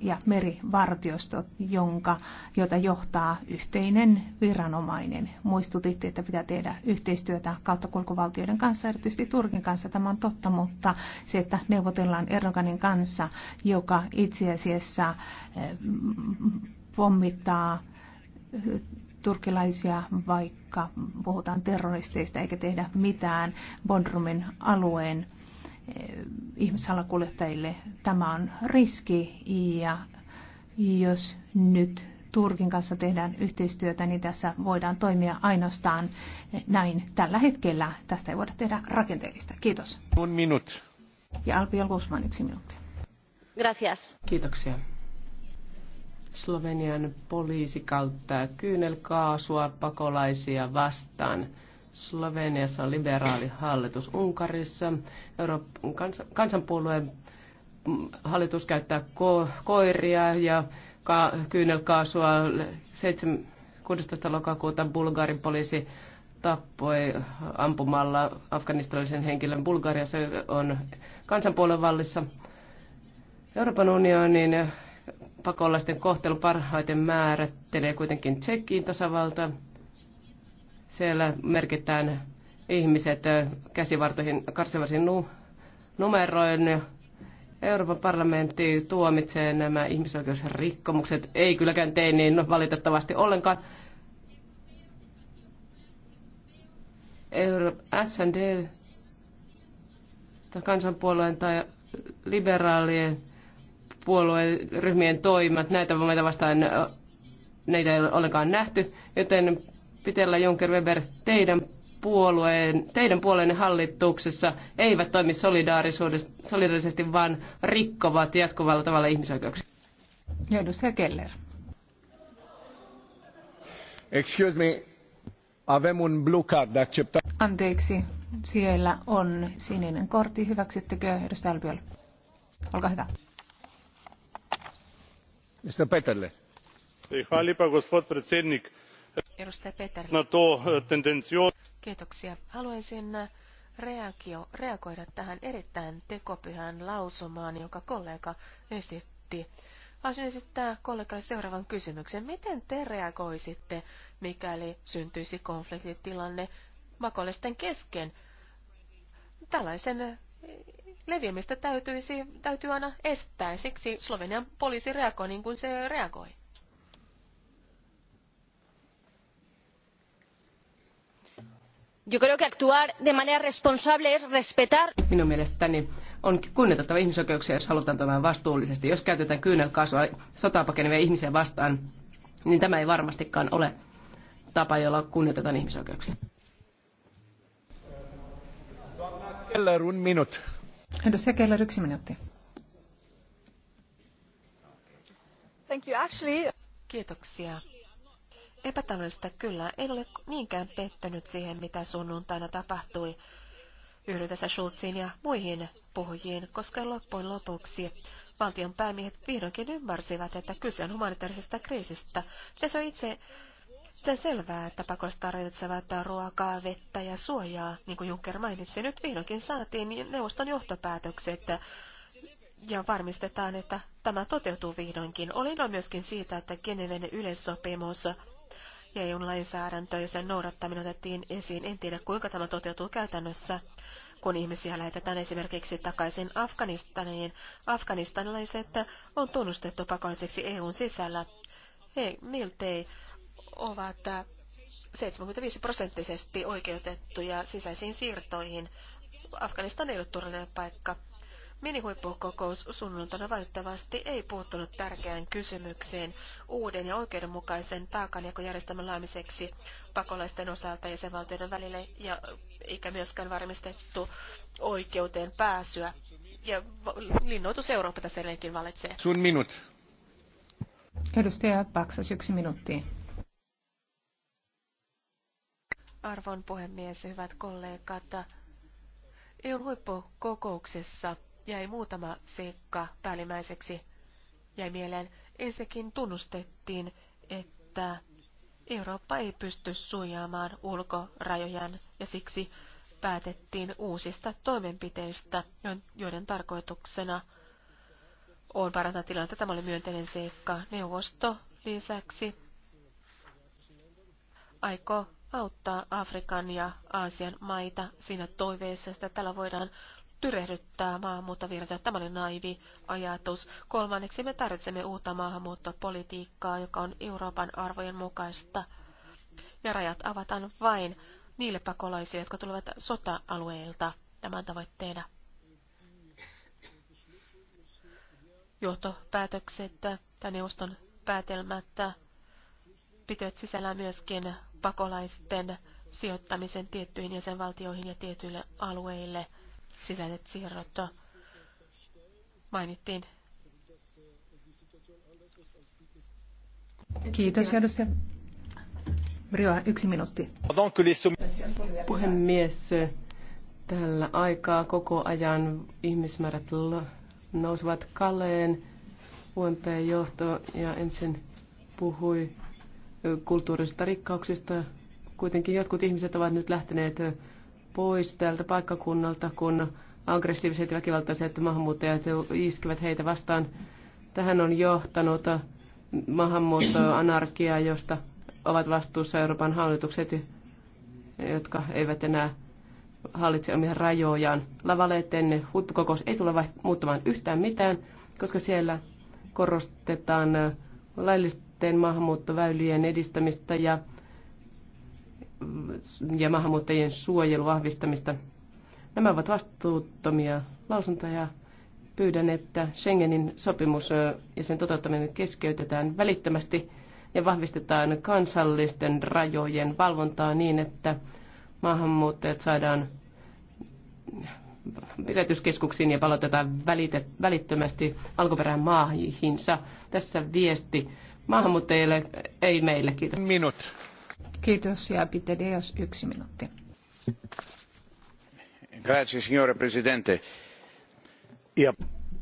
ja merivartiostot, jonka, jota johtaa yhteinen viranomainen. Muistutitte, että pitää tehdä yhteistyötä kulkuvaltioiden kanssa, erityisesti Turkin kanssa. Tämä on totta, mutta se, että neuvotellaan Erdoganin kanssa, joka itse asiassa eh, pommittaa turkilaisia, vaikka puhutaan terroristeista eikä tehdä mitään Bodrumin alueen eh, ihmissalakuljettajille. Tämä on riski ja jos nyt Turkin kanssa tehdään yhteistyötä, niin tässä voidaan toimia ainoastaan näin tällä hetkellä. Tästä ei voida tehdä rakenteellista. Kiitos. minut. Ja Alpi Olkusman yksi minuutti. Gracias. Kiitoksia. Slovenian poliisi käyttää kyynelkaasua pakolaisia vastaan. Sloveniassa on liberaali hallitus Unkarissa. Euroopan kans- kansanpuolueen mm, hallitus käyttää ko- koiria ja ka- kyynelkaasua. 16. lokakuuta Bulgarin poliisi tappoi ampumalla afganistalaisen henkilön Bulgariassa on kansanpuolen vallissa. Euroopan unionin pakolaisten kohtelu parhaiten määrittelee kuitenkin Tsekkiin tasavalta. Siellä merkitään ihmiset käsivartoihin, nu- numeroin. Euroopan parlamentti tuomitsee nämä ihmisoikeusrikkomukset. Ei kylläkään tee niin valitettavasti ollenkaan. Euro- SND kansanpuolueen tai liberaalien puolueryhmien toimat, näitä voimaita vastaan näitä ei ole ollenkaan nähty, joten Pitellä Juncker Weber, teidän puolueen, teidän puolueenne hallituksessa eivät toimi solidaarisesti, vaan rikkovat jatkuvalla tavalla ihmisoikeuksia. Ja edustaja Keller. Excuse me, avem un blue card, accept... Anteeksi, siellä on sininen kortti. Hyväksyttekö edustaja Albiol? Olkaa hyvä gospod predsednik na to eh, tendenciozno. haluaisin eh, reagoida tähän erittäin tekopyhään lausumaan jonka kollega esitti. Haluaisin esittää kollegalle seuraavan kysymyksen. Miten te reagoisitte, mikäli syntyisi konfliktitilanne makollisten kesken? Tällaisen eh, leviämistä täytyisi, täytyy aina estää. Siksi Slovenian poliisi reagoi niin kuin se reagoi. Yo creo que actuar de manera responsable es respetar. Minun mielestäni on kunnioitettava ihmisoikeuksia, jos halutaan toimia vastuullisesti. Jos käytetään kyynelkaasua sotaa pakenevia ihmisiä vastaan, niin tämä ei varmastikaan ole tapa, jolla kunnioitetaan ihmisoikeuksia. Kellerun minut Edustaja Keller, yksi minuutti. Thank you, Ashley. Kiitoksia. Epätavallista, kyllä. En ole niinkään pettynyt siihen, mitä sunnuntaina tapahtui. Yhdyn tässä Schulziin ja muihin puhujiin, koska loppujen lopuksi valtion päämiehet vihdoinkin ymmärsivät, että kyse on humanitaarisesta kriisistä. Ja se on itse sitä selvää, että pakosta tarvitsevat ruokaa, vettä ja suojaa, niin kuin Juncker mainitsi. Nyt vihdoinkin saatiin neuvoston johtopäätökset ja varmistetaan, että tämä toteutuu vihdoinkin. Olin on myöskin siitä, että Geneven yleissopimus ja EUn lainsäädäntö ja sen noudattaminen otettiin esiin. En tiedä, kuinka tämä toteutuu käytännössä, kun ihmisiä lähetetään esimerkiksi takaisin Afganistaniin. Afganistanilaiset on tunnustettu pakolliseksi EUn sisällä. He miltei ovat 75 äh, prosenttisesti oikeutettuja sisäisiin siirtoihin. Afganistan ei ole turvallinen paikka. Minihuippukokous sunnuntaina valitettavasti ei puuttunut tärkeään kysymykseen uuden ja oikeudenmukaisen taakanjakojärjestelmän laamiseksi pakolaisten osalta jäsenvaltioiden välille ja eikä myöskään varmistettu oikeuteen pääsyä. Ja linnoitus Eurooppa tässä edelleenkin valitsee. Sun minut. Edustaja Paksas, yksi minuutti. Arvon puhemies, hyvät kollegat, EUn huippukokouksessa jäi muutama seikka päällimmäiseksi. Jäi mieleen, ensinnäkin tunnustettiin, että Eurooppa ei pysty suojaamaan ulkorajojaan ja siksi päätettiin uusista toimenpiteistä, joiden tarkoituksena on parantaa tilannetta. Tämä oli myönteinen seikka. Neuvosto lisäksi aikoo auttaa Afrikan ja Aasian maita siinä toiveessa, että tällä voidaan tyrehdyttää maahanmuuttovirtoja. Tämä oli naivi ajatus. Kolmanneksi me tarvitsemme uutta maahanmuuttopolitiikkaa, joka on Euroopan arvojen mukaista. Ja rajat avataan vain niille pakolaisille, jotka tulevat sota-alueilta tämän tavoitteena. Johtopäätökset ja neuvoston päätelmät pitävät sisällään myöskin pakolaisten sijoittamisen tiettyihin jäsenvaltioihin ja tietyille alueille sisäiset siirrot mainittiin. Kiitos, edustaja. Rioa, yksi minuutti. Puhemies, tällä aikaa koko ajan ihmismäärät nousivat Kaleen. UMP-johto ja ensin puhui kulttuurisista rikkauksista. Kuitenkin jotkut ihmiset ovat nyt lähteneet pois tältä paikkakunnalta, kun aggressiiviset ja väkivaltaiset maahanmuuttajat iskevät heitä vastaan. Tähän on johtanut maahanmuuttoanarkia, josta ovat vastuussa Euroopan hallitukset, jotka eivät enää hallitse omia rajojaan. Lavaleiden huippukokous ei tule muuttamaan yhtään mitään, koska siellä korostetaan laillista sitten maahanmuuttoväylien edistämistä ja, ja maahanmuuttajien suojelu vahvistamista. Nämä ovat vastuuttomia lausuntoja. Pyydän, että Schengenin sopimus ja sen toteuttaminen keskeytetään välittömästi ja vahvistetaan kansallisten rajojen valvontaa niin, että maahanmuuttajat saadaan pidätyskeskuksiin ja palautetaan välittömästi alkuperään maahinsa. Tässä viesti maahanmuuttajille, ei meille. Kiitos. Minut. Kiitos ja jos yksi minuutti. Grazie, signore Presidente. Ja...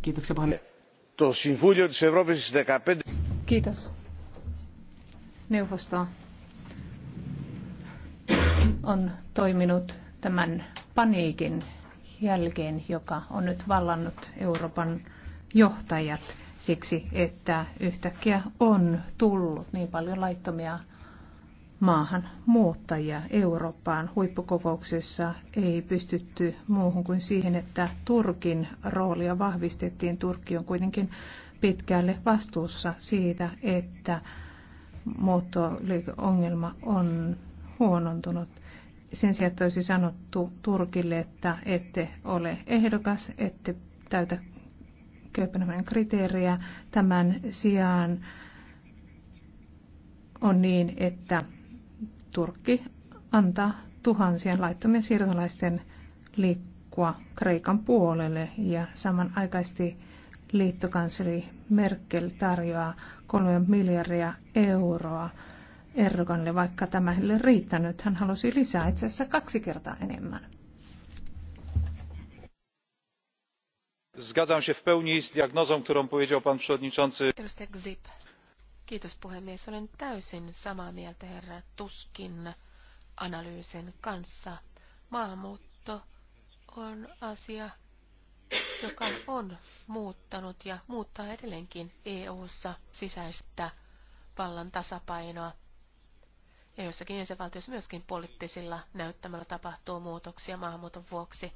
Kiitoksia puhemies. Kiitos. Neuvosto on toiminut tämän paniikin jälkeen, joka on nyt vallannut Euroopan johtajat siksi, että yhtäkkiä on tullut niin paljon laittomia maahan muuttajia Eurooppaan. Huippukokouksessa ei pystytty muuhun kuin siihen, että Turkin roolia vahvistettiin. Turkki on kuitenkin pitkälle vastuussa siitä, että muuttoliikeongelma on huonontunut. Sen sijaan, että olisi sanottu Turkille, että ette ole ehdokas, ette täytä Kööpenhaminan kriteeriä. Tämän sijaan on niin, että Turkki antaa tuhansien laittomien siirtolaisten liikkua Kreikan puolelle ja samanaikaisesti liittokansleri Merkel tarjoaa 3 miljardia euroa Erdoganille, vaikka tämä ei riittänyt. Hän halusi lisää itse asiassa kaksi kertaa enemmän. zgadzam się w pełni z diagnozą którą powiedział pan przewodniczący. Kiitos puhemies. Olen täysin samaa mieltä herra Tuskin analyysin kanssa. Maahanmuutto on asia, joka on muuttanut ja muuttaa edelleenkin EU:ssa sisäistä vallan tasapainoa. Ja jossakin jäsenvaltiossa myöskin poliittisilla näyttämällä tapahtuu muutoksia maahanmuuton vuoksi.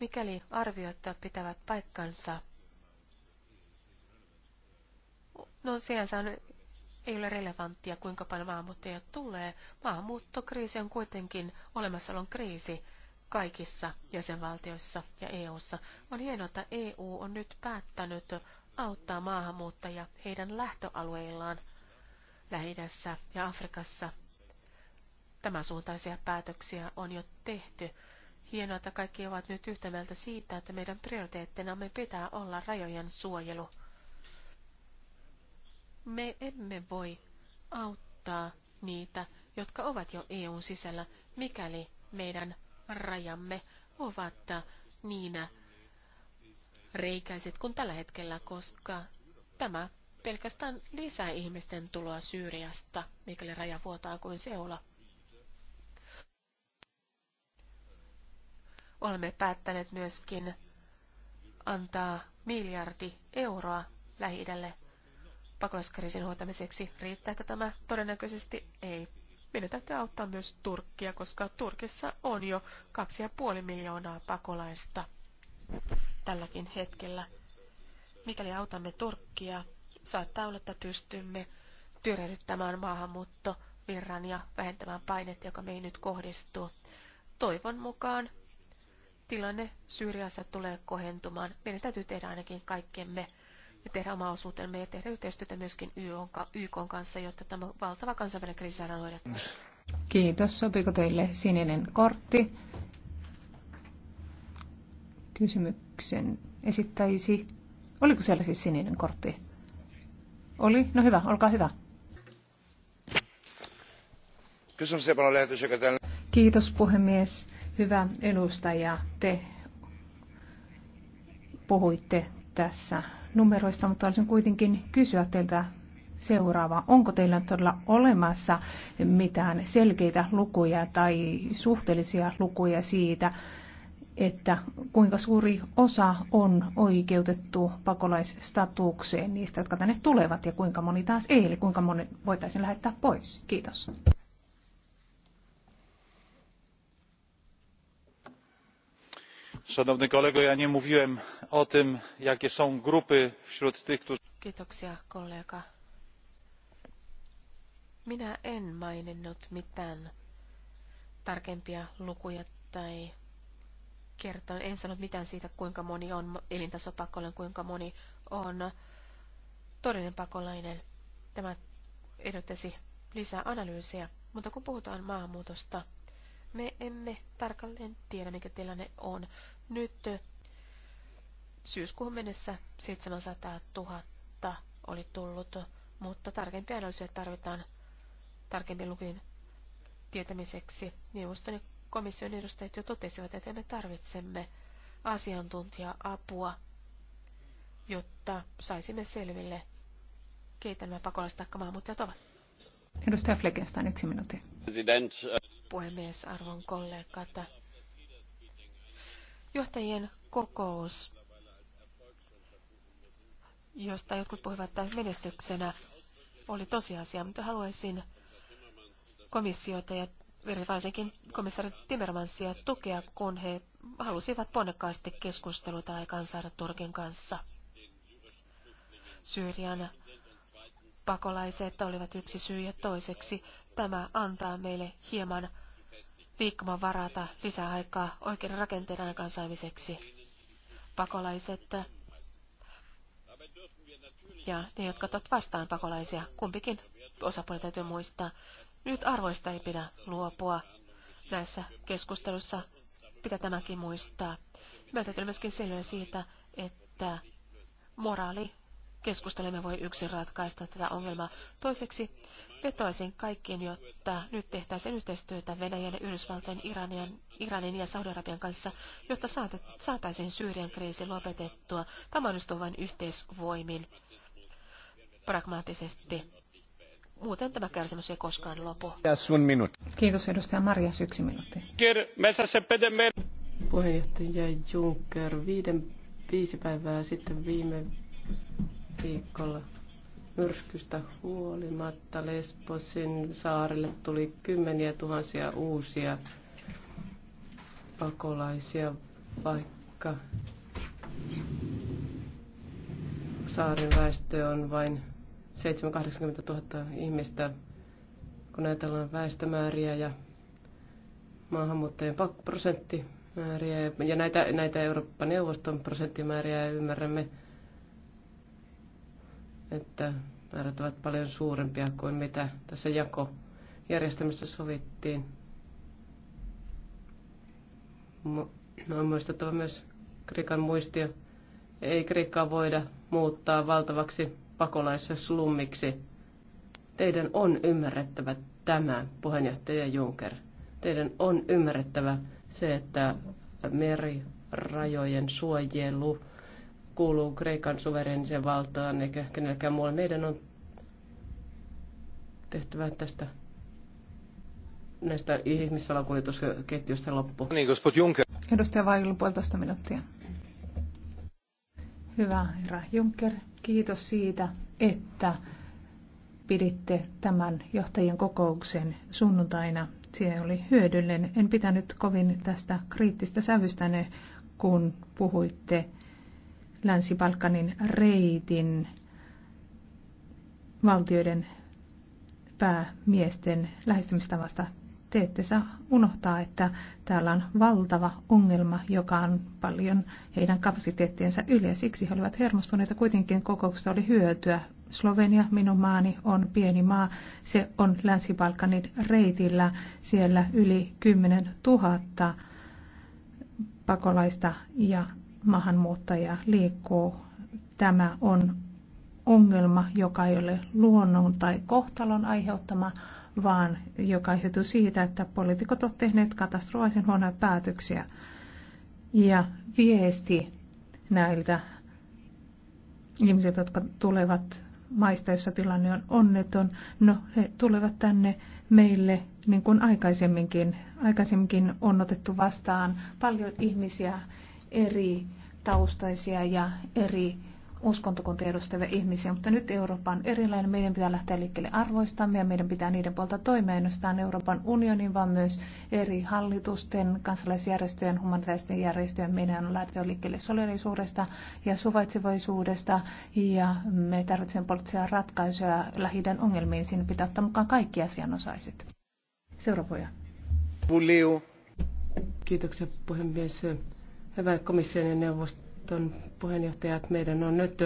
Mikäli arviot pitävät paikkansa, no sinänsä on, ei ole relevanttia, kuinka paljon maahanmuuttajia tulee. Maahanmuuttokriisi on kuitenkin olemassaolon kriisi kaikissa jäsenvaltioissa ja EU:ssa. On hienoa, että EU on nyt päättänyt auttaa maahanmuuttajia heidän lähtöalueillaan lähi ja Afrikassa. Tämän suuntaisia päätöksiä on jo tehty. Hienoa, että kaikki ovat nyt yhtä mieltä siitä, että meidän prioriteettina me pitää olla rajojen suojelu. Me emme voi auttaa niitä, jotka ovat jo EUn sisällä, mikäli meidän rajamme ovat niinä reikäiset kuin tällä hetkellä, koska tämä pelkästään lisää ihmisten tuloa Syyriasta, mikäli raja vuotaa kuin seula. Olemme päättäneet myöskin antaa miljardi euroa lähi pakolaiskriisin hoitamiseksi. Riittääkö tämä? Todennäköisesti ei. Meidän täytyy auttaa myös Turkkia, koska Turkissa on jo 2,5 miljoonaa pakolaista tälläkin hetkellä. Mikäli autamme Turkkia, saattaa olla, että pystymme tyrehdyttämään maahanmuuttovirran ja vähentämään painetta, joka meihin nyt kohdistuu. Toivon mukaan tilanne Syyriassa tulee kohentumaan. Meidän täytyy tehdä ainakin kaikkemme ja tehdä oma osuutemme ja tehdä yhteistyötä myöskin YK kanssa, jotta tämä valtava kansainvälinen kriisi saadaan hoidettua. Kiitos. Sopiko teille sininen kortti? Kysymyksen esittäisi. Oliko siellä siis sininen kortti? Oli? No hyvä, olkaa hyvä. Kysymys Kiitos puhemies. Hyvä edustaja, te puhuitte tässä numeroista, mutta olisin kuitenkin kysyä teiltä seuraava. Onko teillä todella olemassa mitään selkeitä lukuja tai suhteellisia lukuja siitä, että kuinka suuri osa on oikeutettu pakolaisstatuukseen niistä, jotka tänne tulevat, ja kuinka moni taas ei, eli kuinka moni voitaisiin lähettää pois? Kiitos. ja nie mówiłem o tym jakie są grupy wśród tych którzy. kiitoksia kollega minä en maininnut mitään tarkempia lukuja tai kertoa. En sanonut mitään siitä, kuinka moni on elintasopakolainen, kuinka moni on todellinen pakolainen. Tämä edellyttäisi lisää analyysiä, mutta kun puhutaan maahanmuutosta, me emme tarkalleen tiedä, mikä tilanne on. Nyt syyskuun mennessä 700 000 oli tullut, mutta tarkempia analyysiä tarvitaan tarkemmin lukujen tietämiseksi. Neuvoston ja komission edustajat jo totesivat, että me tarvitsemme asiantuntija-apua, jotta saisimme selville, keitä nämä pakolaiset mutta ovat. Edustaja Fleckenstein, yksi minuutti. Puhemies, arvon kollegat, Johtajien kokous, josta jotkut puhuvat menestyksenä, oli tosiasia, mutta haluaisin komissiota ja varsinkin komissaari Timmermansia tukea, kun he halusivat ponnekkaasti keskusteluta aikaan saada Turkin kanssa. Syyrian pakolaiset olivat yksi syy ja toiseksi tämä antaa meille hieman varata lisäaikaa oikean rakenteen aikaansaamiseksi. Pakolaiset ja ne, jotka ovat vastaan pakolaisia, kumpikin osapuoli täytyy muistaa. Nyt arvoista ei pidä luopua näissä keskustelussa. Pitää tämäkin muistaa. Meidän täytyy myöskin selvä siitä, että moraali keskustelemme voi yksin ratkaista tätä ongelmaa. Toiseksi vetoaisin kaikkiin, jotta nyt tehtäisiin yhteistyötä Venäjän, Yhdysvaltojen, Iranian, Iranin ja Saudi-Arabian kanssa, jotta saataisiin Syyrian kriisi lopetettua. Tämä onnistuu vain yhteisvoimin pragmaattisesti. Muuten tämä kärsimys ei koskaan lopu. Kiitos edustaja Maria, yksi minuutti. Puheenjohtaja Juncker, viiden, viisi päivää sitten viime viikolla myrskystä huolimatta Lesbosin saarelle tuli kymmeniä tuhansia uusia pakolaisia, vaikka saaren väestö on vain 780 000 ihmistä, kun ajatellaan väestömääriä ja maahanmuuttajien prosenttimääriä ja näitä, näitä eurooppa neuvoston prosenttimääriä ymmärrämme että määrät ovat paljon suurempia kuin mitä tässä jakojärjestelmässä sovittiin. On muistettava myös Kreikan muistio. Ei Kreikkaa voida muuttaa valtavaksi pakolaiseslummiksi. Teidän on ymmärrettävä tämä, puheenjohtaja Juncker. Teidän on ymmärrettävä se, että merirajojen suojelu kuuluu Kreikan suverenisen valtaan eikä kenellekään muulle. Meidän on tehtävä tästä näistä ihmissalakuljetusketjuista loppu. Niin, gospod Juncker. Edustaja Vaijulu, puolitoista minuuttia. Hyvä herra Juncker, kiitos siitä, että piditte tämän johtajien kokouksen sunnuntaina. Se oli hyödyllinen. En pitänyt kovin tästä kriittistä sävystäne, kun puhuitte Länsi-Balkanin reitin valtioiden päämiesten lähestymistavasta. Te ette saa unohtaa, että täällä on valtava ongelma, joka on paljon heidän kapasiteettiensa yli ja siksi he olivat hermostuneita. Kuitenkin kokouksesta oli hyötyä. Slovenia, minun maani, on pieni maa. Se on Länsi-Balkanin reitillä. Siellä yli 10 000 pakolaista ja maahanmuuttaja liikkuu. Tämä on ongelma, joka ei ole luonnon tai kohtalon aiheuttama, vaan joka aiheutuu siitä, että poliitikot ovat tehneet katastrofaalisen huonoja päätöksiä. Ja viesti näiltä ihmisiltä, jotka tulevat maista, joissa tilanne on onneton, no he tulevat tänne meille niin kuin aikaisemminkin. Aikaisemminkin on otettu vastaan paljon ihmisiä, eri taustaisia ja eri uskontokuntia edustavia ihmisiä, mutta nyt Eurooppa on erilainen. Meidän pitää lähteä liikkeelle arvoistamme ja meidän pitää niiden puolta toimia ainoastaan Euroopan unionin, vaan myös eri hallitusten, kansalaisjärjestöjen, humanitaaristen järjestöjen. Meidän on lähteä liikkeelle solidarisuudesta ja suvaitsevaisuudesta ja me tarvitsemme poliittisia ratkaisuja lähiden ongelmiin. Siinä pitää ottaa mukaan kaikki asianosaiset. Seuraava Kiitoksia puhemies. Hyvä komission ja neuvoston puheenjohtajat, meidän on nyt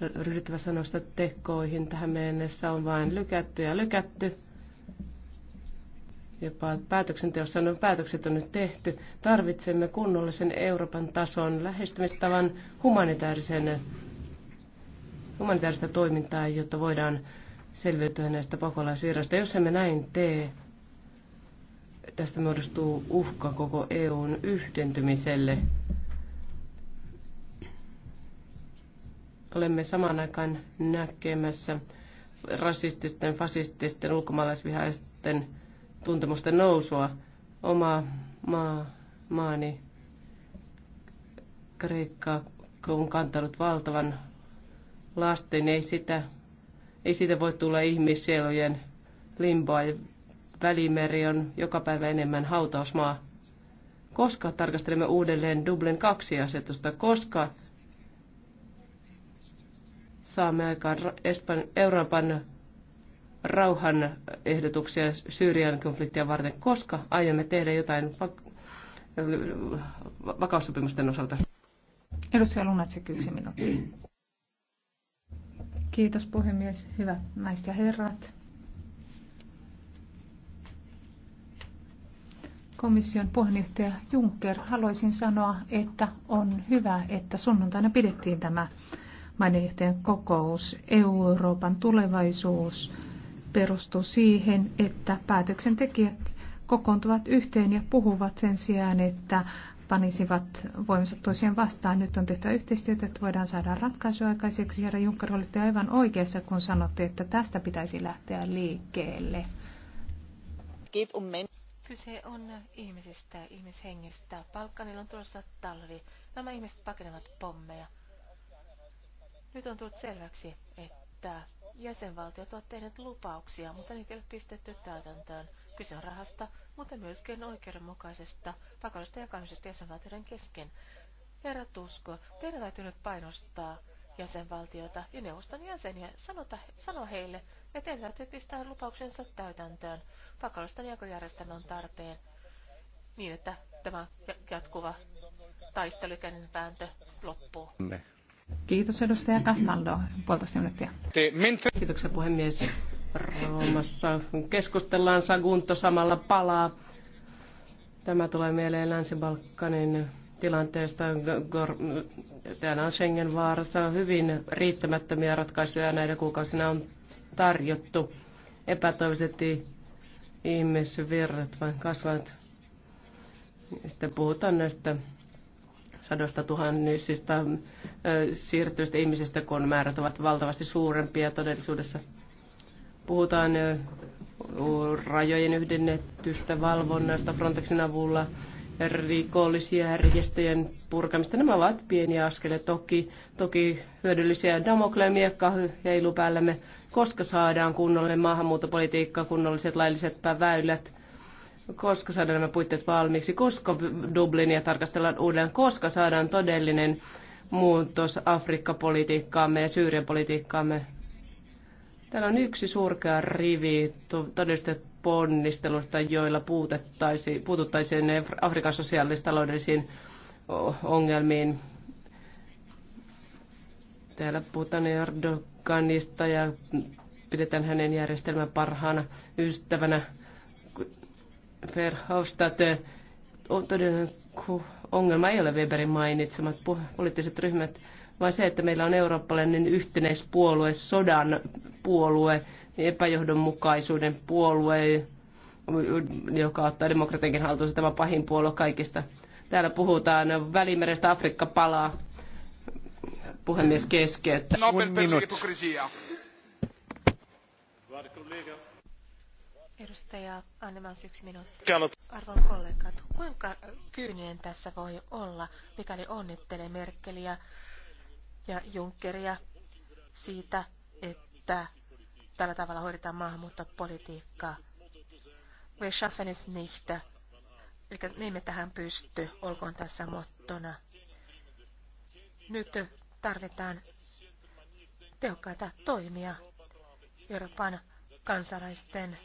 ryhdyttävä sanoista tekoihin. Tähän mennessä on vain lykätty ja lykätty. Jopa päätöksenteossa on päätökset on nyt tehty. Tarvitsemme kunnollisen Euroopan tason lähestymistavan humanitaarisen, humanitaarista toimintaa, jotta voidaan selviytyä näistä pakolaisvirrasta. Jos emme näin tee, tästä muodostuu uhka koko EUn yhdentymiselle. olemme samaan aikaan näkemässä rasististen, fasististen, ulkomaalaisvihaisten tuntemusten nousua. Oma maa, maani Kreikka on kantanut valtavan lasten, ei sitä, ei sitä voi tulla ihmissielujen limboa. Välimeri on joka päivä enemmän hautausmaa. Koska tarkastelemme uudelleen Dublin 2 asetusta? Koska saamme aikaan Euroopan rauhan ehdotuksia Syyrian konfliktia varten, koska aiomme tehdä jotain vakaussopimusten osalta. Edustaja Lunatsek, yksi minuutti. Kiitos puhemies. Hyvät naiset ja herrat. Komission puheenjohtaja Juncker, haluaisin sanoa, että on hyvä, että sunnuntaina pidettiin tämä maiden kokous Euroopan tulevaisuus perustuu siihen, että päätöksentekijät kokoontuvat yhteen ja puhuvat sen sijaan, että panisivat voimansa toisiaan vastaan. Nyt on tehtävä yhteistyötä, että voidaan saada ratkaisuja aikaiseksi. Herra Juncker, olitte aivan oikeassa, kun sanotte, että tästä pitäisi lähteä liikkeelle. Kyse on ihmisistä, ihmishengistä. Balkanilla on tulossa talvi. Nämä ihmiset pakenevat pommeja. Nyt on tullut selväksi, että jäsenvaltiot ovat tehneet lupauksia, mutta niitä ei ole pistetty täytäntöön. Kyse on rahasta, mutta myöskin oikeudenmukaisesta pakollisesta jakamisesta jäsenvaltioiden kesken. Herra Tusko, teidän täytyy nyt painostaa jäsenvaltiota ja neuvoston jäseniä. Sanota, sano heille, että teidän täytyy pistää lupauksensa täytäntöön. Pakollisten jakojärjestelmä on tarpeen niin, että tämä jatkuva taistelykäinen vääntö loppuu. Ne. Niin. Kiitos edustaja Castaldo, puolitoista minuuttia. Kiitoksia puhemies. Roomassa keskustellaan Sagunto samalla palaa. Tämä tulee mieleen Länsi-Balkanin tilanteesta. Täällä on Schengen vaarassa. Hyvin riittämättömiä ratkaisuja näiden kuukausina on tarjottu. Epätoiset ihmisvirrat vain kasvavat. Sitten puhutaan näistä sadosta tuhannisista siirtyistä ihmisistä, kun määrät ovat valtavasti suurempia todellisuudessa. Puhutaan rajojen yhdennettystä, valvonnasta Frontexin avulla, rikollisjärjestöjen purkamista. Nämä ovat pieniä askelia, toki, toki hyödyllisiä Damokleen miekka heilu päällämme, koska saadaan kunnollinen maahanmuuttopolitiikka, kunnolliset lailliset väylät koska saadaan nämä puitteet valmiiksi, koska Dublinia tarkastellaan uudelleen, koska saadaan todellinen muutos Afrikka-politiikkaamme ja Syyrian politiikkaamme. Täällä on yksi surkea rivi todistettu ponnistelusta, joilla puututtaisiin Afrikan sosiaalistaloudellisiin ongelmiin. Täällä puhutaan Erdoganista ja pidetään hänen järjestelmän parhaana ystävänä Verhofstadt, todellinen ongelma ei ole Weberin mainitsemat poliittiset ryhmät, vaan se, että meillä on eurooppalainen yhtenäispuolue, sodan puolue, epäjohdonmukaisuuden puolue, joka ottaa demokratiankin haltuun tämä pahin puolue kaikista. Täällä puhutaan Välimerestä Afrikka palaa. Puhemies keskeyttää. Nobel per Edustaja Annemans yksi minuutti. Arvon kollegat, kuinka kyyninen tässä voi olla, mikäli onnittelee Merkeliä ja Junckeria siitä, että tällä tavalla hoidetaan maahanmuuttopolitiikkaa. We schaffen es nicht. Eli me emme tähän pysty, olkoon tässä mottona. Nyt tarvitaan tehokkaita toimia Euroopan kansalaisten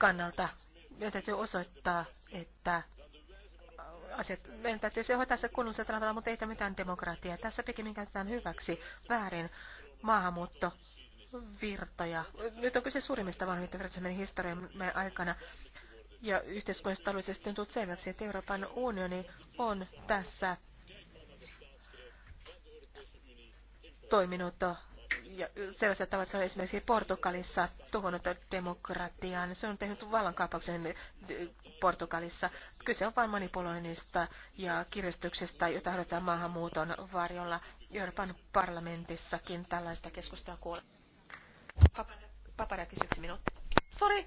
kannalta meidän täytyy osoittaa, että asiat, meidän täytyy se hoitaa se kunnossa tavalla, mutta ei tämä mitään demokratiaa. Tässä pikemmin käytetään hyväksi väärin maahanmuutto virtoja. Nyt on kyse suurimmista vanhuuttavirtojen historiamme aikana. Ja yhteiskunnallisesti taloudellisesti on tullut selväksi, että Euroopan unioni on tässä toiminut ja sellaisella tavalla, että se on esimerkiksi Portugalissa tuhonnut demokratiaan. Se on tehnyt vallankaappauksen Portugalissa. Kyse on vain manipuloinnista ja kiristyksestä, jota halutaan maahanmuuton varjolla. Euroopan parlamentissakin tällaista keskustelua kuulla. Paparakis yksi minuutti. Sori.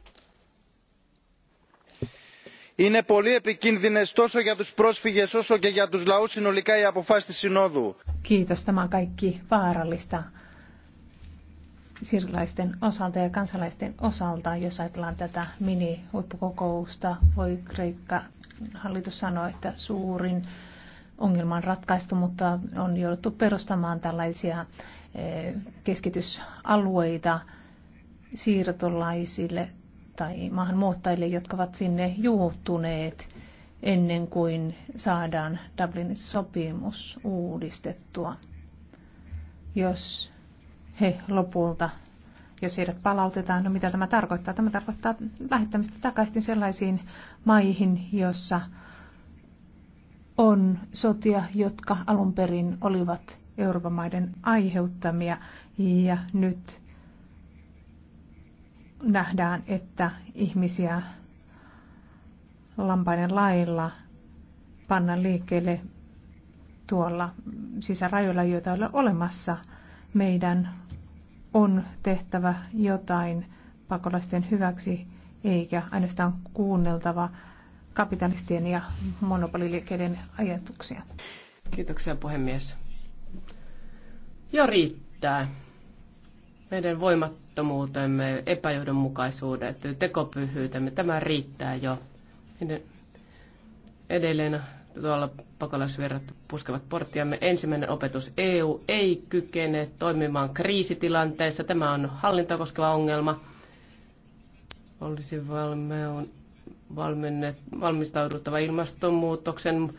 Είναι πολύ επικίνδυνε τόσο για του πρόσφυγε όσο και για του λαού συνολικά οι αποφάσει τη Συνόδου. Kiitos, tämä on kaikki vaarallista sirilaisten osalta ja kansalaisten osalta, jos ajatellaan tätä mini-huippukokousta, voi Kreikka hallitus sanoa, että suurin ongelma on ratkaistu, mutta on jouduttu perustamaan tällaisia eh, keskitysalueita siirtolaisille tai maahanmuuttajille, jotka ovat sinne juuttuneet ennen kuin saadaan Dublinin sopimus uudistettua. Jos he lopulta, jos heidät palautetaan, no mitä tämä tarkoittaa? Tämä tarkoittaa lähettämistä takaisin sellaisiin maihin, joissa on sotia, jotka alun perin olivat Euroopan maiden aiheuttamia ja nyt nähdään, että ihmisiä lampaiden lailla panna liikkeelle tuolla sisärajoilla, joita ei ole olemassa. Meidän on tehtävä jotain pakolaisten hyväksi, eikä ainoastaan kuunneltava kapitalistien ja monopoliliikkeiden ajatuksia. Kiitoksia puhemies. Jo riittää. Meidän voimattomuutemme, epäjohdonmukaisuudet, tekopyhyytemme, tämä riittää jo. Edelleen tuolla pakolaisvirrat puskevat porttiamme. Ensimmäinen opetus. EU ei kykene toimimaan kriisitilanteessa. Tämä on hallinta koskeva ongelma. Olisi valmistauduttava ilmastonmuutoksen äh,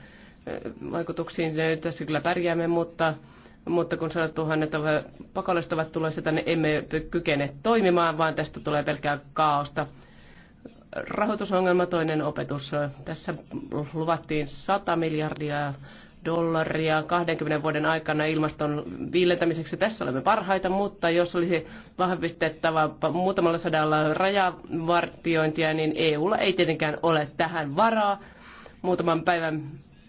vaikutuksiin. Tässä kyllä pärjäämme, mutta, mutta kun sanot tuhannet pakolaiset ovat tulossa tänne, emme kykene toimimaan, vaan tästä tulee pelkää kaaosta rahoitusongelma, toinen opetus. Tässä luvattiin 100 miljardia dollaria 20 vuoden aikana ilmaston viilentämiseksi. Tässä olemme parhaita, mutta jos olisi vahvistettava muutamalla sadalla rajavartiointia, niin EUlla ei tietenkään ole tähän varaa. Muutaman päivän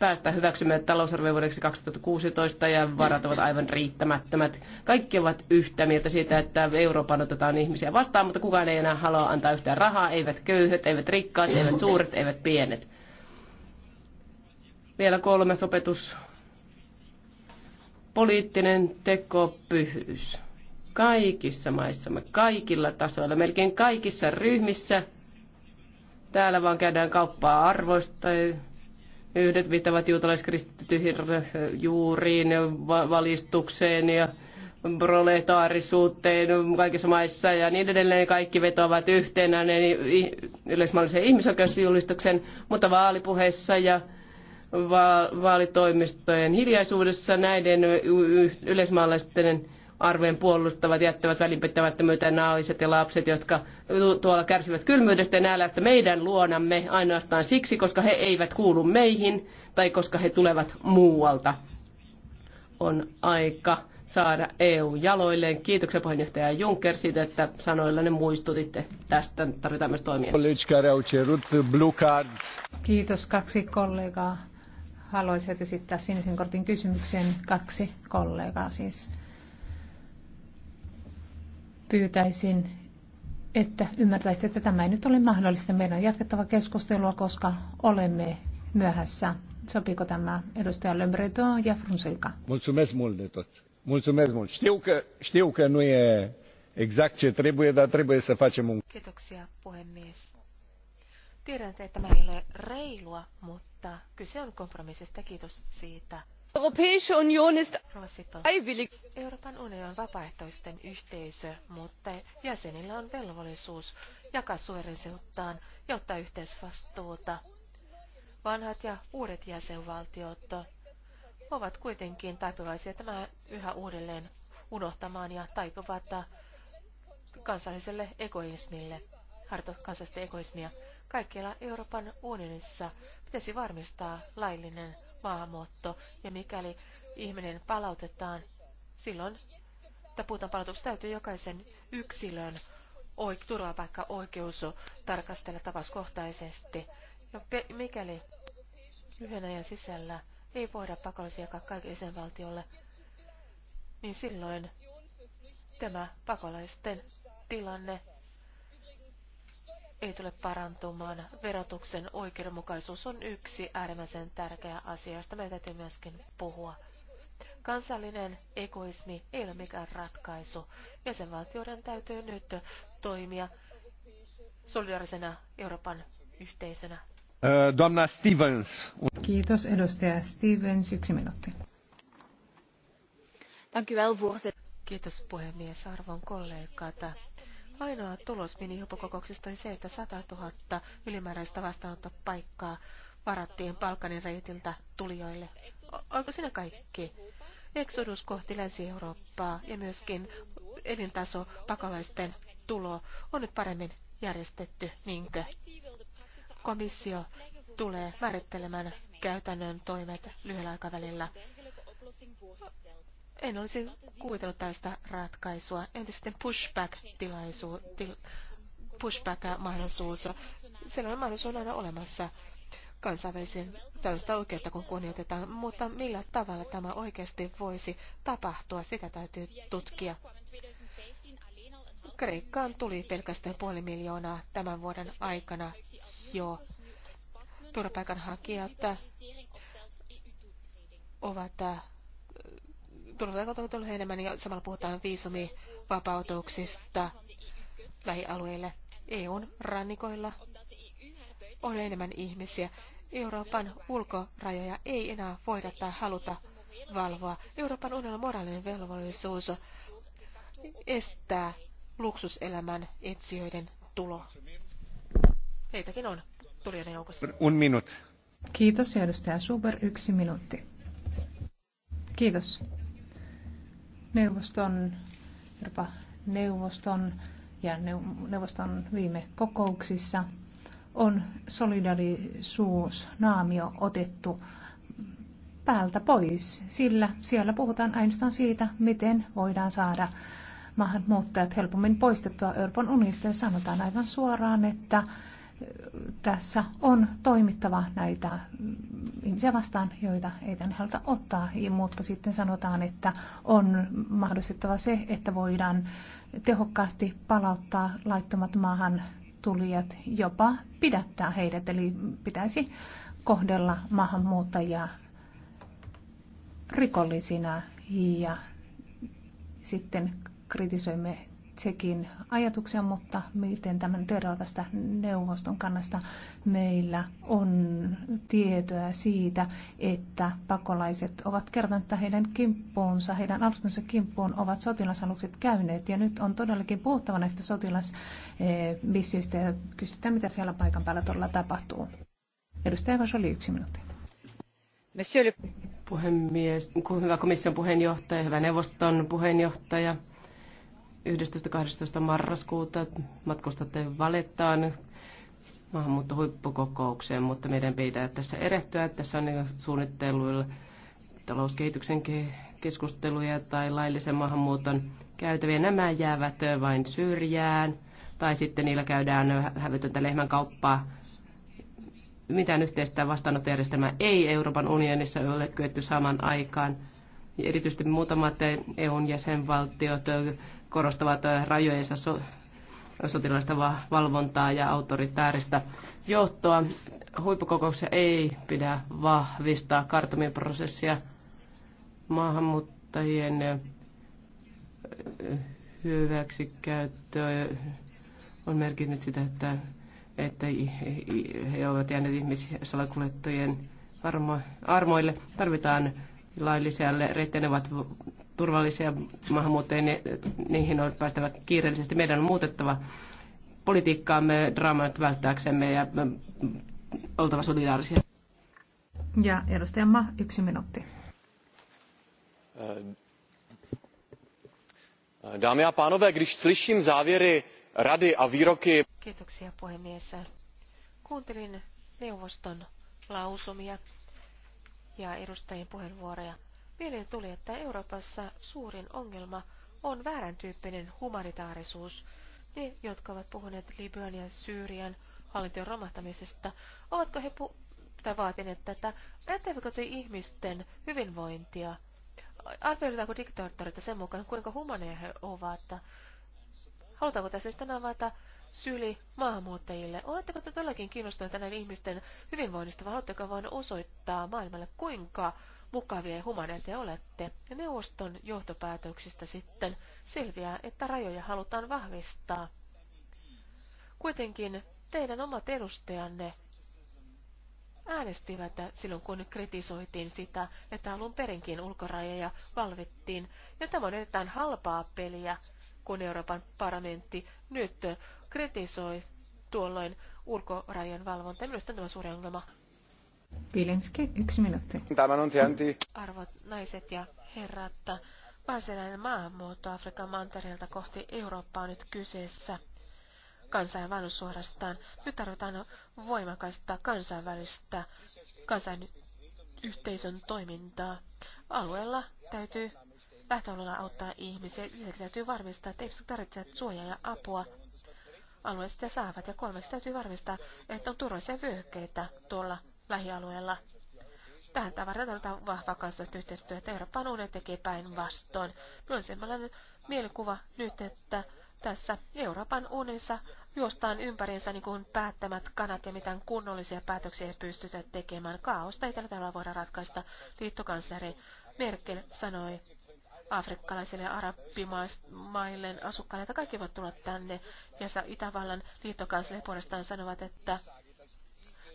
päästä hyväksymään talousarviovuodeksi 2016 ja varat ovat aivan riittämättömät. Kaikki ovat yhtä mieltä siitä, että Euroopan otetaan ihmisiä vastaan, mutta kukaan ei enää halua antaa yhtään rahaa, eivät köyhät, eivät rikkaat, eivät suuret, eivät pienet. Vielä kolmas opetus. Poliittinen tekopyhyys. Kaikissa maissamme, kaikilla tasoilla, melkein kaikissa ryhmissä. Täällä vaan käydään kauppaa arvoista Yhdet viittavat juutalaiskristityihin juuriin, valistukseen ja proletaarisuuteen kaikissa maissa ja niin edelleen. Kaikki vetoavat yhtenä yleismaailmallisen ihmisoikeusjulistuksen, mutta vaalipuheessa ja vaalitoimistojen hiljaisuudessa näiden yleismaalaisten arvojen puolustavat jättävät välinpitämättömyyteen naiset ja lapset, jotka tuolla kärsivät kylmyydestä ja nälästä meidän luonamme ainoastaan siksi, koska he eivät kuulu meihin tai koska he tulevat muualta. On aika saada EU jaloilleen. Kiitoksia puheenjohtaja Juncker siitä, että sanoillanne muistutitte tästä. Tarvitaan myös toimia. Kiitos kaksi kollegaa. Haluaisit esittää sinisen kortin kysymyksen kaksi kollegaa siis pyytäisin, että ymmärtäisitte, että tämä ei nyt ole mahdollista. Meidän on jatkettava keskustelua, koska olemme myöhässä. Sopiiko tämä edustaja Lömbredo ja Frunzilka? Mulțumesc mult de tot. Mulțumesc mult. Știu că, știu că nu e exact ce trebuie, dar trebuie să facem un... Kiitoksia, puhemies. Tiedän, että tämä ei ole reilua, mutta kyse on kompromissista. Kiitos siitä. Europäische Union ist freiwillig. Euroopan unioni on vapaaehtoisten yhteisö, mutta jäsenillä on velvollisuus jakaa suverenisuuttaan ja ottaa yhteisvastuuta. Vanhat ja uudet jäsenvaltiot ovat kuitenkin taipuvaisia tämä yhä uudelleen unohtamaan ja taipuvat kansalliselle egoismille, harjoittaa kansallista egoismia. Kaikkialla Euroopan unionissa pitäisi varmistaa laillinen maahanmuutto, ja mikäli ihminen palautetaan, silloin että puhutaan palautuksesta, täytyy jokaisen yksilön oik, turvapaikka-oikeus tarkastella tapauskohtaisesti. Ja pe- mikäli lyhyen ajan sisällä ei voida pakollisia jakaa kaikille valtiolle, niin silloin tämä pakolaisten tilanne ei tule parantumaan. Verotuksen oikeudenmukaisuus on yksi äärimmäisen tärkeä asia, josta meidän täytyy myöskin puhua. Kansallinen egoismi ei ole mikään ratkaisu. Jäsenvaltioiden täytyy nyt toimia solidaarisena Euroopan yhteisönä. Donna Stevens. Kiitos edustaja Stevens. Yksi minuutti. Kiitos puhemies, arvon kollegat. Ainoa tulos minihuppukokouksesta oli se, että 100 000 ylimääräistä vastaanottopaikkaa varattiin Balkanin reitiltä tulijoille. Onko siinä kaikki? Eksodus kohti Länsi-Eurooppaa ja myöskin elintaso pakolaisten tulo on nyt paremmin järjestetty, niinkö? Komissio tulee määrittelemään käytännön toimet lyhyellä aikavälillä. En olisi kuvitellut tällaista ratkaisua. Entä sitten pushback-tilaisuus, til, pushback-mahdollisuus? on mahdollisuus on aina olemassa kansainvälisen tällaista oikeutta, kun kunnioitetaan, mutta millä tavalla tämä oikeasti voisi tapahtua, sitä täytyy tutkia. Kreikkaan tuli pelkästään puoli miljoonaa tämän vuoden aikana jo. Turvapaikanhakijat ovat turvatakot on enemmän ja samalla puhutaan viisumivapautuksista lähialueille. EUn rannikoilla on enemmän ihmisiä. Euroopan ulkorajoja ei enää voida tai haluta valvoa. Euroopan unionin moraalinen velvollisuus estää luksuselämän etsijöiden tulo. Heitäkin on tulijoiden joukossa. Un minut. Kiitos, edustaja Suber. Yksi minuutti. Kiitos neuvoston, jopa neuvoston ja neuvoston viime kokouksissa on naamio otettu päältä pois, sillä siellä puhutaan ainoastaan siitä, miten voidaan saada maahanmuuttajat helpommin poistettua Euroopan unista ja sanotaan aivan suoraan, että tässä on toimittava näitä ihmisiä vastaan, joita ei tänne haluta ottaa, mutta sitten sanotaan, että on mahdollistettava se, että voidaan tehokkaasti palauttaa laittomat maahan tulijat, jopa pidättää heidät, eli pitäisi kohdella maahanmuuttajia rikollisina ja sitten kritisoimme Tsekin ajatuksia, mutta miten tämän todella tästä neuvoston kannasta meillä on tietoa siitä, että pakolaiset ovat kertoneet, että heidän kimppuunsa, heidän alustensa kimppuun ovat sotilasalukset käyneet. Ja nyt on todellakin puhuttava näistä sotilasmissioista ja kysytään, mitä siellä paikan päällä todella tapahtuu. Edustaja Evas oli yksi minuutti. Monsieur le puhemies, hyvä komission puheenjohtaja, hyvä neuvoston puheenjohtaja 11.12. marraskuuta matkustatte valettaan maahanmuuttohuippukokoukseen, mutta meidän pitää tässä erehtyä. Tässä on suunnitteluilla talouskehityksen keskusteluja tai laillisen maahanmuuton käytäviä. Nämä jäävät vain syrjään tai sitten niillä käydään hävytöntä lehmän kauppaa. Mitään yhteistä vastaanottojärjestelmää ei Euroopan unionissa ole kyetty saman aikaan. Erityisesti muutamat EUn jäsenvaltiot korostavat äh, rajojensa so- sotilaista valvontaa ja autoritääristä johtoa. Huippukokouksessa ei pidä vahvistaa kartumin prosessia maahanmuuttajien äh, hyväksikäyttöä äh, on merkinnyt sitä, että, että he ovat jääneet ihmissalakuljettajien armoille. Tarvitaan laillisia reittejä, ne ovat turvallisia maahanmuuttajia, niin niihin on päästävä kiireellisesti. Meidän on muutettava politiikkaamme draamat välttääksemme ja mm, oltava solidaarisia. Ja edustaja Ma, yksi minuutti. Dámy a pánové, když slyším závěry rady a výroky... Kiitoksia puhemies. Kuuntelin neuvoston lausumia ja edustajien puheenvuoroja. Mieleen tuli, että Euroopassa suurin ongelma on väärän tyyppinen humanitaarisuus. Ne, jotka ovat puhuneet Libyan ja Syyrian hallintion romahtamisesta, ovatko he pu- tai vaatineet tätä, ajattelevatko te ihmisten hyvinvointia? Arvioidaanko diktaattorita sen mukaan, kuinka humaneja he ovat? Halutaanko tässä sitten avata syli maahanmuuttajille? Oletteko te todellakin kiinnostuneita näiden ihmisten hyvinvoinnista vai haluatteko vain osoittaa maailmalle, kuinka mukavia ja te olette. Ja neuvoston johtopäätöksistä sitten selviää, että rajoja halutaan vahvistaa. Kuitenkin teidän omat edustajanne äänestivät silloin, kun kritisoitiin sitä, että alun perinkin ulkorajoja valvittiin. Ja tämä on erittäin halpaa peliä, kun Euroopan parlamentti nyt kritisoi tuolloin ulkorajojen valvonta. Minusta tämä on suuri ongelma. Vilemski, yksi minuutti. Tämän on tienti. Arvot naiset ja herrat, varsinainen maahanmuutto Afrikan mantereelta kohti Eurooppaa on nyt kyseessä. Kansainvaellus suorastaan. Nyt tarvitaan voimakasta kansainvälistä kansainyhteisön toimintaa. Alueella täytyy lähtöalueella auttaa ihmisiä. Lisäksi täytyy varmistaa, että ihmiset tarvitsevat suojaa ja apua alueesta saavat. Ja kolmeksi täytyy varmistaa, että on turvallisia vyöhykkeitä tuolla lähialueella. Tähän tavaraan tarvitaan vahvaa kansallista yhteistyötä. Euroopan unioni tekee päinvastoin. Minulla on sellainen mielikuva nyt, että tässä Euroopan unissa juostaan ympäriinsä niin kuin päättämät kanat ja mitään kunnollisia päätöksiä ei pystytä tekemään. Kaaosta ei tällä tavalla voida ratkaista, liittokansleri Merkel sanoi afrikkalaisille ja arabimaille asukkaille, että kaikki voivat tulla tänne. Ja Itävallan liittokansleri puolestaan sanovat, että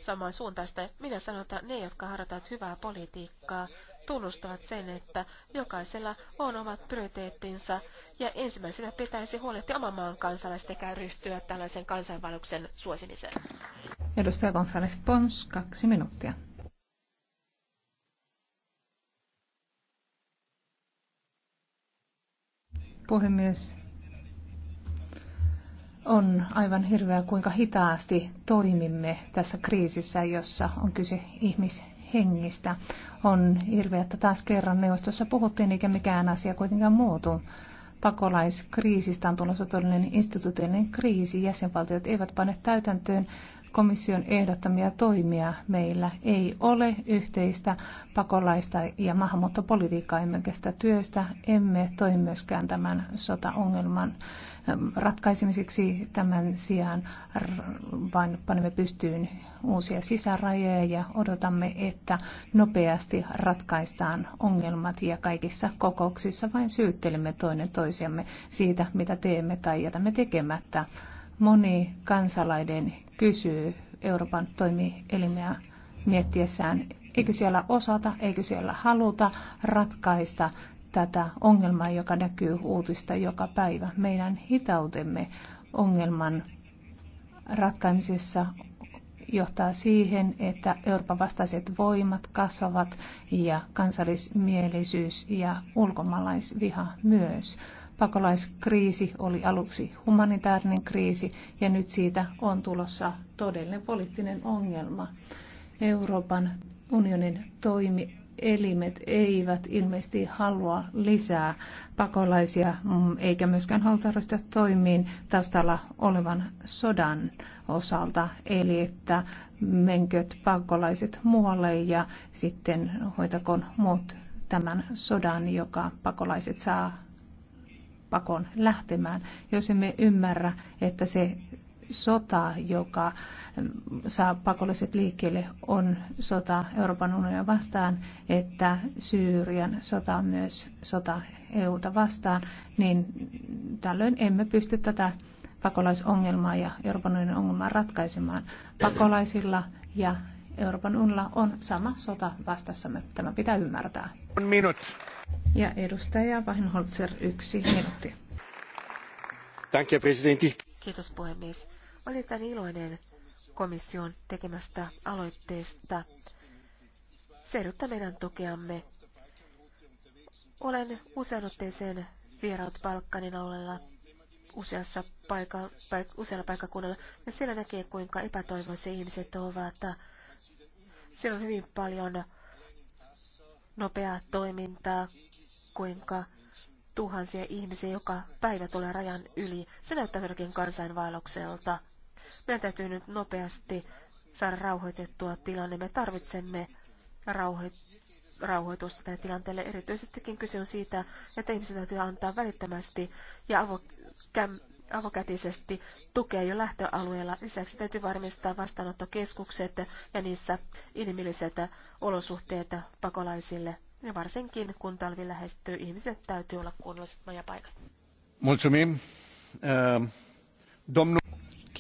samaan suuntaista. Minä sanon, että ne, jotka harjoittavat hyvää politiikkaa, tunnustavat sen, että jokaisella on omat prioriteettinsa ja ensimmäisenä pitäisi huolehtia oman maan kansalaisten eikä ryhtyä tällaisen kansainvälisen suosimiseen. Edustaja González Pons, kaksi minuuttia. Puhemies, on aivan hirveää, kuinka hitaasti toimimme tässä kriisissä, jossa on kyse ihmishengistä. On hirveää, että taas kerran neuvostossa puhuttiin, eikä mikään asia kuitenkaan muutu. Pakolaiskriisistä on tulossa todellinen instituutiollinen kriisi. Jäsenvaltiot eivät pane täytäntöön komission ehdottamia toimia meillä ei ole yhteistä pakolaista ja maahanmuuttopolitiikkaa emmekä sitä työstä, emme toimi myöskään tämän sotaongelman ratkaisemiseksi. Tämän sijaan vain panemme pystyyn uusia sisärajoja ja odotamme, että nopeasti ratkaistaan ongelmat ja kaikissa kokouksissa vain syyttelemme toinen toisiamme siitä, mitä teemme tai jätämme tekemättä. Moni kansalainen kysyy Euroopan toimielimeä miettiessään, eikö siellä osata, eikö siellä haluta ratkaista tätä ongelmaa, joka näkyy uutista joka päivä. Meidän hitautemme ongelman ratkaimisessa johtaa siihen, että Euroopan vastaiset voimat kasvavat ja kansallismielisyys ja ulkomaalaisviha myös. Pakolaiskriisi oli aluksi humanitaarinen kriisi ja nyt siitä on tulossa todellinen poliittinen ongelma. Euroopan unionin toimi elimet eivät ilmeisesti halua lisää pakolaisia, mm, eikä myöskään haluta ryhtyä toimiin taustalla olevan sodan osalta, eli että menköt pakolaiset muualle ja sitten hoitakoon muut tämän sodan, joka pakolaiset saa pakon lähtemään, jos emme ymmärrä, että se sota, joka mm, saa pakolliset liikkeelle, on sota Euroopan unionia vastaan, että Syyrian sota on myös sota EUta vastaan, niin tällöin emme pysty tätä pakolaisongelmaa ja Euroopan unionin ongelmaa ratkaisemaan. Pakolaisilla ja Euroopan unilla on sama sota vastassamme. Tämä pitää ymmärtää. Minut. Ja edustaja Vahinholzer, yksi minuutti. Kiitos puhemies. Olen tämän iloinen komission tekemästä aloitteesta. Se meidän tukeamme. Olen usein otteeseen vieraut Balkanin alueella useassa paikka, paik, usealla paikkakunnalla, ja siellä näkee, kuinka epätoivoisia ihmiset ovat. Siellä on hyvin paljon nopeaa toimintaa, kuinka tuhansia ihmisiä joka päivä tulee rajan yli. Se näyttää jotakin kansainvaellukselta. Meidän täytyy nyt nopeasti saada rauhoitettua tilanne. Me tarvitsemme rauho- rauhoitusta tälle tilanteelle. Erityisestikin kyse on siitä, että ihmisen täytyy antaa välittömästi ja avokäm- avokätisesti tukea jo lähtöalueella. Lisäksi täytyy varmistaa vastaanottokeskukset ja niissä inhimilliset olosuhteet pakolaisille. Ja varsinkin kun talvi lähestyy, ihmiset täytyy olla kunnolliset majapaikat. Mulțumim. Ehm, domnul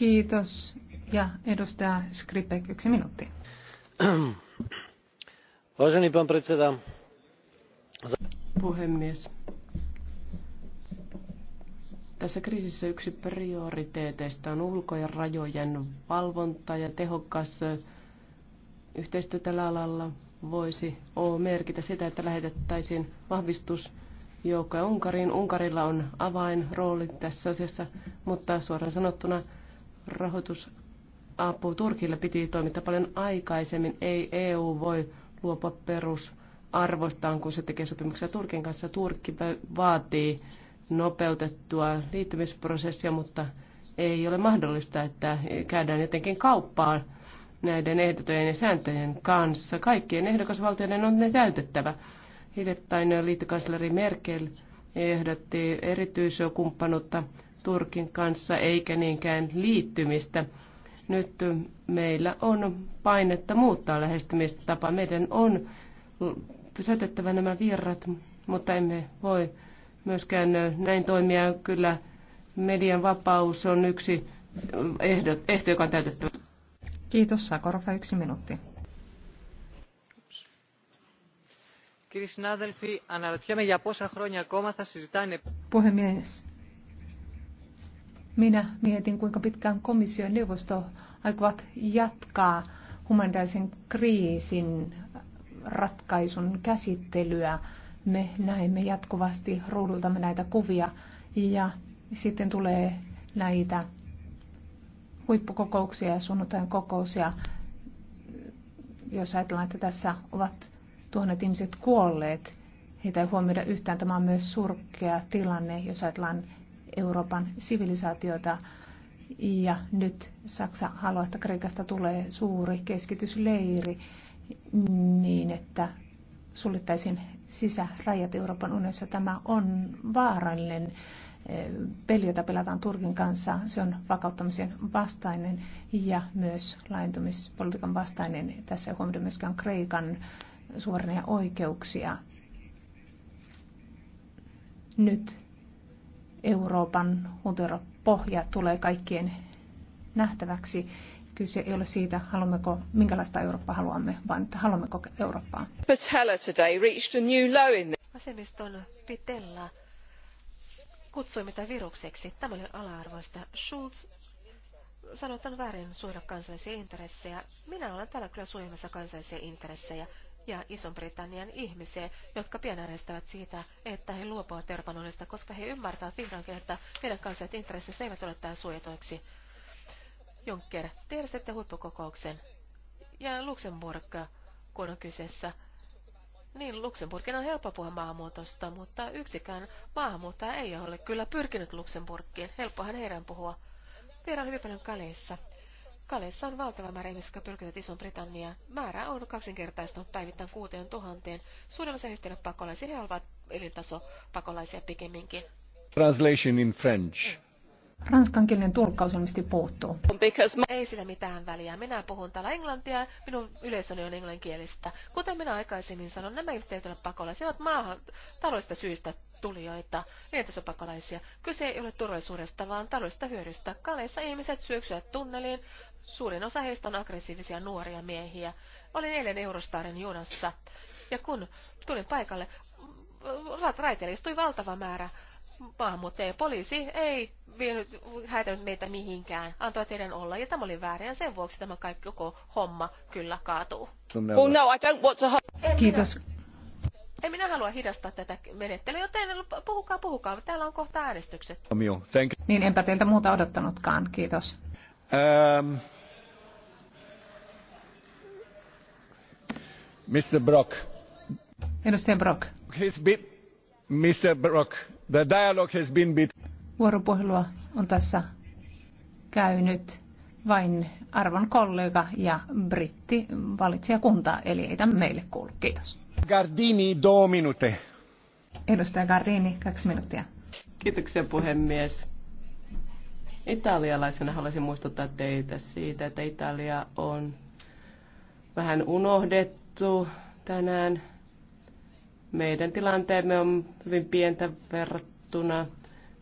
Kiitos. Ja edustaja Skripek, yksi minuutti. Vaiseni pan predseda. Puhemies. Tässä kriisissä yksi prioriteeteista on ulko- ja rajojen valvonta ja tehokas yhteistyö tällä alalla voisi o merkitä sitä, että lähetettäisiin vahvistusjoukkoja Unkariin. Unkarilla on avainrooli tässä asiassa, mutta suoraan sanottuna rahoitusapu Turkille piti toimittaa paljon aikaisemmin. Ei EU voi luopua perusarvostaan, kun se tekee sopimuksia Turkin kanssa. Turkki vaatii nopeutettua liittymisprosessia, mutta ei ole mahdollista, että käydään jotenkin kauppaa näiden ehdotojen ja sääntöjen kanssa. Kaikkien ehdokasvaltioiden on ne täytettävä. Hiljattain liittokansleri Merkel ehdotti erityiskumppanuutta Turkin kanssa eikä niinkään liittymistä. Nyt meillä on painetta muuttaa lähestymistapa. Meidän on pysäytettävä nämä virrat, mutta emme voi myöskään näin toimia. Kyllä median vapaus on yksi ehdo, ehto, joka on täytetty. Kiitos. Sakorfa yksi minuutti. Puhemies, minä mietin, kuinka pitkään komission neuvosto aikovat jatkaa humanitaarisen kriisin ratkaisun käsittelyä. Me näemme jatkuvasti ruudultamme näitä kuvia ja sitten tulee näitä huippukokouksia ja sunnuntain kokouksia, jos ajatellaan, että tässä ovat tuhannet ihmiset kuolleet. Heitä ei huomioida yhtään. Tämä on myös surkea tilanne, jos ajatellaan Euroopan sivilisaatiota. Ja nyt Saksa haluaa, että Kreikasta tulee suuri keskitysleiri niin, että suljettaisiin sisärajat Euroopan unionissa. Tämä on vaarallinen e, peli, jota pelataan Turkin kanssa. Se on vakauttamisen vastainen ja myös laajentumispolitiikan vastainen. Tässä ei huomioida myöskään Kreikan suorania oikeuksia. Nyt Euroopan pohja tulee kaikkien nähtäväksi. Kyse ei ole siitä, haluammeko, minkälaista Eurooppaa haluamme, vaan että haluammeko Eurooppaa. Vasemmiston Pitella kutsui mitä virukseksi. Tämä oli ala-arvoista. Schulz sanoi, että on väärin suojella kansallisia intressejä. Minä olen täällä kyllä suojelmassa kansallisia intressejä ja Ison-Britannian ihmisiä, jotka pienäänestävät siitä, että he luopuvat Erbanonista, koska he ymmärtävät vihdoinkin, että heidän kansalliset intressinsä eivät ole tähän suojatoiksi. Juncker, tiedostatte huippukokouksen ja Luxemburg, kun on kyseessä. Niin, Luxemburgin on helppo puhua maahanmuutosta, mutta yksikään maahanmuuttaja ei ole kyllä pyrkinyt Luxemburgiin. Helppohan heidän puhua. Vieraan hyvin paljon kaleissa. Kalessa on valtava määrä ihmisiä, jotka pyrkivät Iso-Britanniaan. Määrä on kaksinkertaistunut päivittäin kuuteen tuhanteen. Suurimmassa heistä pakolaisia he ovat elintaso pakolaisia pikemminkin. Translation in French. Ranskankielinen tulkkaus ilmeisesti puuttuu. Ei sillä mitään väliä. Minä puhun täällä englantia, minun yleisöni on englanninkielistä. Kuten minä aikaisemmin sanon, nämä yhteydet pakolaisia ovat maahan taloudellisista syistä tulijoita, entasopakolaisia. Kyse ei ole turvallisuudesta, vaan taloudellisesta hyödystä. Kaleissa ihmiset syöksyvät tunneliin. Suurin osa heistä on aggressiivisia nuoria miehiä. Olin eilen Eurostarin junassa. Ja kun tulin paikalle, raiteille istui valtava määrä maahanmuuttajia. Poliisi ei vienyt, häätänyt meitä mihinkään, antoi teidän olla, ja tämä oli väärin, ja sen vuoksi tämä kaikki koko homma kyllä kaatuu. Well, no, I don't want to... Kiitos en minä halua hidastaa tätä menettelyä, joten puhukaa, puhukaa. Täällä on kohta äänestykset. Thank you. Niin, enpä teiltä muuta odottanutkaan. Kiitos. Um, ähm, Mr. Brock. Edustaja Brock. He's been, Mr. Brock, the dialogue has been bit... Vuoropuhelua on tässä käynyt vain arvon kollega ja britti valitsijakunta, eli ei tämä meille kuulu. Kiitos. Gardini, do minute. Edustaja Gardini, kaksi minuuttia. Kiitoksia puhemies. Italialaisena haluaisin muistuttaa teitä siitä, että Italia on vähän unohdettu tänään. Meidän tilanteemme on hyvin pientä verrattuna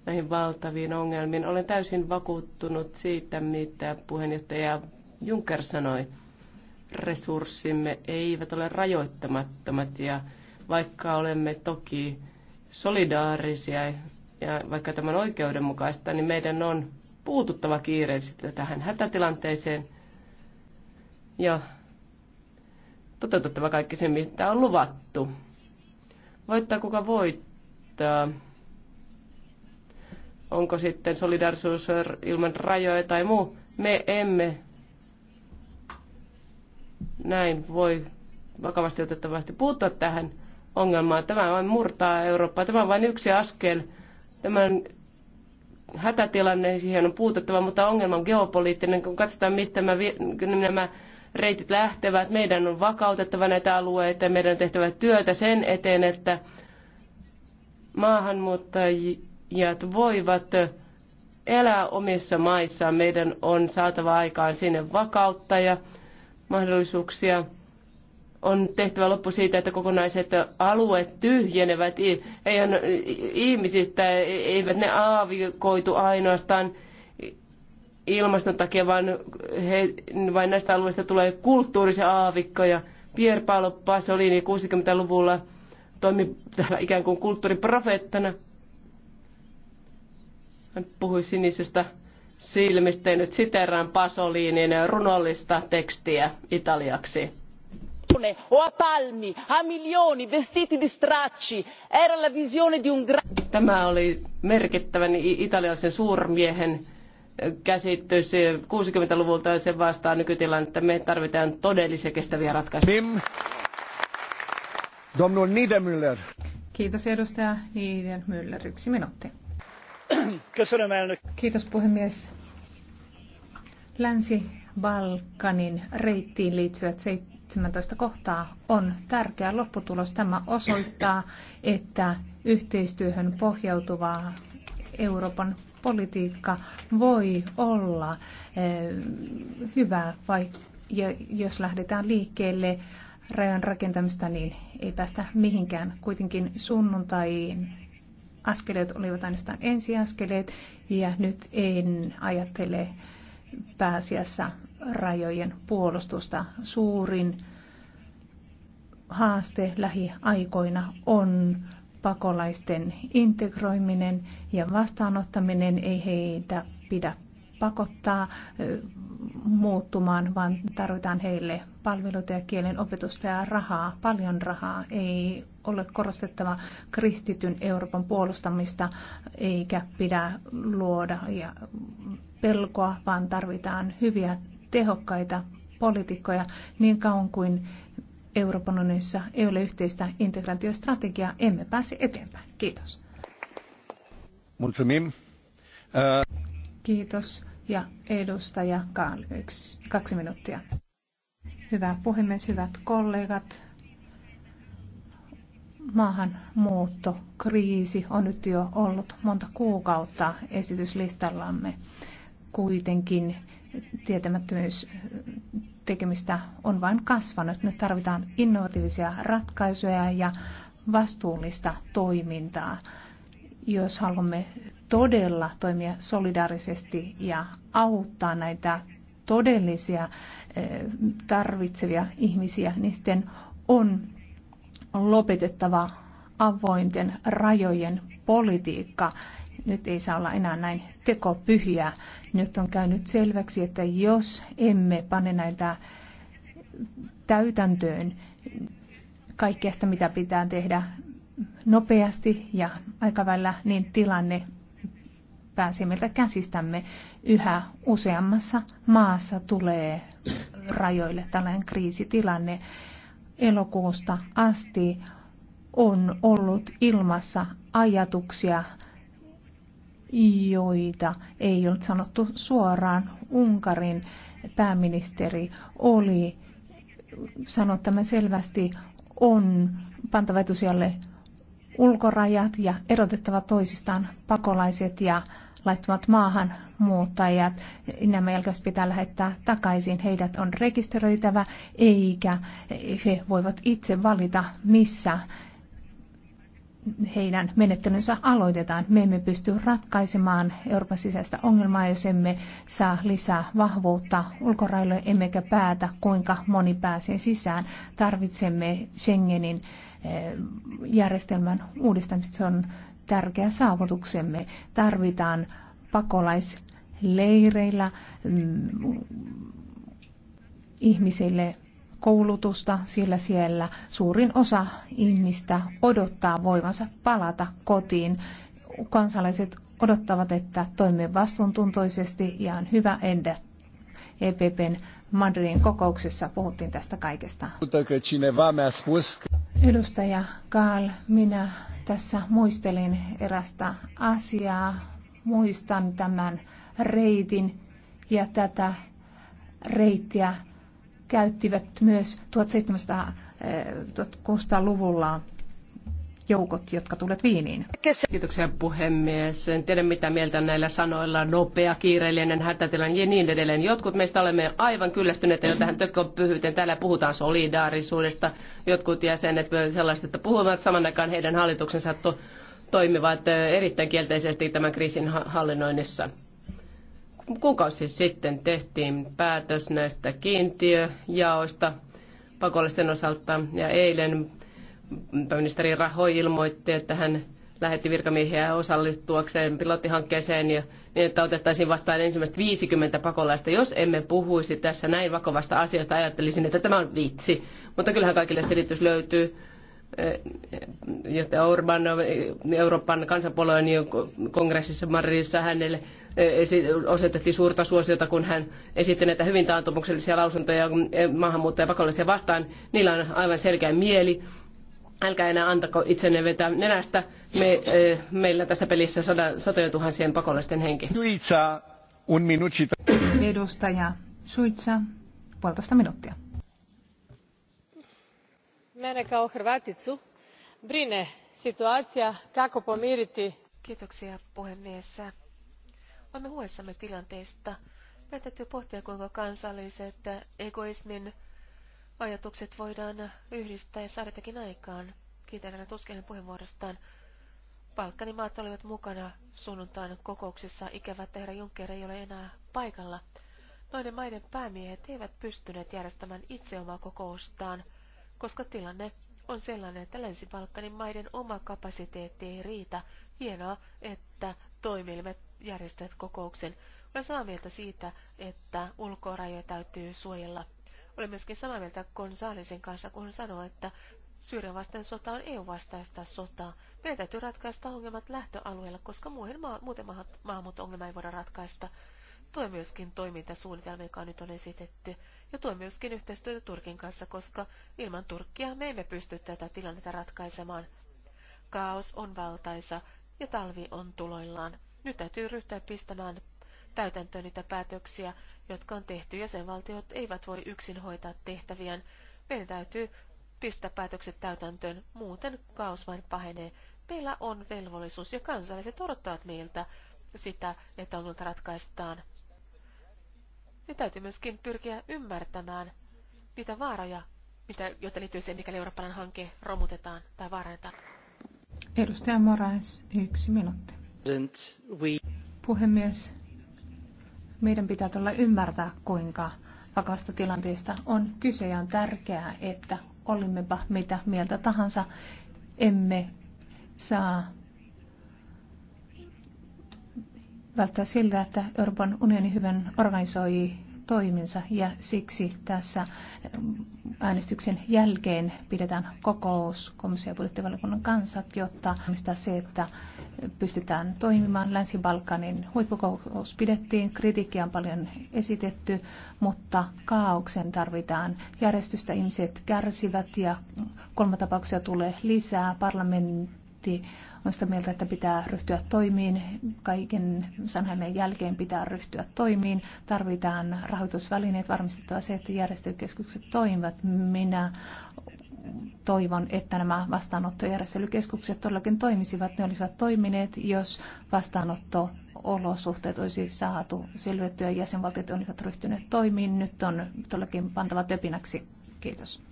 näihin valtaviin ongelmiin. Olen täysin vakuuttunut siitä, mitä puheenjohtaja Juncker sanoi resurssimme eivät ole rajoittamattomat ja vaikka olemme toki solidaarisia ja vaikka tämä on oikeudenmukaista, niin meidän on puututtava kiireellisesti tähän hätätilanteeseen ja toteutettava kaikki se, mitä on luvattu. Voittaa kuka voittaa. Onko sitten solidarisuus ilman rajoja tai muu? Me emme näin voi vakavasti otettavasti puuttua tähän ongelmaan. Tämä vain murtaa Eurooppaa. Tämä on vain yksi askel. Tämän hätätilanne, siihen on puututtava, mutta ongelma on geopoliittinen. Kun katsotaan, mistä nämä, nämä reitit lähtevät, meidän on vakautettava näitä alueita ja meidän on tehtävä työtä sen eteen, että maahanmuuttajat voivat elää omissa maissaan. Meidän on saatava aikaan sinne vakautta ja mahdollisuuksia. On tehtävä loppu siitä, että kokonaiset alueet tyhjenevät. Eihän ihmisistä, eivät ne aavikoitu ainoastaan ilmaston takia, vaan, he, vain näistä alueista tulee kulttuurisia aavikkoja. Pierre Paolo Pasolini 60-luvulla toimi täällä ikään kuin kulttuuriprofeettana. Hän puhui sinisestä silmistä. Nyt siterään Pasolinin runollista tekstiä italiaksi. O a palmi, a milioni, vestiti di stracci. Era la visione di un Tämä oli merkittävän italialaisen suurmiehen käsitys 60-luvulta ja se vastaa nykytilannetta. Me tarvitaan todellisia kestäviä ratkaisuja. Mim. Domnul Niedermüller. Kiitos edustaja Niedermüller. Yksi minuutti. Kiitos puhemies. Länsi-Balkanin reittiin liittyvät 17 kohtaa on tärkeä lopputulos. Tämä osoittaa, että yhteistyöhön pohjautuvaa Euroopan politiikka voi olla eh, hyvä, vai, ja jos lähdetään liikkeelle rajan rakentamista, niin ei päästä mihinkään. Kuitenkin sunnuntain askeleet olivat ainoastaan ensiaskeleet ja nyt en ajattele pääasiassa rajojen puolustusta. Suurin haaste lähiaikoina on pakolaisten integroiminen ja vastaanottaminen. Ei heitä pidä pakottaa muuttumaan, vaan tarvitaan heille palveluita ja kielen opetusta ja rahaa, paljon rahaa. Ei ole korostettava kristityn Euroopan puolustamista eikä pidä luoda ja pelkoa, vaan tarvitaan hyviä, tehokkaita poliitikkoja niin kauan kuin Euroopan unionissa ei ole yhteistä integraatiostrategiaa, emme pääse eteenpäin. Kiitos. Mulțumim. Äh. Kiitos. Ja edustaja Kaan, yksi, kaksi minuuttia. Hyvä puhemies, hyvät kollegat maahanmuuttokriisi on nyt jo ollut monta kuukautta esityslistallamme. Kuitenkin tietämättömyys tekemistä on vain kasvanut. Nyt tarvitaan innovatiivisia ratkaisuja ja vastuullista toimintaa, jos haluamme todella toimia solidaarisesti ja auttaa näitä todellisia eh, tarvitsevia ihmisiä, niin sitten on on lopetettava avointen rajojen politiikka. Nyt ei saa olla enää näin tekopyhiä. Nyt on käynyt selväksi, että jos emme pane näitä täytäntöön kaikkea sitä, mitä pitää tehdä nopeasti ja aikavälillä, niin tilanne pääsee meiltä käsistämme. Yhä useammassa maassa tulee rajoille tällainen kriisitilanne elokuusta asti on ollut ilmassa ajatuksia, joita ei ollut sanottu suoraan. Unkarin pääministeri oli, tämän selvästi, on pantava ulkorajat ja erotettava toisistaan pakolaiset ja laittomat maahanmuuttajat. Nämä jälkeen pitää lähettää takaisin. Heidät on rekisteröitävä, eikä he voivat itse valita, missä heidän menettelynsä aloitetaan. Me emme pysty ratkaisemaan Euroopan sisäistä ongelmaa, jos emme saa lisää vahvuutta ulkorajoille, emmekä päätä, kuinka moni pääsee sisään. Tarvitsemme Schengenin eh, järjestelmän uudistamista. Se on tärkeä saavutuksemme. Tarvitaan pakolaisleireillä mm, ihmisille koulutusta, sillä siellä suurin osa ihmistä odottaa voivansa palata kotiin. Kansalaiset odottavat, että toimii vastuuntuntoisesti ja on hyvä endä. EPPn Madridin kokouksessa puhuttiin tästä kaikesta. Edustaja Kaal, minä tässä muistelin erästä asiaa. Muistan tämän reitin ja tätä reittiä käyttivät myös 1700, eh, luvulla joukot, jotka tulet Viiniin. Kiitoksia puhemies. En tiedä mitä mieltä näillä sanoilla nopea, kiireellinen, hätätilanne ja niin edelleen. Jotkut meistä olemme aivan kyllästyneitä jo tähän pyhyyteen. Täällä puhutaan solidaarisuudesta. Jotkut jäsenet sellaiset, että puhuvat saman aikaan heidän hallituksensa to- toimivat erittäin kielteisesti tämän kriisin hallinnoinnissa kuukausi siis sitten tehtiin päätös näistä kiintiöjaoista pakollisten osalta ja eilen pääministeri Rahoi ilmoitti, että hän lähetti virkamiehiä osallistuakseen pilottihankkeeseen ja niin, että otettaisiin vastaan ensimmäistä 50 pakolaista. Jos emme puhuisi tässä näin vakavasta asiasta, ajattelisin, että tämä on vitsi. Mutta kyllähän kaikille selitys löytyy. Eh, jotta Orban eh, Euroopan kansanpuolueen kongressissa Marissa hänelle eh, osoitettiin suurta suosiota, kun hän esitti näitä hyvin taantumuksellisia lausuntoja maahanmuuttajia pakollisia vastaan. Niillä on aivan selkeä mieli Älkää enää antako itsenne vetää nenästä. Me, meillä tässä pelissä sada, satoja tuhansien pakolaisten henki. Suitsa, un minuutti. Edustaja Suitsa, puolitoista minuuttia. Mene kao Hrvaticu brine situacija kako pomiriti... Kiitoksia puhemies. Olemme huolissamme tilanteesta. Meidän täytyy pohtia, kuinka kansalliset egoismin ajatukset voidaan yhdistää ja saada jotakin aikaan. Kiitän hänet uskeinen puheenvuorostaan. Balkanimaat olivat mukana sunnuntain kokouksessa. Ikävä, että herra Juncker ei ole enää paikalla. Noiden maiden päämiehet eivät pystyneet järjestämään itse omaa kokoustaan, koska tilanne on sellainen, että Länsi-Balkanin maiden oma kapasiteetti ei riitä. Hienoa, että toimielimet järjestävät kokouksen. Olen samaa mieltä siitä, että ulkorajoja täytyy suojella olen myöskin samaa mieltä Gonzalesin kanssa, kun hän sanoi, että Syyrian vasten sota on EU-vastaista sotaa. Meidän täytyy ratkaista ongelmat lähtöalueella, koska muuten, maa, muuten maahanmuutto-ongelma ei voida ratkaista. Tue myöskin toimintasuunnitelma, joka nyt on esitetty, ja tue myöskin yhteistyötä Turkin kanssa, koska ilman Turkkia me emme pysty tätä tilannetta ratkaisemaan. Kaos on valtaisa, ja talvi on tuloillaan. Nyt täytyy ryhtyä pistämään täytäntöön niitä päätöksiä, jotka on tehty. Jäsenvaltiot eivät voi yksin hoitaa tehtäviään. Meidän täytyy pistää päätökset täytäntöön, muuten kaos vain pahenee. Meillä on velvollisuus ja kansalaiset odottavat meiltä sitä, että ongelmat ratkaistaan. Ja täytyy myöskin pyrkiä ymmärtämään mitä vaaroja, mitä, joita liittyy siihen, mikäli Euroopan hanke romutetaan tai vaarannetaan. Edustaja Moraes, yksi minuutti. Puhemies, meidän pitää tulla ymmärtää, kuinka vakasta tilanteesta on kyse ja on tärkeää, että olimmepa mitä mieltä tahansa, emme saa välttää siltä, että Euroopan unioni hyvän organisoi toimensa ja siksi tässä äänestyksen jälkeen pidetään kokous komission ja budjettivaliokunnan kanssa, jotta se, että pystytään toimimaan. Länsi-Balkanin huippukokous pidettiin, kritiikkiä on paljon esitetty, mutta kaauksen tarvitaan järjestystä. Ihmiset kärsivät ja kolmatapauksia tulee lisää. Parlamentti on sitä mieltä, että pitää ryhtyä toimiin. Kaiken sanhallinen jälkeen pitää ryhtyä toimiin. Tarvitaan rahoitusvälineet varmistettua se, että järjestelykeskukset toimivat. Minä toivon, että nämä vastaanottojärjestelykeskukset todellakin toimisivat. Ne olisivat toimineet, jos vastaanotto olosuhteet olisi saatu selvettyä ja jäsenvaltiot olivat ryhtyneet toimiin. Nyt on todellakin pantava töpinäksi. Kiitos.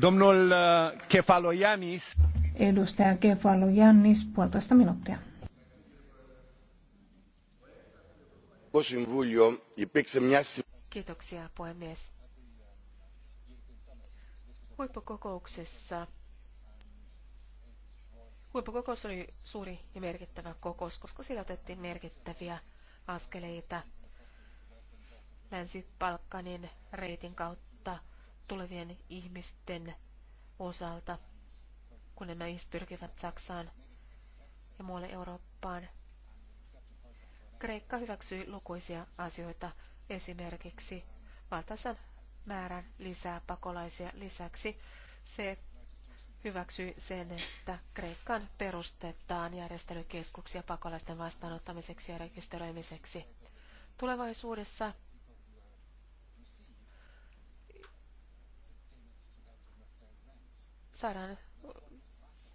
Domnul eh, Kefalojanis. Edustaja Kefalu Jannis, puolitoista minuuttia. Kiitoksia puhemies. Huippukokouksessa Huippukokous oli suuri ja merkittävä kokous, koska sillä otettiin merkittäviä askeleita Länsi-Balkanin reitin kautta tulevien ihmisten osalta – kun nämä ihmiset pyrkivät Saksaan ja muualle Eurooppaan. Kreikka hyväksyi lukuisia asioita, esimerkiksi valtaisan määrän lisää pakolaisia lisäksi. Se hyväksyi sen, että Kreikkaan perustetaan järjestelykeskuksia pakolaisten vastaanottamiseksi ja rekisteröimiseksi. Tulevaisuudessa saadaan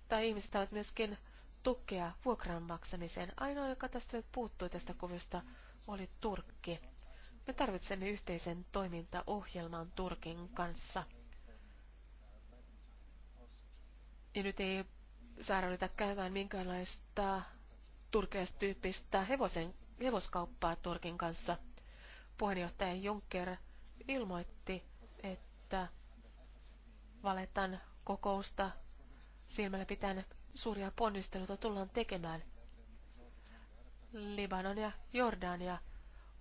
tai ihmiset saavat myöskin tukea vuokran maksamiseen. Ainoa, joka tästä nyt puuttui tästä kuviosta, oli Turkki. Me tarvitsemme yhteisen toimintaohjelman Turkin kanssa. Ja nyt ei saada ruveta käymään minkäänlaista turkeastyyppistä hevosen, hevoskauppaa Turkin kanssa. Puheenjohtaja Juncker ilmoitti, että valetan kokousta silmällä pitäen suuria ponnisteluita tullaan tekemään. Libanon ja Jordania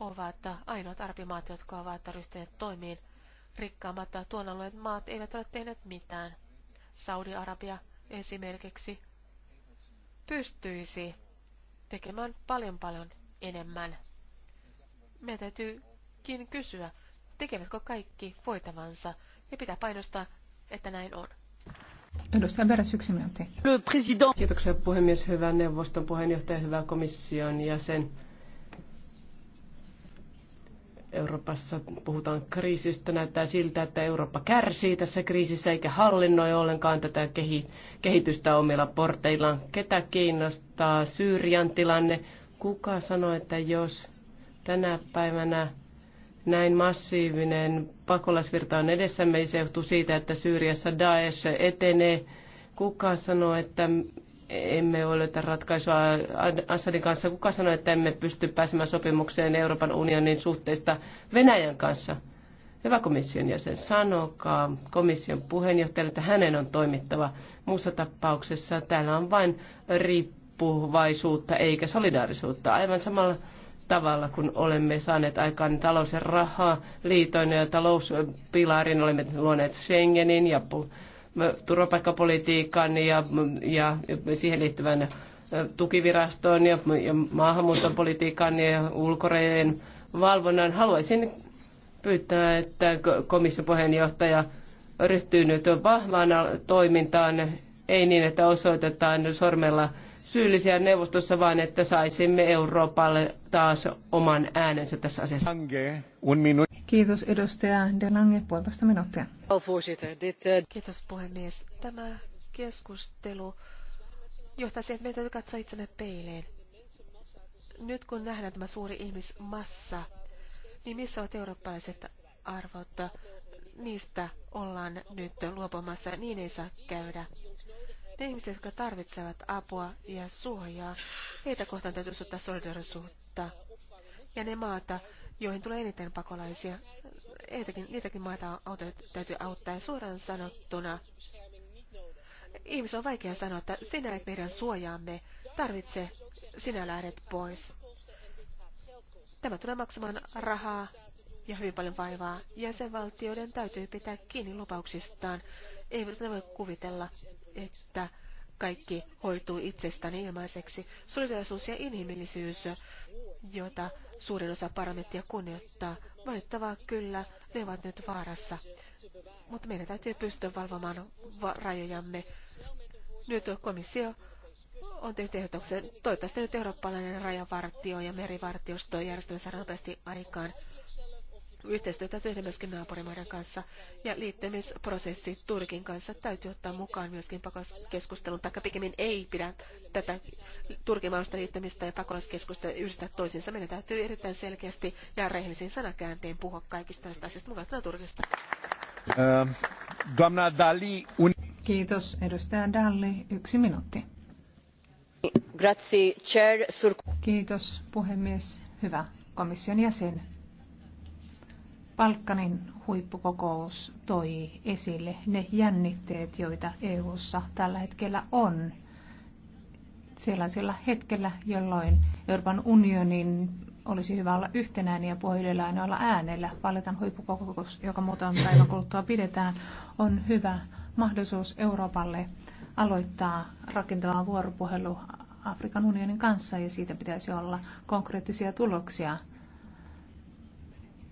ovat ainoat arpimaat, jotka ovat ryhtyneet toimiin. Rikkaammat tuon alueen maat eivät ole tehneet mitään. Saudi-Arabia esimerkiksi pystyisi tekemään paljon paljon enemmän. Meidän täytyykin kysyä, tekevätkö kaikki voitavansa ja pitää painostaa, että näin on. Edustaja Beres, yksi minuutti. Kiitoksia puhemies, hyvä neuvoston puheenjohtaja, hyvä komission jäsen. Euroopassa puhutaan kriisistä. Näyttää siltä, että Eurooppa kärsii tässä kriisissä eikä hallinnoi ollenkaan tätä kehitystä omilla porteillaan. Ketä kiinnostaa Syyrian tilanne? Kuka sanoi, että jos tänä päivänä näin massiivinen pakolaisvirta on edessämme ja se johtuu siitä, että Syyriassa Daesh etenee. Kuka sanoo, että emme ole löytä ratkaisua Assadin kanssa? Kuka sanoo, että emme pysty pääsemään sopimukseen Euroopan unionin suhteista Venäjän kanssa? Hyvä komission jäsen, sanokaa komission puheenjohtajalle, että hänen on toimittava. Muussa tapauksessa täällä on vain riippuvaisuutta eikä solidaarisuutta. Aivan samalla tavalla, kun olemme saaneet aikaan niin talous- ja rahaliiton ja talouspilarin, olemme luoneet Schengenin ja turvapaikkapolitiikan ja, ja siihen liittyvän tukivirastoon ja, ja maahanmuuton politiikan ja ulkorajojen valvonnan. Haluaisin pyytää, että komission puheenjohtaja ryhtyy nyt vahvaan toimintaan, ei niin, että osoitetaan sormella syyllisiä neuvostossa, vaan että saisimme Euroopalle taas oman äänensä tässä asiassa. Kiitos edustaja Delange, puolitoista minuuttia. Äh, Kiitos puhemies. Tämä keskustelu johtaa siihen, että meidän täytyy katsoa itsemme peileen. Nyt kun nähdään tämä suuri ihmismassa, niin missä ovat eurooppalaiset arvot? Niistä ollaan nyt luopumassa, niin ei saa käydä. Ne ihmiset, jotka tarvitsevat apua ja suojaa, heitä kohtaan täytyy ottaa solidarisuutta. Ja ne maata, joihin tulee eniten pakolaisia, heitäkin, niitäkin maita täytyy auttaa. Ja suoraan sanottuna, Ihmisen on vaikea sanoa, että sinä et meidän suojaamme tarvitse, sinä lähdet pois. Tämä tulee maksamaan rahaa ja hyvin paljon vaivaa. Jäsenvaltioiden täytyy pitää kiinni lupauksistaan. ei ne voi kuvitella, että kaikki hoituu itsestään ilmaiseksi. Solidarisuus ja inhimillisyys, jota suurin osa parlamenttia kunnioittaa, valittavaa kyllä, ne ovat nyt vaarassa. Mutta meidän täytyy pystyä valvomaan va- rajojamme. Nyt komissio on tehnyt ehdotuksen. Toivottavasti nyt eurooppalainen rajavartio ja merivartiosto järjestelmä saadaan nopeasti aikaan. Yhteistyötä tehdä myöskin naapurimaiden kanssa ja liittymisprosessi Turkin kanssa täytyy ottaa mukaan myöskin pakolaiskeskustelun, taikka pikemmin ei pidä tätä Turkin maasta liittymistä ja pakolaiskeskustelua yhdistää toisiinsa. Meidän täytyy erittäin selkeästi ja rehellisin sanakäänteen puhua kaikista näistä asioista mukaan Turkista. Ähm, Kiitos. Edustaja Dalli, yksi minuutti. Grazie, chair. Kiitos puhemies. Hyvä komission jäsen Balkanin huippukokous toi esille ne jännitteet, joita EU:ssa tällä hetkellä on. Sellaisella hetkellä, jolloin Euroopan unionin olisi hyvä olla yhtenäinen ja puhua olla äänellä. Valitan huippukokous, joka muutaman päivän kuluttua pidetään, on hyvä mahdollisuus Euroopalle aloittaa rakentava vuoropuhelu Afrikan unionin kanssa ja siitä pitäisi olla konkreettisia tuloksia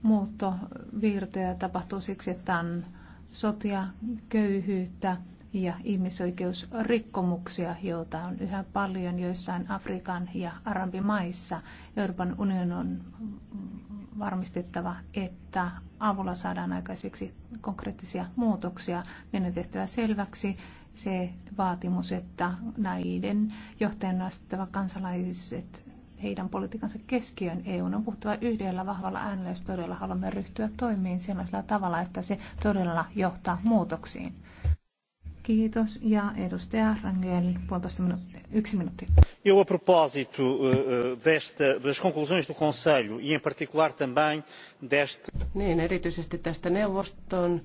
muuttovirtoja tapahtuu siksi, että on sotia, köyhyyttä ja ihmisoikeusrikkomuksia, joita on yhä paljon joissain Afrikan ja Arabimaissa. Euroopan unionin on varmistettava, että avulla saadaan aikaiseksi konkreettisia muutoksia. Meidän on tehtävä selväksi se vaatimus, että näiden johtajan asettava kansalaiset heidän politiikansa keskiön EU on puhuttava yhdellä vahvalla äänellä, jos todella haluamme ryhtyä toimiin sellaisella tavalla, että se todella johtaa muutoksiin. Kiitos. Ja edustaja Rangel, puolitoista minuuttia. Yksi minuutti. Eu, a propósito eh, eh, desta, das conclusões do Conselho e em particular também deste... Niin, erityisesti tästä neuvoston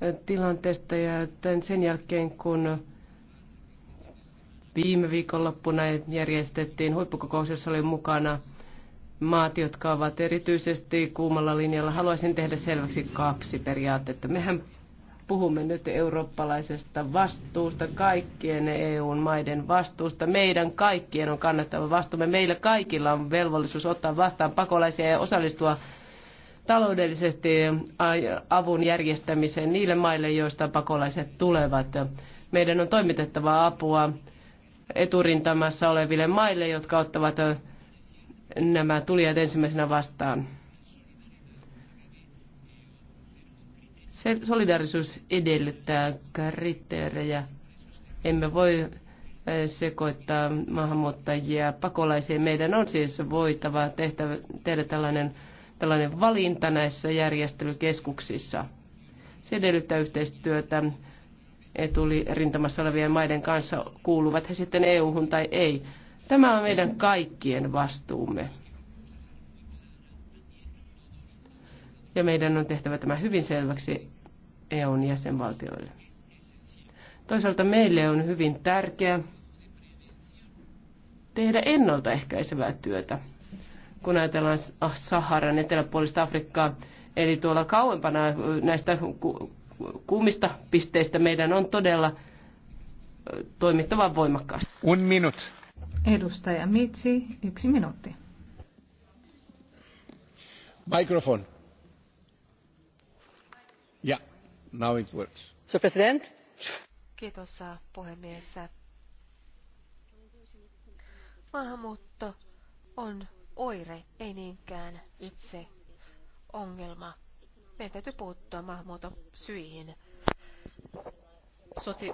eh, tilanteesta ja sen jälkeen, kun Viime viikonloppuna järjestettiin huippukokous, jossa oli mukana maat, jotka ovat erityisesti kuumalla linjalla. Haluaisin tehdä selväksi kaksi periaatetta. Mehän puhumme nyt eurooppalaisesta vastuusta, kaikkien EUn maiden vastuusta. Meidän kaikkien on kannettava vastuumme. Meillä kaikilla on velvollisuus ottaa vastaan pakolaisia ja osallistua taloudellisesti avun järjestämiseen niille maille, joista pakolaiset tulevat. Meidän on toimitettava apua eturintamassa oleville maille, jotka ottavat nämä tulijat ensimmäisenä vastaan. Se solidaarisuus edellyttää kriteerejä. Emme voi sekoittaa maahanmuuttajia pakolaisiin. Meidän on siis voitava tehtävä, tehdä tällainen, tällainen valinta näissä järjestelykeskuksissa. Se edellyttää yhteistyötä rintamassa olevien maiden kanssa, kuuluvat he sitten EU-hun tai ei. Tämä on meidän kaikkien vastuumme. Ja meidän on tehtävä tämä hyvin selväksi EUn jäsenvaltioille. Toisaalta meille on hyvin tärkeää tehdä ennaltaehkäisevää työtä. Kun ajatellaan Saharan eteläpuolista Afrikkaa, eli tuolla kauempana näistä kuumista pisteistä meidän on todella toimittava voimakkaasti. Un minut. Edustaja Mitsi, yksi minuutti. Mikrofon. Ja, yeah, now it works. So, president. Kiitos äh, puhemies. Maahanmuutto on oire, ei niinkään itse ongelma. Meidän täytyy puuttua maahanmuuton syihin. Soti,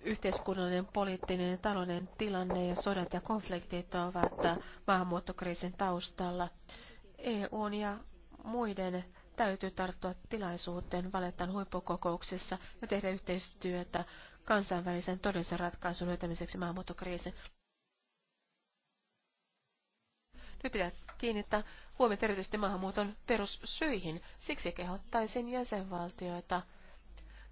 yhteiskunnallinen, poliittinen ja talouden tilanne ja sodat ja konfliktit ovat maahanmuuttokriisin taustalla. EUn ja muiden täytyy tarttua tilaisuuteen Valettan huippukokouksessa ja tehdä yhteistyötä kansainvälisen todellisen ratkaisun löytämiseksi maahanmuuttokriisin. Nyt pitää kiinnittää huomiota erityisesti maahanmuuton perussyihin. Siksi kehottaisin jäsenvaltioita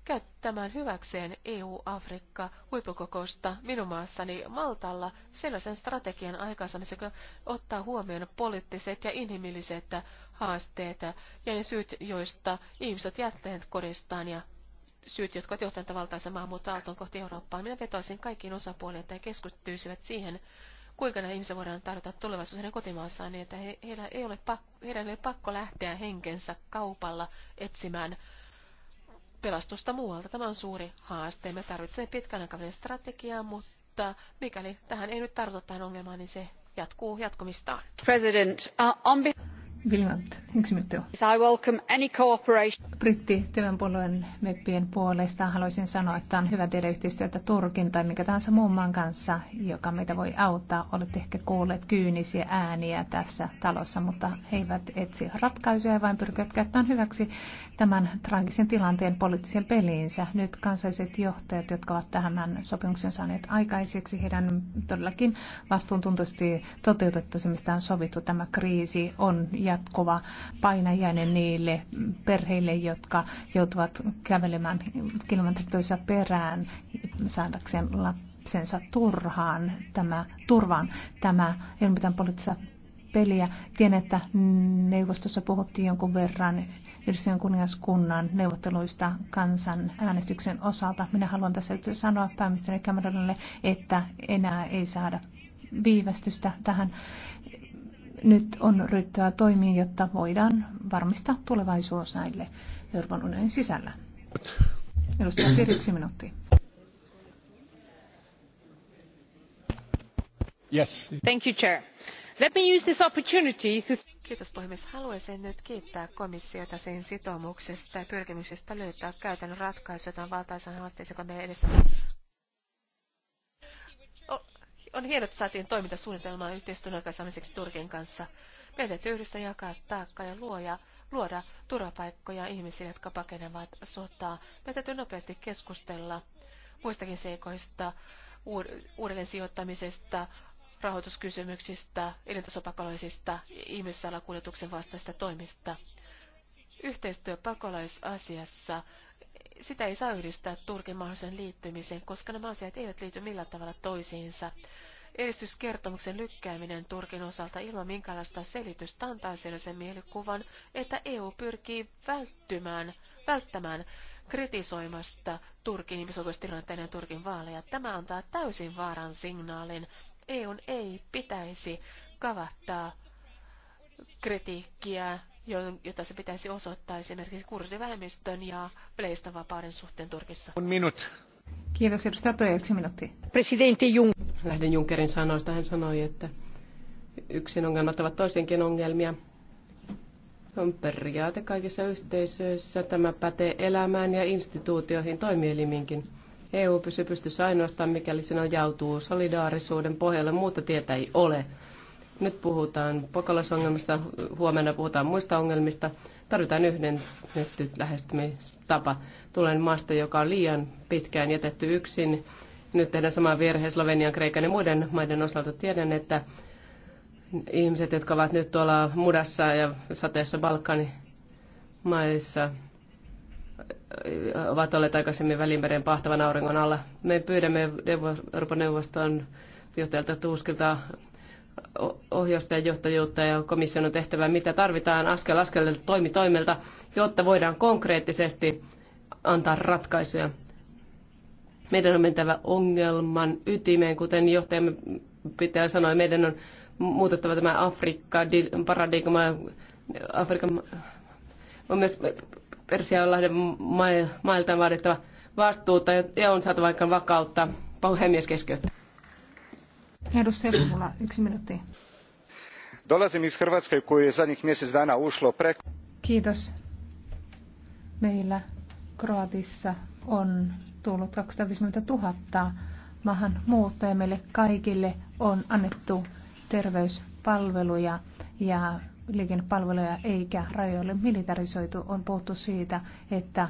käyttämään hyväkseen EU-Afrikka huippukokousta minun maassani Maltalla sellaisen strategian aikaansaamisen, joka ottaa huomioon poliittiset ja inhimilliset haasteet ja ne syyt, joista ihmiset jättäneet kodistaan ja syyt, jotka ovat johtaneet valtaisen maahanmuuttoaaltoon kohti Eurooppaa. Minä vetoisin kaikkiin osapuoliin, että he keskittyisivät siihen, kuinka nämä ihmiset voidaan tarjota heidän kotimaassaan niin, että he, heillä ei ole pakko, heidän ei ole pakko lähteä henkensä kaupalla etsimään pelastusta muualta. Tämä on suuri haaste. Me tarvitsemme pitkän aikavälin strategiaa, mutta mikäli tähän ei nyt tartuta tähän ongelmaan, niin se jatkuu jatkumistaan. President, uh, on... Vilmant, yksi minuutti. I welcome any cooperation. Britti työnpuolueen meppien puolesta haluaisin sanoa, että on hyvä tehdä yhteistyötä Turkin tai mikä tahansa muun maan kanssa, joka meitä voi auttaa. Olette ehkä kuulleet kyynisiä ääniä tässä talossa, mutta he eivät etsi ratkaisuja, vaan pyrkivät käyttämään hyväksi tämän traagisen tilanteen poliittisen peliinsä. Nyt kansalliset johtajat, jotka ovat tähän sopimuksen saaneet aikaiseksi, heidän todellakin vastuuntuntoisesti toteutettu se, mistä on sovittu. Tämä kriisi on ja jatkuva painajainen niille perheille, jotka joutuvat kävelemään kilometritoissa perään saadakseen lapsensa turhaan, tämä, turvaan. Tämä ei ole mitään poliittista peliä. Tiedän, että neuvostossa puhuttiin jonkun verran Yhdistyneen kuningaskunnan neuvotteluista kansan äänestyksen osalta. Minä haluan tässä yhteydessä sanoa pääministeri Cameronille, että enää ei saada viivästystä tähän. Nyt on ryhtyä toimiin, jotta voidaan varmistaa tulevaisuus näille Euroopan unionin sisällä. Edustaja Piiri, yksi minuutti. Yes. Thank you, Chair. Let me use this opportunity to... Kiitos puhemies. Haluaisin nyt kiittää komissiota sen sitoumuksesta ja pyrkimyksestä löytää käytännön ratkaisuja tämän valtaisen haasteeseen, joka meidän edessä on hienoa, että saatiin toimintasuunnitelmaa yhteistyön aikaisemmiseksi Turkin kanssa. Meidän täytyy yhdessä jakaa taakka ja luoja, luoda turvapaikkoja ihmisille, jotka pakenevat sotaa. Meidän täytyy nopeasti keskustella muistakin seikoista, uudelleen sijoittamisesta, rahoituskysymyksistä, elintasopakolaisista, ihmissalakuljetuksen vastaista toimista. Yhteistyö pakolaisasiassa sitä ei saa yhdistää Turkin mahdollisen liittymiseen, koska nämä asiat eivät liity millään tavalla toisiinsa. Edistyskertomuksen lykkääminen Turkin osalta ilman minkäänlaista selitystä antaa siellä sen mielikuvan, että EU pyrkii välttymään, välttämään kritisoimasta Turkin ihmisoikeustilannetta ennen Turkin vaaleja. Tämä antaa täysin vaaran signaalin. EUn ei pitäisi kavattaa kritiikkiä jota se pitäisi osoittaa esimerkiksi kurdivähemmistön ja yleistä vapauden suhteen Turkissa. On minut. Kiitos, edustaja Toja, yksi minuutti. Presidentti Jung. Lähden Junkerin sanoista. Hän sanoi, että yksin ongelmat ovat toisenkin ongelmia. Se on periaate kaikissa yhteisöissä. Tämä pätee elämään ja instituutioihin, toimieliminkin. EU pysyy pystyssä ainoastaan, mikäli se ajautuu solidaarisuuden pohjalle. Muuta tietä ei ole. Nyt puhutaan pakolaisongelmista, huomenna puhutaan muista ongelmista. Tarvitaan yhden nyt lähestymistapa. Tulen maasta, joka on liian pitkään jätetty yksin. Nyt tehdään sama virhe Slovenian, Kreikan ja muiden maiden osalta. Tiedän, että ihmiset, jotka ovat nyt tuolla mudassa ja sateessa Balkanimaissa, maissa, ovat olleet aikaisemmin Välimeren pahtavan auringon alla. Me pyydämme Euroopan neuvoston johtajalta Tuuskilta ohjausta johtajuutta ja komission on tehtävä, mitä tarvitaan askel askeleelta toimi toimelta, jotta voidaan konkreettisesti antaa ratkaisuja. Meidän on mentävä ongelman ytimeen, kuten johtajamme pitää sanoa, meidän on muutettava tämä Afrikka-paradigma, Afrikan on myös Persianlahden mailtaan vaadittava vastuuta ja on saatava aikaan vakautta. Puhemies keskeyttää. Edustaja yksi minuutti. Dolazim iz Hrvatske koju je zadnjih mjesec dana ušlo preko... Kiitos. Meillä Kroatissa on tullut 250 000 maahan muuttajia. Meille kaikille on annettu terveyspalveluja ja liikennepalveluja eikä rajoille militarisoitu. On puhuttu siitä, että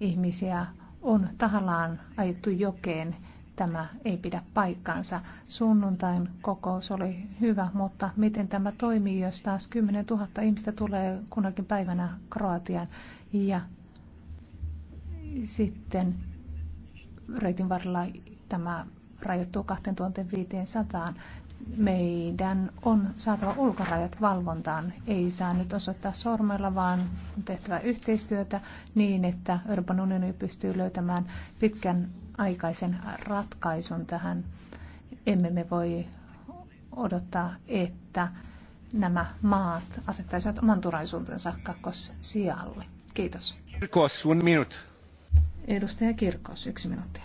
ihmisiä on tahallaan ajettu jokeen tämä ei pidä paikkaansa. Sunnuntain kokous oli hyvä, mutta miten tämä toimii, jos taas 10 000 ihmistä tulee kunnakin päivänä Kroatiaan ja sitten reitin varrella tämä rajoittuu 2500. Meidän on saatava ulkorajat valvontaan. Ei saa nyt osoittaa sormella, vaan on tehtävä yhteistyötä niin, että Euroopan unioni pystyy löytämään pitkän aikaisen ratkaisun tähän. Emme me voi odottaa, että nämä maat asettaisivat oman turvallisuutensa kakkossijalle. Kiitos. Kirkos, one minut. Edustaja Kirkos, yksi minuutti.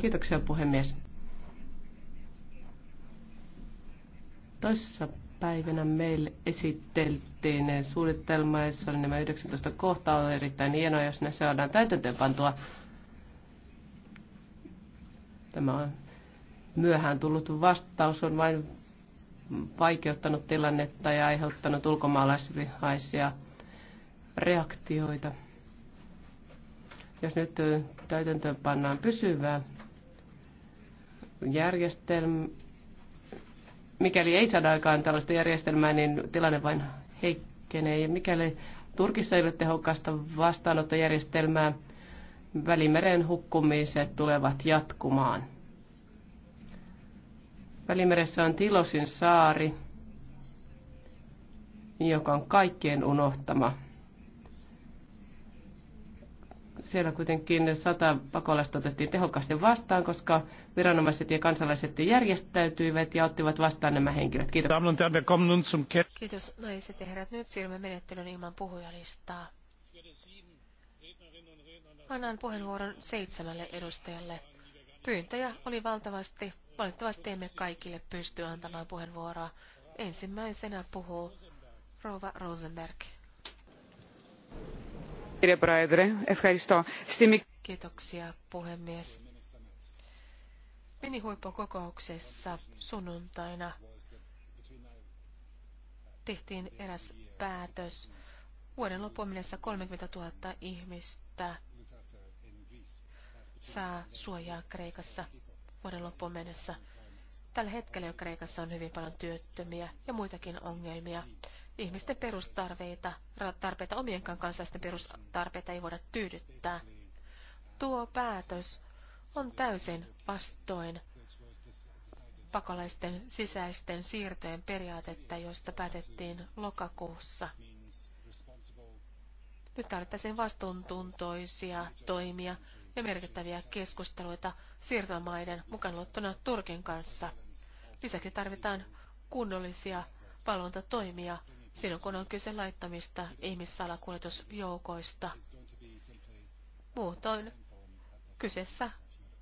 Kiitoksia puhemies. Toisessa päivänä meille esiteltiin suunnitelma, jossa oli nämä 19 kohtaa. On erittäin hienoa, jos ne saadaan täytäntöönpantua. Tämä on myöhään tullut vastaus, on vain vaikeuttanut tilannetta ja aiheuttanut ulkomaalaisvihaisia reaktioita. Jos nyt täytäntöön pannaan pysyvää järjestelmää, mikäli ei saada aikaan tällaista järjestelmää, niin tilanne vain heikkenee. Ja mikäli Turkissa ei ole tehokasta vastaanottojärjestelmää, Välimeren hukkumiset tulevat jatkumaan. Välimeressä on Tilosin saari, joka on kaikkien unohtama. Siellä kuitenkin sata pakolaista otettiin tehokkaasti vastaan, koska viranomaiset ja kansalaiset järjestäytyivät ja ottivat vastaan nämä henkilöt. Kiitos. Kiitos naiset ja herrat. Nyt siirrymme menettelyn ilman puhujalistaa. Annan puheenvuoron seitsemälle edustajalle. Pyyntöjä oli valtavasti. Valitettavasti emme kaikille pysty antamaan puheenvuoroa. Ensimmäisenä puhuu Rova Rosenberg. Kiitoksia puhemies. Minihuippukokouksessa sunnuntaina tehtiin eräs päätös. Vuoden loppuun mennessä 30 000 ihmistä saa suojaa Kreikassa vuoden loppuun mennessä. Tällä hetkellä jo Kreikassa on hyvin paljon työttömiä ja muitakin ongelmia ihmisten perustarpeita, tarpeita omienkaan kansalaisten perustarpeita ei voida tyydyttää. Tuo päätös on täysin vastoin pakolaisten sisäisten siirtojen periaatetta, josta päätettiin lokakuussa. Nyt tarvittaisiin vastuuntuntoisia toimia ja merkittäviä keskusteluita siirtomaiden mukaan luottuna Turkin kanssa. Lisäksi tarvitaan kunnollisia valvontatoimia silloin kun on kyse laittamista ihmissalakuljetusjoukoista. Muutoin kyseessä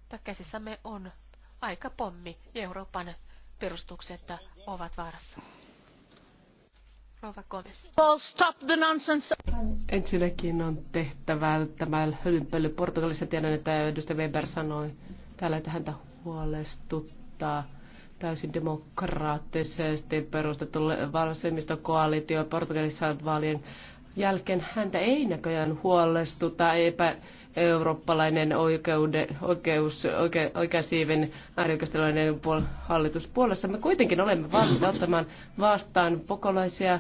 tai käsissämme on aika pommi Euroopan perustukset ovat vaarassa. Rova Gomez. Stop the nonsense. Ensinnäkin on tehtävä tämä hölynpöly Portugalissa. Tiedän, että edustaja Weber sanoi täällä, että häntä huolestuttaa täysin demokraattisesti perustettu vasemmistokoalitio Portugalissa vaalien jälkeen. Häntä ei näköjään huolestuta epä eurooppalainen oikeude, oikeus, oike, oikeasiivin äärioikeistolainen puol, hallitus puolessa. Me kuitenkin olemme valtamaan vastaan pokolaisia,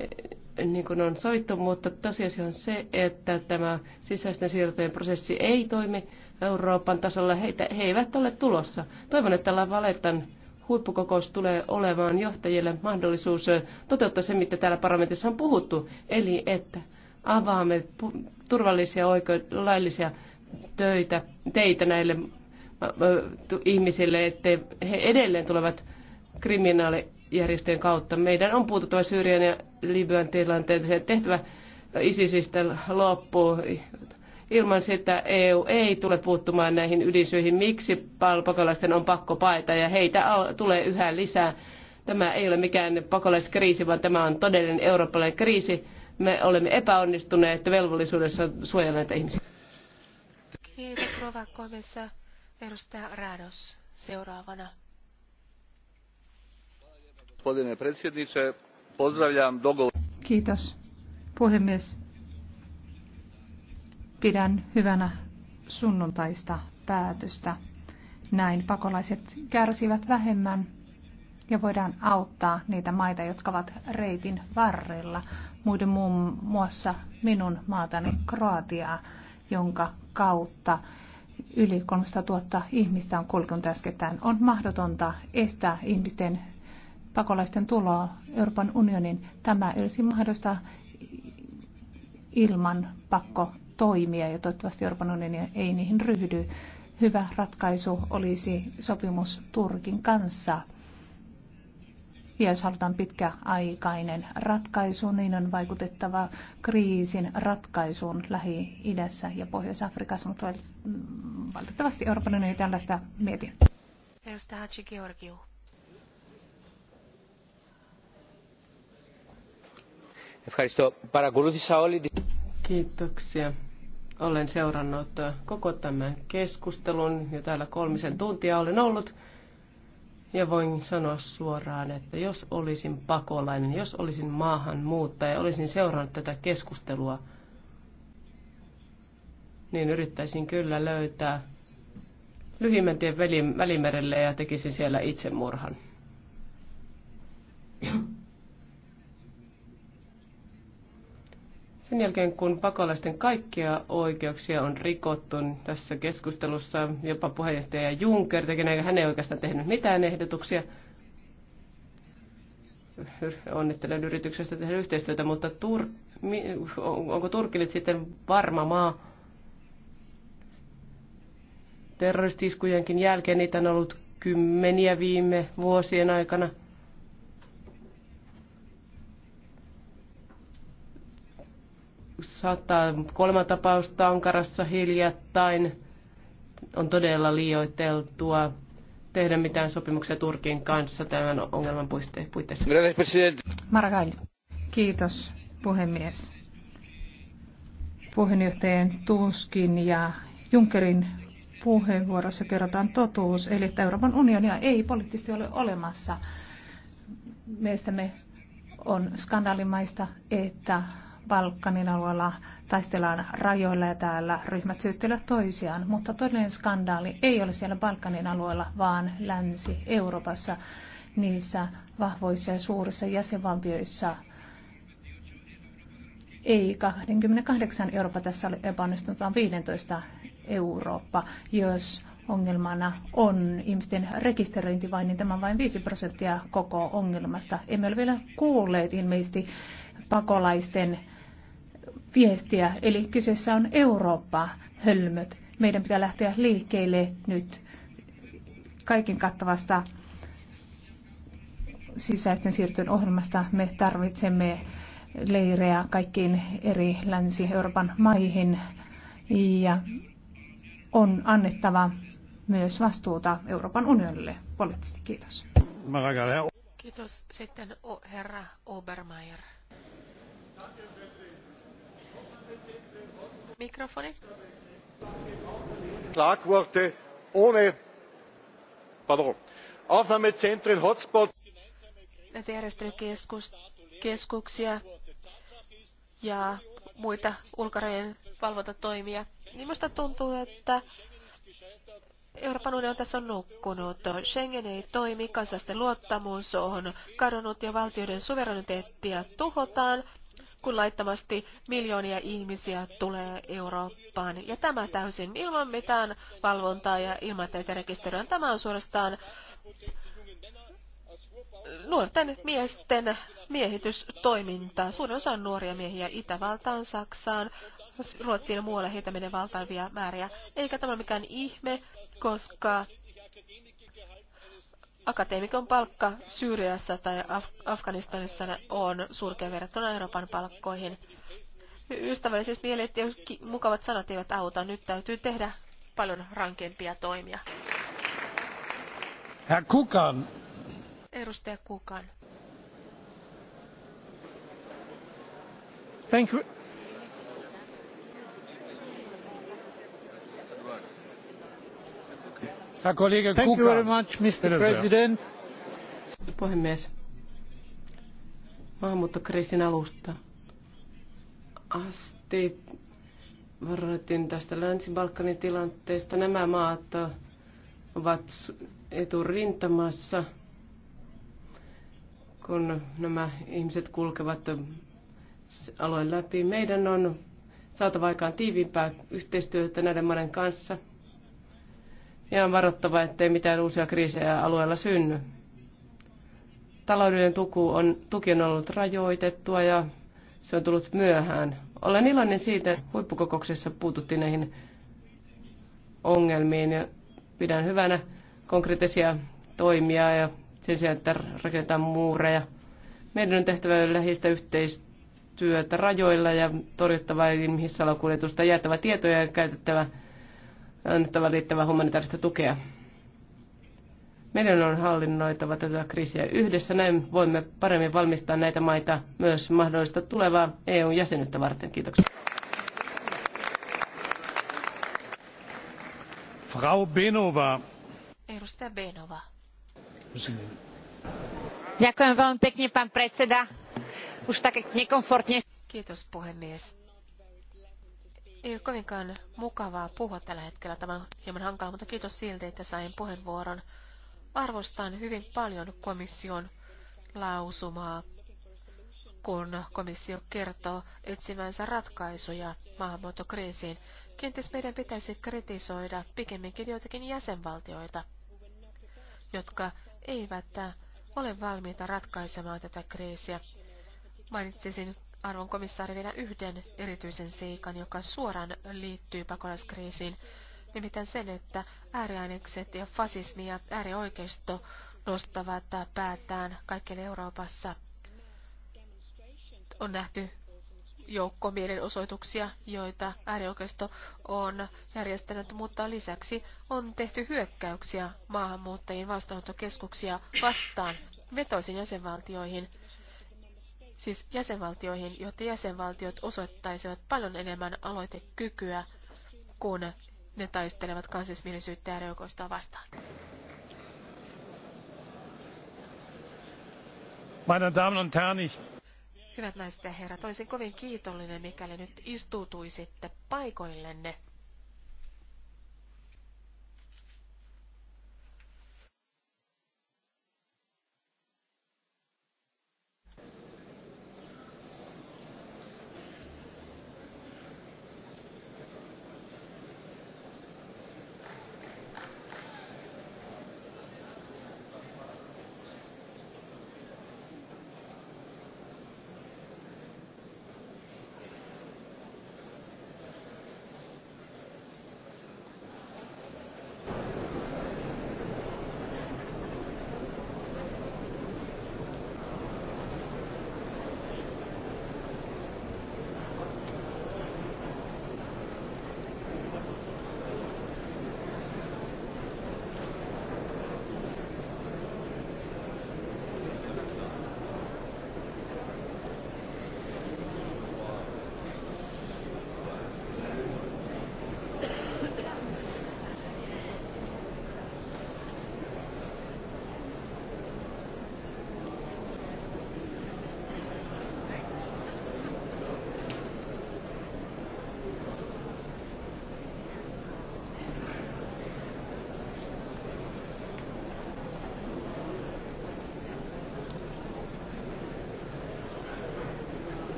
eh, niin kuin on soittu, mutta tosiasia on se, että tämä sisäisten siirtojen prosessi ei toimi Euroopan tasolla. Heitä, he eivät ole tulossa. Toivon, että tällä valetan huippukokous tulee olemaan johtajille mahdollisuus toteuttaa se, mitä täällä parlamentissa on puhuttu, eli että avaamme turvallisia, oikeud- laillisia töitä, teitä näille ihmisille, että he edelleen tulevat kriminaalijärjestöjen kautta. Meidän on puututtava Syyrian ja Libyan tilanteeseen tehtävä ISISistä loppu, Ilman sitä EU ei tule puuttumaan näihin ydinsyihin, miksi pakolaisten on pakko paeta ja heitä tulee yhä lisää. Tämä ei ole mikään pakolaiskriisi, vaan tämä on todellinen eurooppalainen kriisi. Me olemme epäonnistuneet velvollisuudessa suojella näitä ihmisiä. Kiitos Rova Komissa. Edustaja Rados seuraavana. Kiitos puhemies. Pidän hyvänä sunnuntaista päätöstä. Näin pakolaiset kärsivät vähemmän ja voidaan auttaa niitä maita, jotka ovat reitin varrella. Muiden muun muassa minun maatani Kroatiaa, jonka kautta yli 300 000 ihmistä on kulkenut äskettäin. On mahdotonta estää ihmisten pakolaisten tuloa Euroopan unionin. Tämä olisi mahdollista ilman pakko toimia ja toivottavasti Euroopan unioni ei niihin ryhdy. Hyvä ratkaisu olisi sopimus Turkin kanssa. Ja jos halutaan pitkäaikainen ratkaisu, niin on vaikutettava kriisin ratkaisuun Lähi-idässä ja Pohjois-Afrikassa, mutta valitettavasti Euroopan unioni tällaista mieti. Edustaja Hatsi Georgiou. Ευχαριστώ. Παρακολούθησα όλη Kiitoksia. Olen seurannut koko tämän keskustelun ja täällä kolmisen tuntia olen ollut. Ja voin sanoa suoraan, että jos olisin pakolainen, jos olisin maahanmuuttaja, olisin seurannut tätä keskustelua, niin yrittäisin kyllä löytää lyhimmän tien välimerelle ja tekisin siellä itsemurhan. Sen jälkeen, kun pakolaisten kaikkia oikeuksia on rikottu tässä keskustelussa, jopa puheenjohtaja Juncker teki, hän ei oikeastaan tehnyt mitään ehdotuksia, onnittelen yrityksestä tehdä yhteistyötä, mutta Tur, onko Turkki nyt sitten varma maa? Terroristiskujenkin jälkeen niitä on ollut kymmeniä viime vuosien aikana – saattaa kolme tapausta Ankarassa hiljattain. On todella liioiteltua tehdä mitään sopimuksia Turkin kanssa tämän ongelman puitteissa. Margail. Kiitos puhemies. Puheenjohtajan Tuskin ja Junckerin puheenvuorossa kerrotaan totuus, eli että Euroopan unionia ei poliittisesti ole olemassa. Mielestämme on skandaalimaista, että Balkanin alueella taistellaan rajoilla ja täällä ryhmät syyttelevät toisiaan, mutta todellinen skandaali ei ole siellä Balkanin alueella, vaan Länsi-Euroopassa niissä vahvoissa ja suurissa jäsenvaltioissa ei 28 Eurooppa tässä ole epäonnistunut, vaan 15 Eurooppa. Jos ongelmana on ihmisten rekisteröinti vain, niin tämä on vain 5 prosenttia koko ongelmasta. Emme ole vielä kuulleet ilmeisesti pakolaisten viestiä, eli kyseessä on Eurooppa, hölmöt. Meidän pitää lähteä liikkeelle nyt kaiken kattavasta sisäisten siirtojen ohjelmasta. Me tarvitsemme leirejä kaikkiin eri Länsi-Euroopan maihin ja on annettava myös vastuuta Euroopan unionille poliittisesti. Kiitos. Kiitos. Sitten herra Obermeier. Mikrofoni. Schlagworte ohne pardon, Aufnahmezentren, Hotspots. Näitä järjestelykeskuksia ja muita ulkorajojen valvontatoimia. Niin minusta tuntuu, että Euroopan unioni on tässä on nukkunut. Schengen ei toimi, kansalaisten luottamus on kadonnut ja valtioiden suvereniteettia tuhotaan kun laittomasti miljoonia ihmisiä tulee Eurooppaan. Ja tämä täysin ilman mitään valvontaa ja ilman teitä rekisteröön. Tämä on suorastaan nuorten miesten miehitystoimintaa. Suurin osa on nuoria miehiä Itävaltaan, Saksaan, Ruotsiin ja muualle heitä menee valtavia määriä. Eikä tämä ole mikään ihme, koska Akateemikon palkka Syyriassa tai Af- Afganistanissa on surkea verrattuna Euroopan palkkoihin. Ystävälliset mielet ja mukavat sanat eivät auta. Nyt täytyy tehdä paljon rankempia toimia. Herr Kukan. Edustaja Kukan. Thank you. Mr. Puhemies, maahanmuuttokriisin alusta asti varoitin tästä Länsi-Balkanin tilanteesta. Nämä maat ovat eturintamassa, kun nämä ihmiset kulkevat alueen läpi. Meidän on saatava aikaan tiiviimpää yhteistyötä näiden maiden kanssa – ja on varottava, ettei mitään uusia kriisejä alueella synny. Taloudellinen tuku on, tuki on ollut rajoitettua ja se on tullut myöhään. Olen iloinen siitä, että huippukokouksessa puututtiin näihin ongelmiin ja pidän hyvänä konkreettisia toimia ja sen sijaan, että rakennetaan muureja. Meidän on tehtävä läheistä yhteistyötä rajoilla ja torjuttava ihmissalakuljetusta, jäätävä tietoja ja käytettävä annettava riittävää humanitaarista tukea. Meidän on hallinnoitava tätä kriisiä yhdessä, näin voimme paremmin valmistaa näitä maita myös mahdollista tulevaa EU-jäsenyyttä varten. Kiitoksia. Frau Benova. Edustaja Benova. Ďakujem veľmi pekne, pán predseda. Už nekomfortne. Kiitos puhemies ei ole kovinkaan mukavaa puhua tällä hetkellä. Tämä on hieman hankala, mutta kiitos silti, että sain puheenvuoron. Arvostan hyvin paljon komission lausumaa, kun komissio kertoo etsimänsä ratkaisuja maahanmuuttokriisiin. Kenties meidän pitäisi kritisoida pikemminkin joitakin jäsenvaltioita, jotka eivät ole valmiita ratkaisemaan tätä kriisiä. Mainitsisin arvon komissaari vielä yhden erityisen seikan, joka suoraan liittyy pakolaiskriisiin, nimittäin sen, että ääriainekset ja fasismi ja äärioikeisto nostavat päätään kaikkialle Euroopassa. On nähty joukko mielenosoituksia, joita äärioikeisto on järjestänyt, mutta lisäksi on tehty hyökkäyksiä maahanmuuttajien vastaanottokeskuksia vastaan vetoisin jäsenvaltioihin – siis jäsenvaltioihin, jotta jäsenvaltiot osoittaisivat paljon enemmän aloitekykyä, kun ne taistelevat kansallismielisyyttä ja reukoista vastaan. Meine Damen und Herren, ich Hyvät naiset ja herrat, olisin kovin kiitollinen, mikäli nyt istuutuisitte paikoillenne.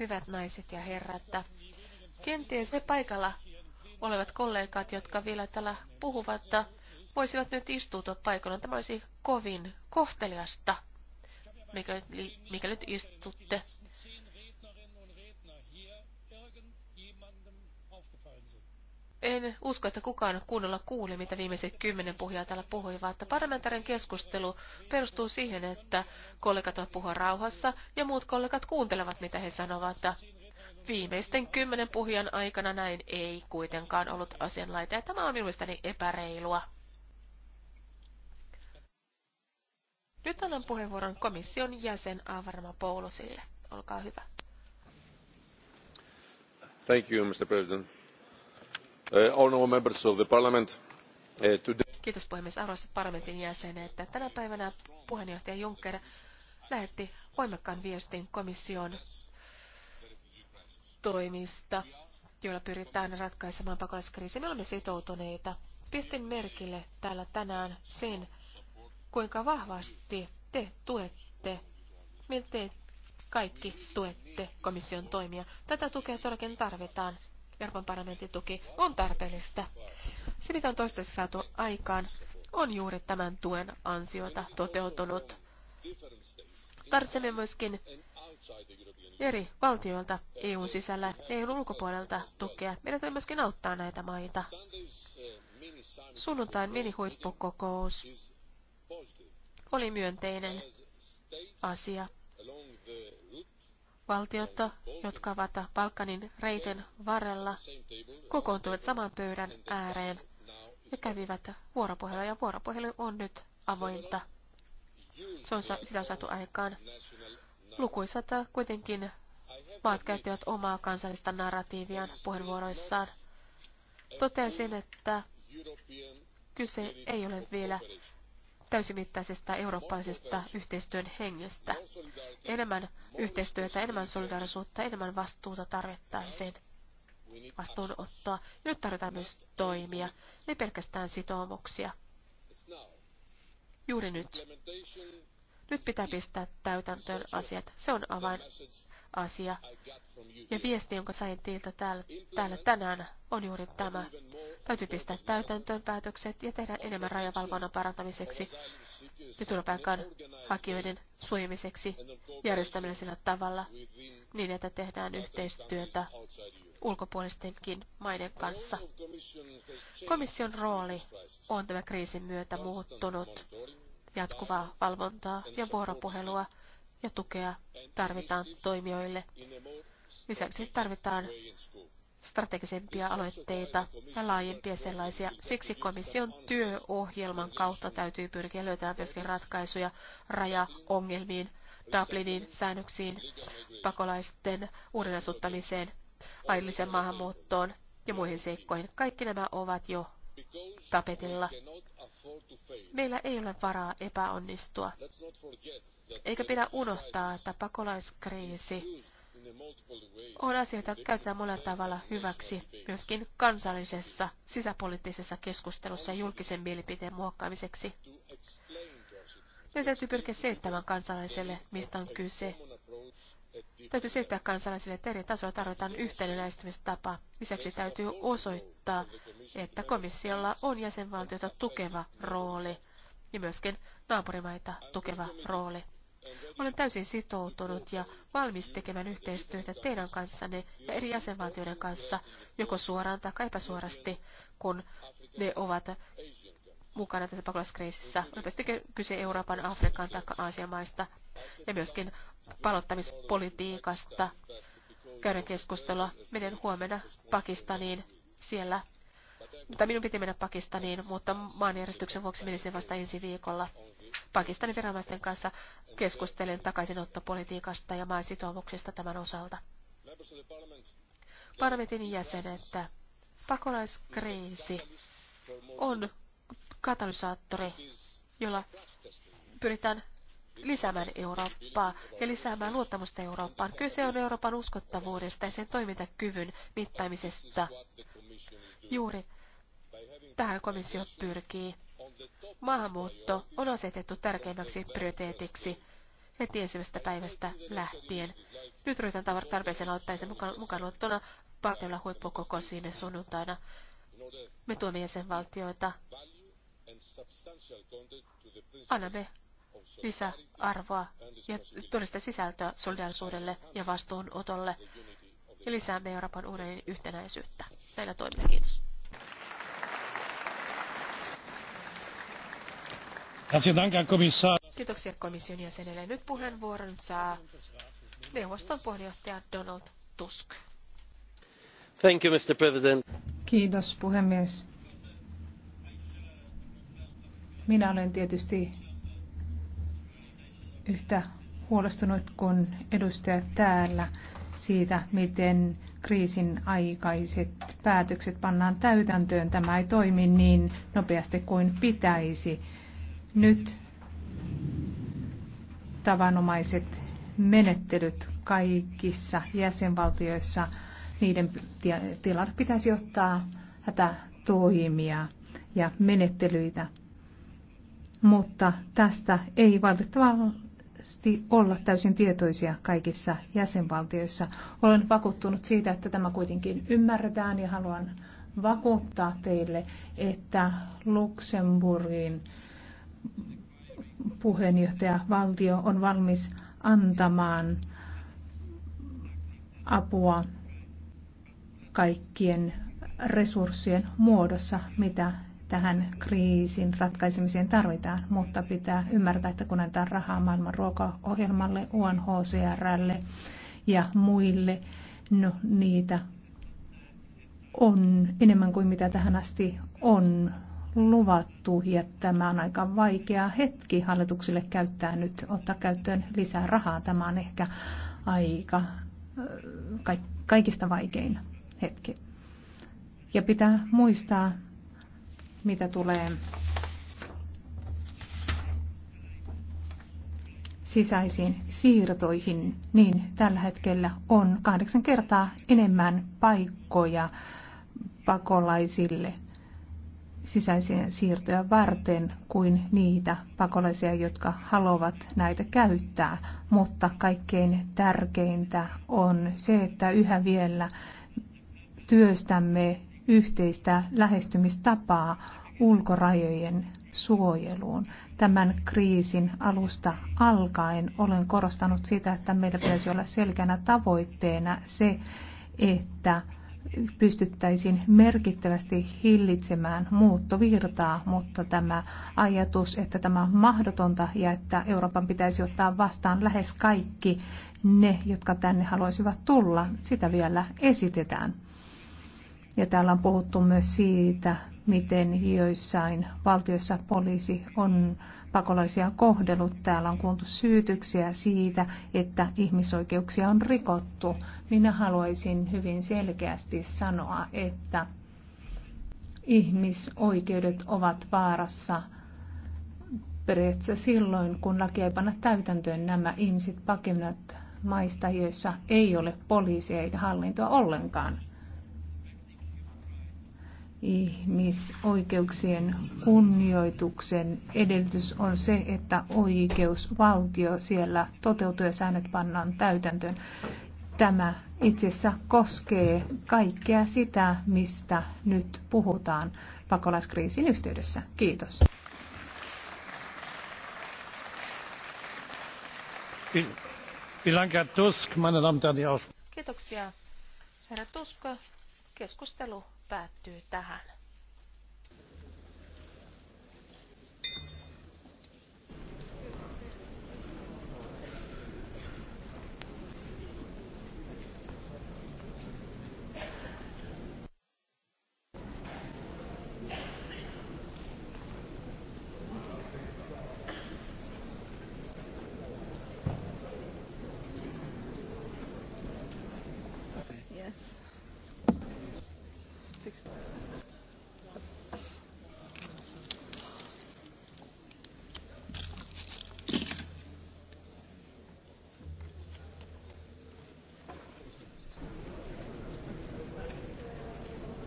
Hyvät naiset ja herrat, kenties se paikalla olevat kollegat, jotka vielä täällä puhuvat, voisivat nyt istua paikalla. Tämä olisi kovin kohteliasta, mikä nyt istutte en usko, että kukaan kuunnella kuuli, mitä viimeiset kymmenen puhujaa täällä puhuivat, että parlamentaarinen keskustelu perustuu siihen, että kollegat ovat puhua rauhassa ja muut kollegat kuuntelevat, mitä he sanovat. Viimeisten kymmenen puhujan aikana näin ei kuitenkaan ollut asianlaita, ja tämä on mielestäni epäreilua. Nyt annan puheenvuoron komission jäsen Avarma Poulosille. Olkaa hyvä. Thank you, Mr. President. Uh, uh, Kiitos puhemies arvoisat parlamentin jäsenet. Tänä päivänä puheenjohtaja Juncker lähetti voimakkaan viestin komission toimista, joilla pyritään ratkaisemaan pakolaiskriisiä. Me olemme sitoutuneita. Pistin merkille täällä tänään sen, kuinka vahvasti te tuette, miltei kaikki tuette komission toimia. Tätä tukea todellakin tarvitaan. Euroopan parlamentin tuki on tarpeellista. Se, mitä on toistaiseksi saatu aikaan, on juuri tämän tuen ansiota toteutunut. Tarvitsemme myöskin eri valtioilta EUn sisällä, EUn ulkopuolelta tukea. Meidän tulee myöskin auttaa näitä maita. Sunnuntain minihuippukokous oli myönteinen asia valtiot, jotka ovat Balkanin reiten varrella, kokoontuivat saman pöydän ääreen ja kävivät vuoropuhelua, ja vuoropuhelu on nyt avointa. Se on sitä saatu aikaan. Lukuisat kuitenkin maat käyttivät omaa kansallista narratiiviaan puheenvuoroissaan. Totesin, että kyse ei ole vielä täysimittaisesta eurooppalaisesta yhteistyön hengestä. Enemmän yhteistyötä, enemmän solidarisuutta, enemmän vastuuta tarvittaisiin vastuunottoa. Ja nyt tarvitaan myös toimia, ei pelkästään sitoumuksia. Juuri nyt. Nyt pitää pistää täytäntöön asiat. Se on avain asia. Ja viesti, jonka sain teiltä täällä, täällä tänään, on juuri tämä. Täytyy pistää täytäntöön päätökset ja tehdä enemmän rajavalvonnan parantamiseksi ja turvapaikan hakijoiden suojamiseksi järjestämällisellä tavalla niin, että tehdään yhteistyötä ulkopuolistenkin maiden kanssa. Komission rooli on tämän kriisin myötä muuttunut jatkuvaa valvontaa ja vuoropuhelua ja tukea tarvitaan toimijoille. Lisäksi tarvitaan strategisempia aloitteita ja laajempia sellaisia. Siksi komission työohjelman kautta täytyy pyrkiä löytämään myöskin ratkaisuja rajaongelmiin, Dublinin säännöksiin, pakolaisten uudelleenasuttamiseen, lailliseen maahanmuuttoon ja muihin seikkoihin. Kaikki nämä ovat jo tapetilla. Meillä ei ole varaa epäonnistua. Eikä pidä unohtaa, että pakolaiskriisi on asia, jota käytetään monella tavalla hyväksi myöskin kansallisessa sisäpoliittisessa keskustelussa ja julkisen mielipiteen muokkaamiseksi. Meidän täytyy pyrkiä selittämään kansalaiselle, mistä on kyse. Täytyy selittää kansalaisille, että eri tasolla tarvitaan yhteinen lähestymistapa. Lisäksi täytyy osoittaa, että komissiolla on jäsenvaltiota tukeva rooli ja myöskin naapurimaita tukeva rooli. Olen täysin sitoutunut ja valmis tekemään yhteistyötä teidän kanssanne ja eri jäsenvaltioiden kanssa, joko suoraan tai epäsuorasti, kun ne ovat mukana tässä pakolaiskriisissä. Olipa sitten kyse Euroopan, Afrikan tai Aasian maista ja myöskin palottamispolitiikasta. käydä keskustelua. Menen huomenna Pakistaniin siellä. Tai minun piti mennä Pakistaniin, mutta maanjärjestyksen vuoksi menisin vasta ensi viikolla. Pakistanin viranomaisten kanssa keskustelen takaisinottopolitiikasta ja maan sitoumuksista tämän osalta. Parlamentin jäsenet, pakolaiskriisi on katalysaattori, jolla pyritään lisäämään Eurooppaa ja lisäämään luottamusta Eurooppaan. Kyse on Euroopan uskottavuudesta ja sen toimintakyvyn mittaamisesta. Juuri tähän komissio pyrkii Maahanmuutto on asetettu tärkeimmäksi prioriteetiksi heti ensimmäisestä päivästä lähtien. Nyt ryhdytään tarpeeseen aloittaisen mukaan, mukaan luottona partiolla huippukokous viime sunnuntaina. Me tuomme jäsenvaltioita. Annamme lisäarvoa ja todellista sisältöä solidaarisuudelle ja vastuunotolle ja lisäämme Euroopan uuden yhtenäisyyttä. Näillä toimilla kiitos. Kiitoksia komission jäsenelle. Nyt puheenvuoron saa neuvoston puheenjohtaja Donald Tusk. Thank you, Mr. President. Kiitos puhemies. Minä olen tietysti yhtä huolestunut kuin edustajat täällä siitä, miten kriisin aikaiset päätökset pannaan täytäntöön. Tämä ei toimi niin nopeasti kuin pitäisi nyt tavanomaiset menettelyt kaikissa jäsenvaltioissa, niiden tilalle pitäisi ottaa hätätoimia ja menettelyitä. Mutta tästä ei valitettavasti olla täysin tietoisia kaikissa jäsenvaltioissa. Olen vakuuttunut siitä, että tämä kuitenkin ymmärretään ja haluan vakuuttaa teille, että Luxemburgin puheenjohtaja valtio on valmis antamaan apua kaikkien resurssien muodossa, mitä tähän kriisin ratkaisemiseen tarvitaan, mutta pitää ymmärtää, että kun antaa rahaa maailman ruokaohjelmalle, UNHCRlle ja muille, no niitä on enemmän kuin mitä tähän asti on luvattu ja tämä on aika vaikea hetki hallitukselle käyttää nyt, ottaa käyttöön lisää rahaa. Tämä on ehkä aika kaikista vaikein hetki. Ja pitää muistaa, mitä tulee sisäisiin siirtoihin, niin tällä hetkellä on kahdeksan kertaa enemmän paikkoja pakolaisille sisäisiä siirtoja varten kuin niitä pakolaisia, jotka haluavat näitä käyttää. Mutta kaikkein tärkeintä on se, että yhä vielä työstämme yhteistä lähestymistapaa ulkorajojen suojeluun. Tämän kriisin alusta alkaen olen korostanut sitä, että meillä pitäisi olla selkeänä tavoitteena se, että pystyttäisiin merkittävästi hillitsemään muuttovirtaa, mutta tämä ajatus, että tämä on mahdotonta ja että Euroopan pitäisi ottaa vastaan lähes kaikki ne, jotka tänne haluaisivat tulla, sitä vielä esitetään. Ja täällä on puhuttu myös siitä, miten joissain valtioissa poliisi on pakolaisia kohdellut. Täällä on kuultu syytyksiä siitä, että ihmisoikeuksia on rikottu. Minä haluaisin hyvin selkeästi sanoa, että ihmisoikeudet ovat vaarassa periaatteessa silloin, kun laki ei panna täytäntöön nämä ihmiset pakenevat maista, joissa ei ole poliisia eikä hallintoa ollenkaan ihmisoikeuksien kunnioituksen edellytys on se, että oikeusvaltio siellä toteutuu ja säännöt pannaan täytäntöön. Tämä itse asiassa koskee kaikkea sitä, mistä nyt puhutaan pakolaiskriisin yhteydessä. Kiitos. Kiitoksia, herra Tusk. Keskustelu päättyy tähän.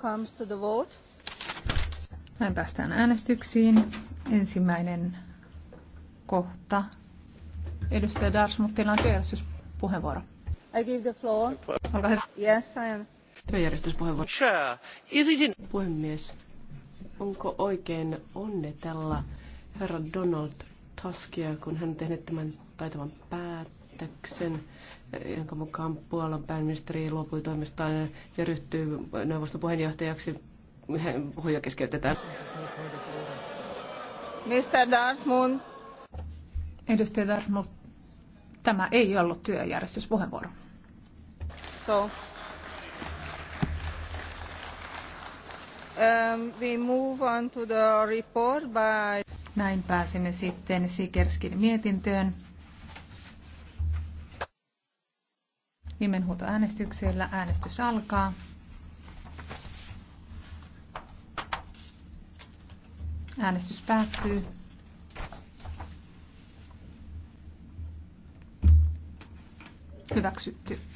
comes to the vote. Näin päästään äänestyksiin. Ensimmäinen kohta. Edustaja mutta teillä on työjärjestyspuheenvuoro. I give the floor. Olkaa hyvä. Yes, I am. Työjärjestyspuheenvuoro. Sure. Is in... Puhemies, onko oikein onnetella herra Donald Tuskia, kun hän on tehnyt tämän taitavan päätöksen? jonka mukaan Puolan pääministeri luopui toimestaan ja ryhtyy neuvoston puheenjohtajaksi. Puhuja keskeytetään. Mr. Darsmund, Edustaja Darsmund, tämä ei ollut työjärjestyspuheenvuoro. So. Um, we move on to the report by... Näin pääsimme sitten Sikerskin mietintöön. Nimenhuutoäänestyksellä äänestys alkaa. Äänestys päättyy. Hyväksytty.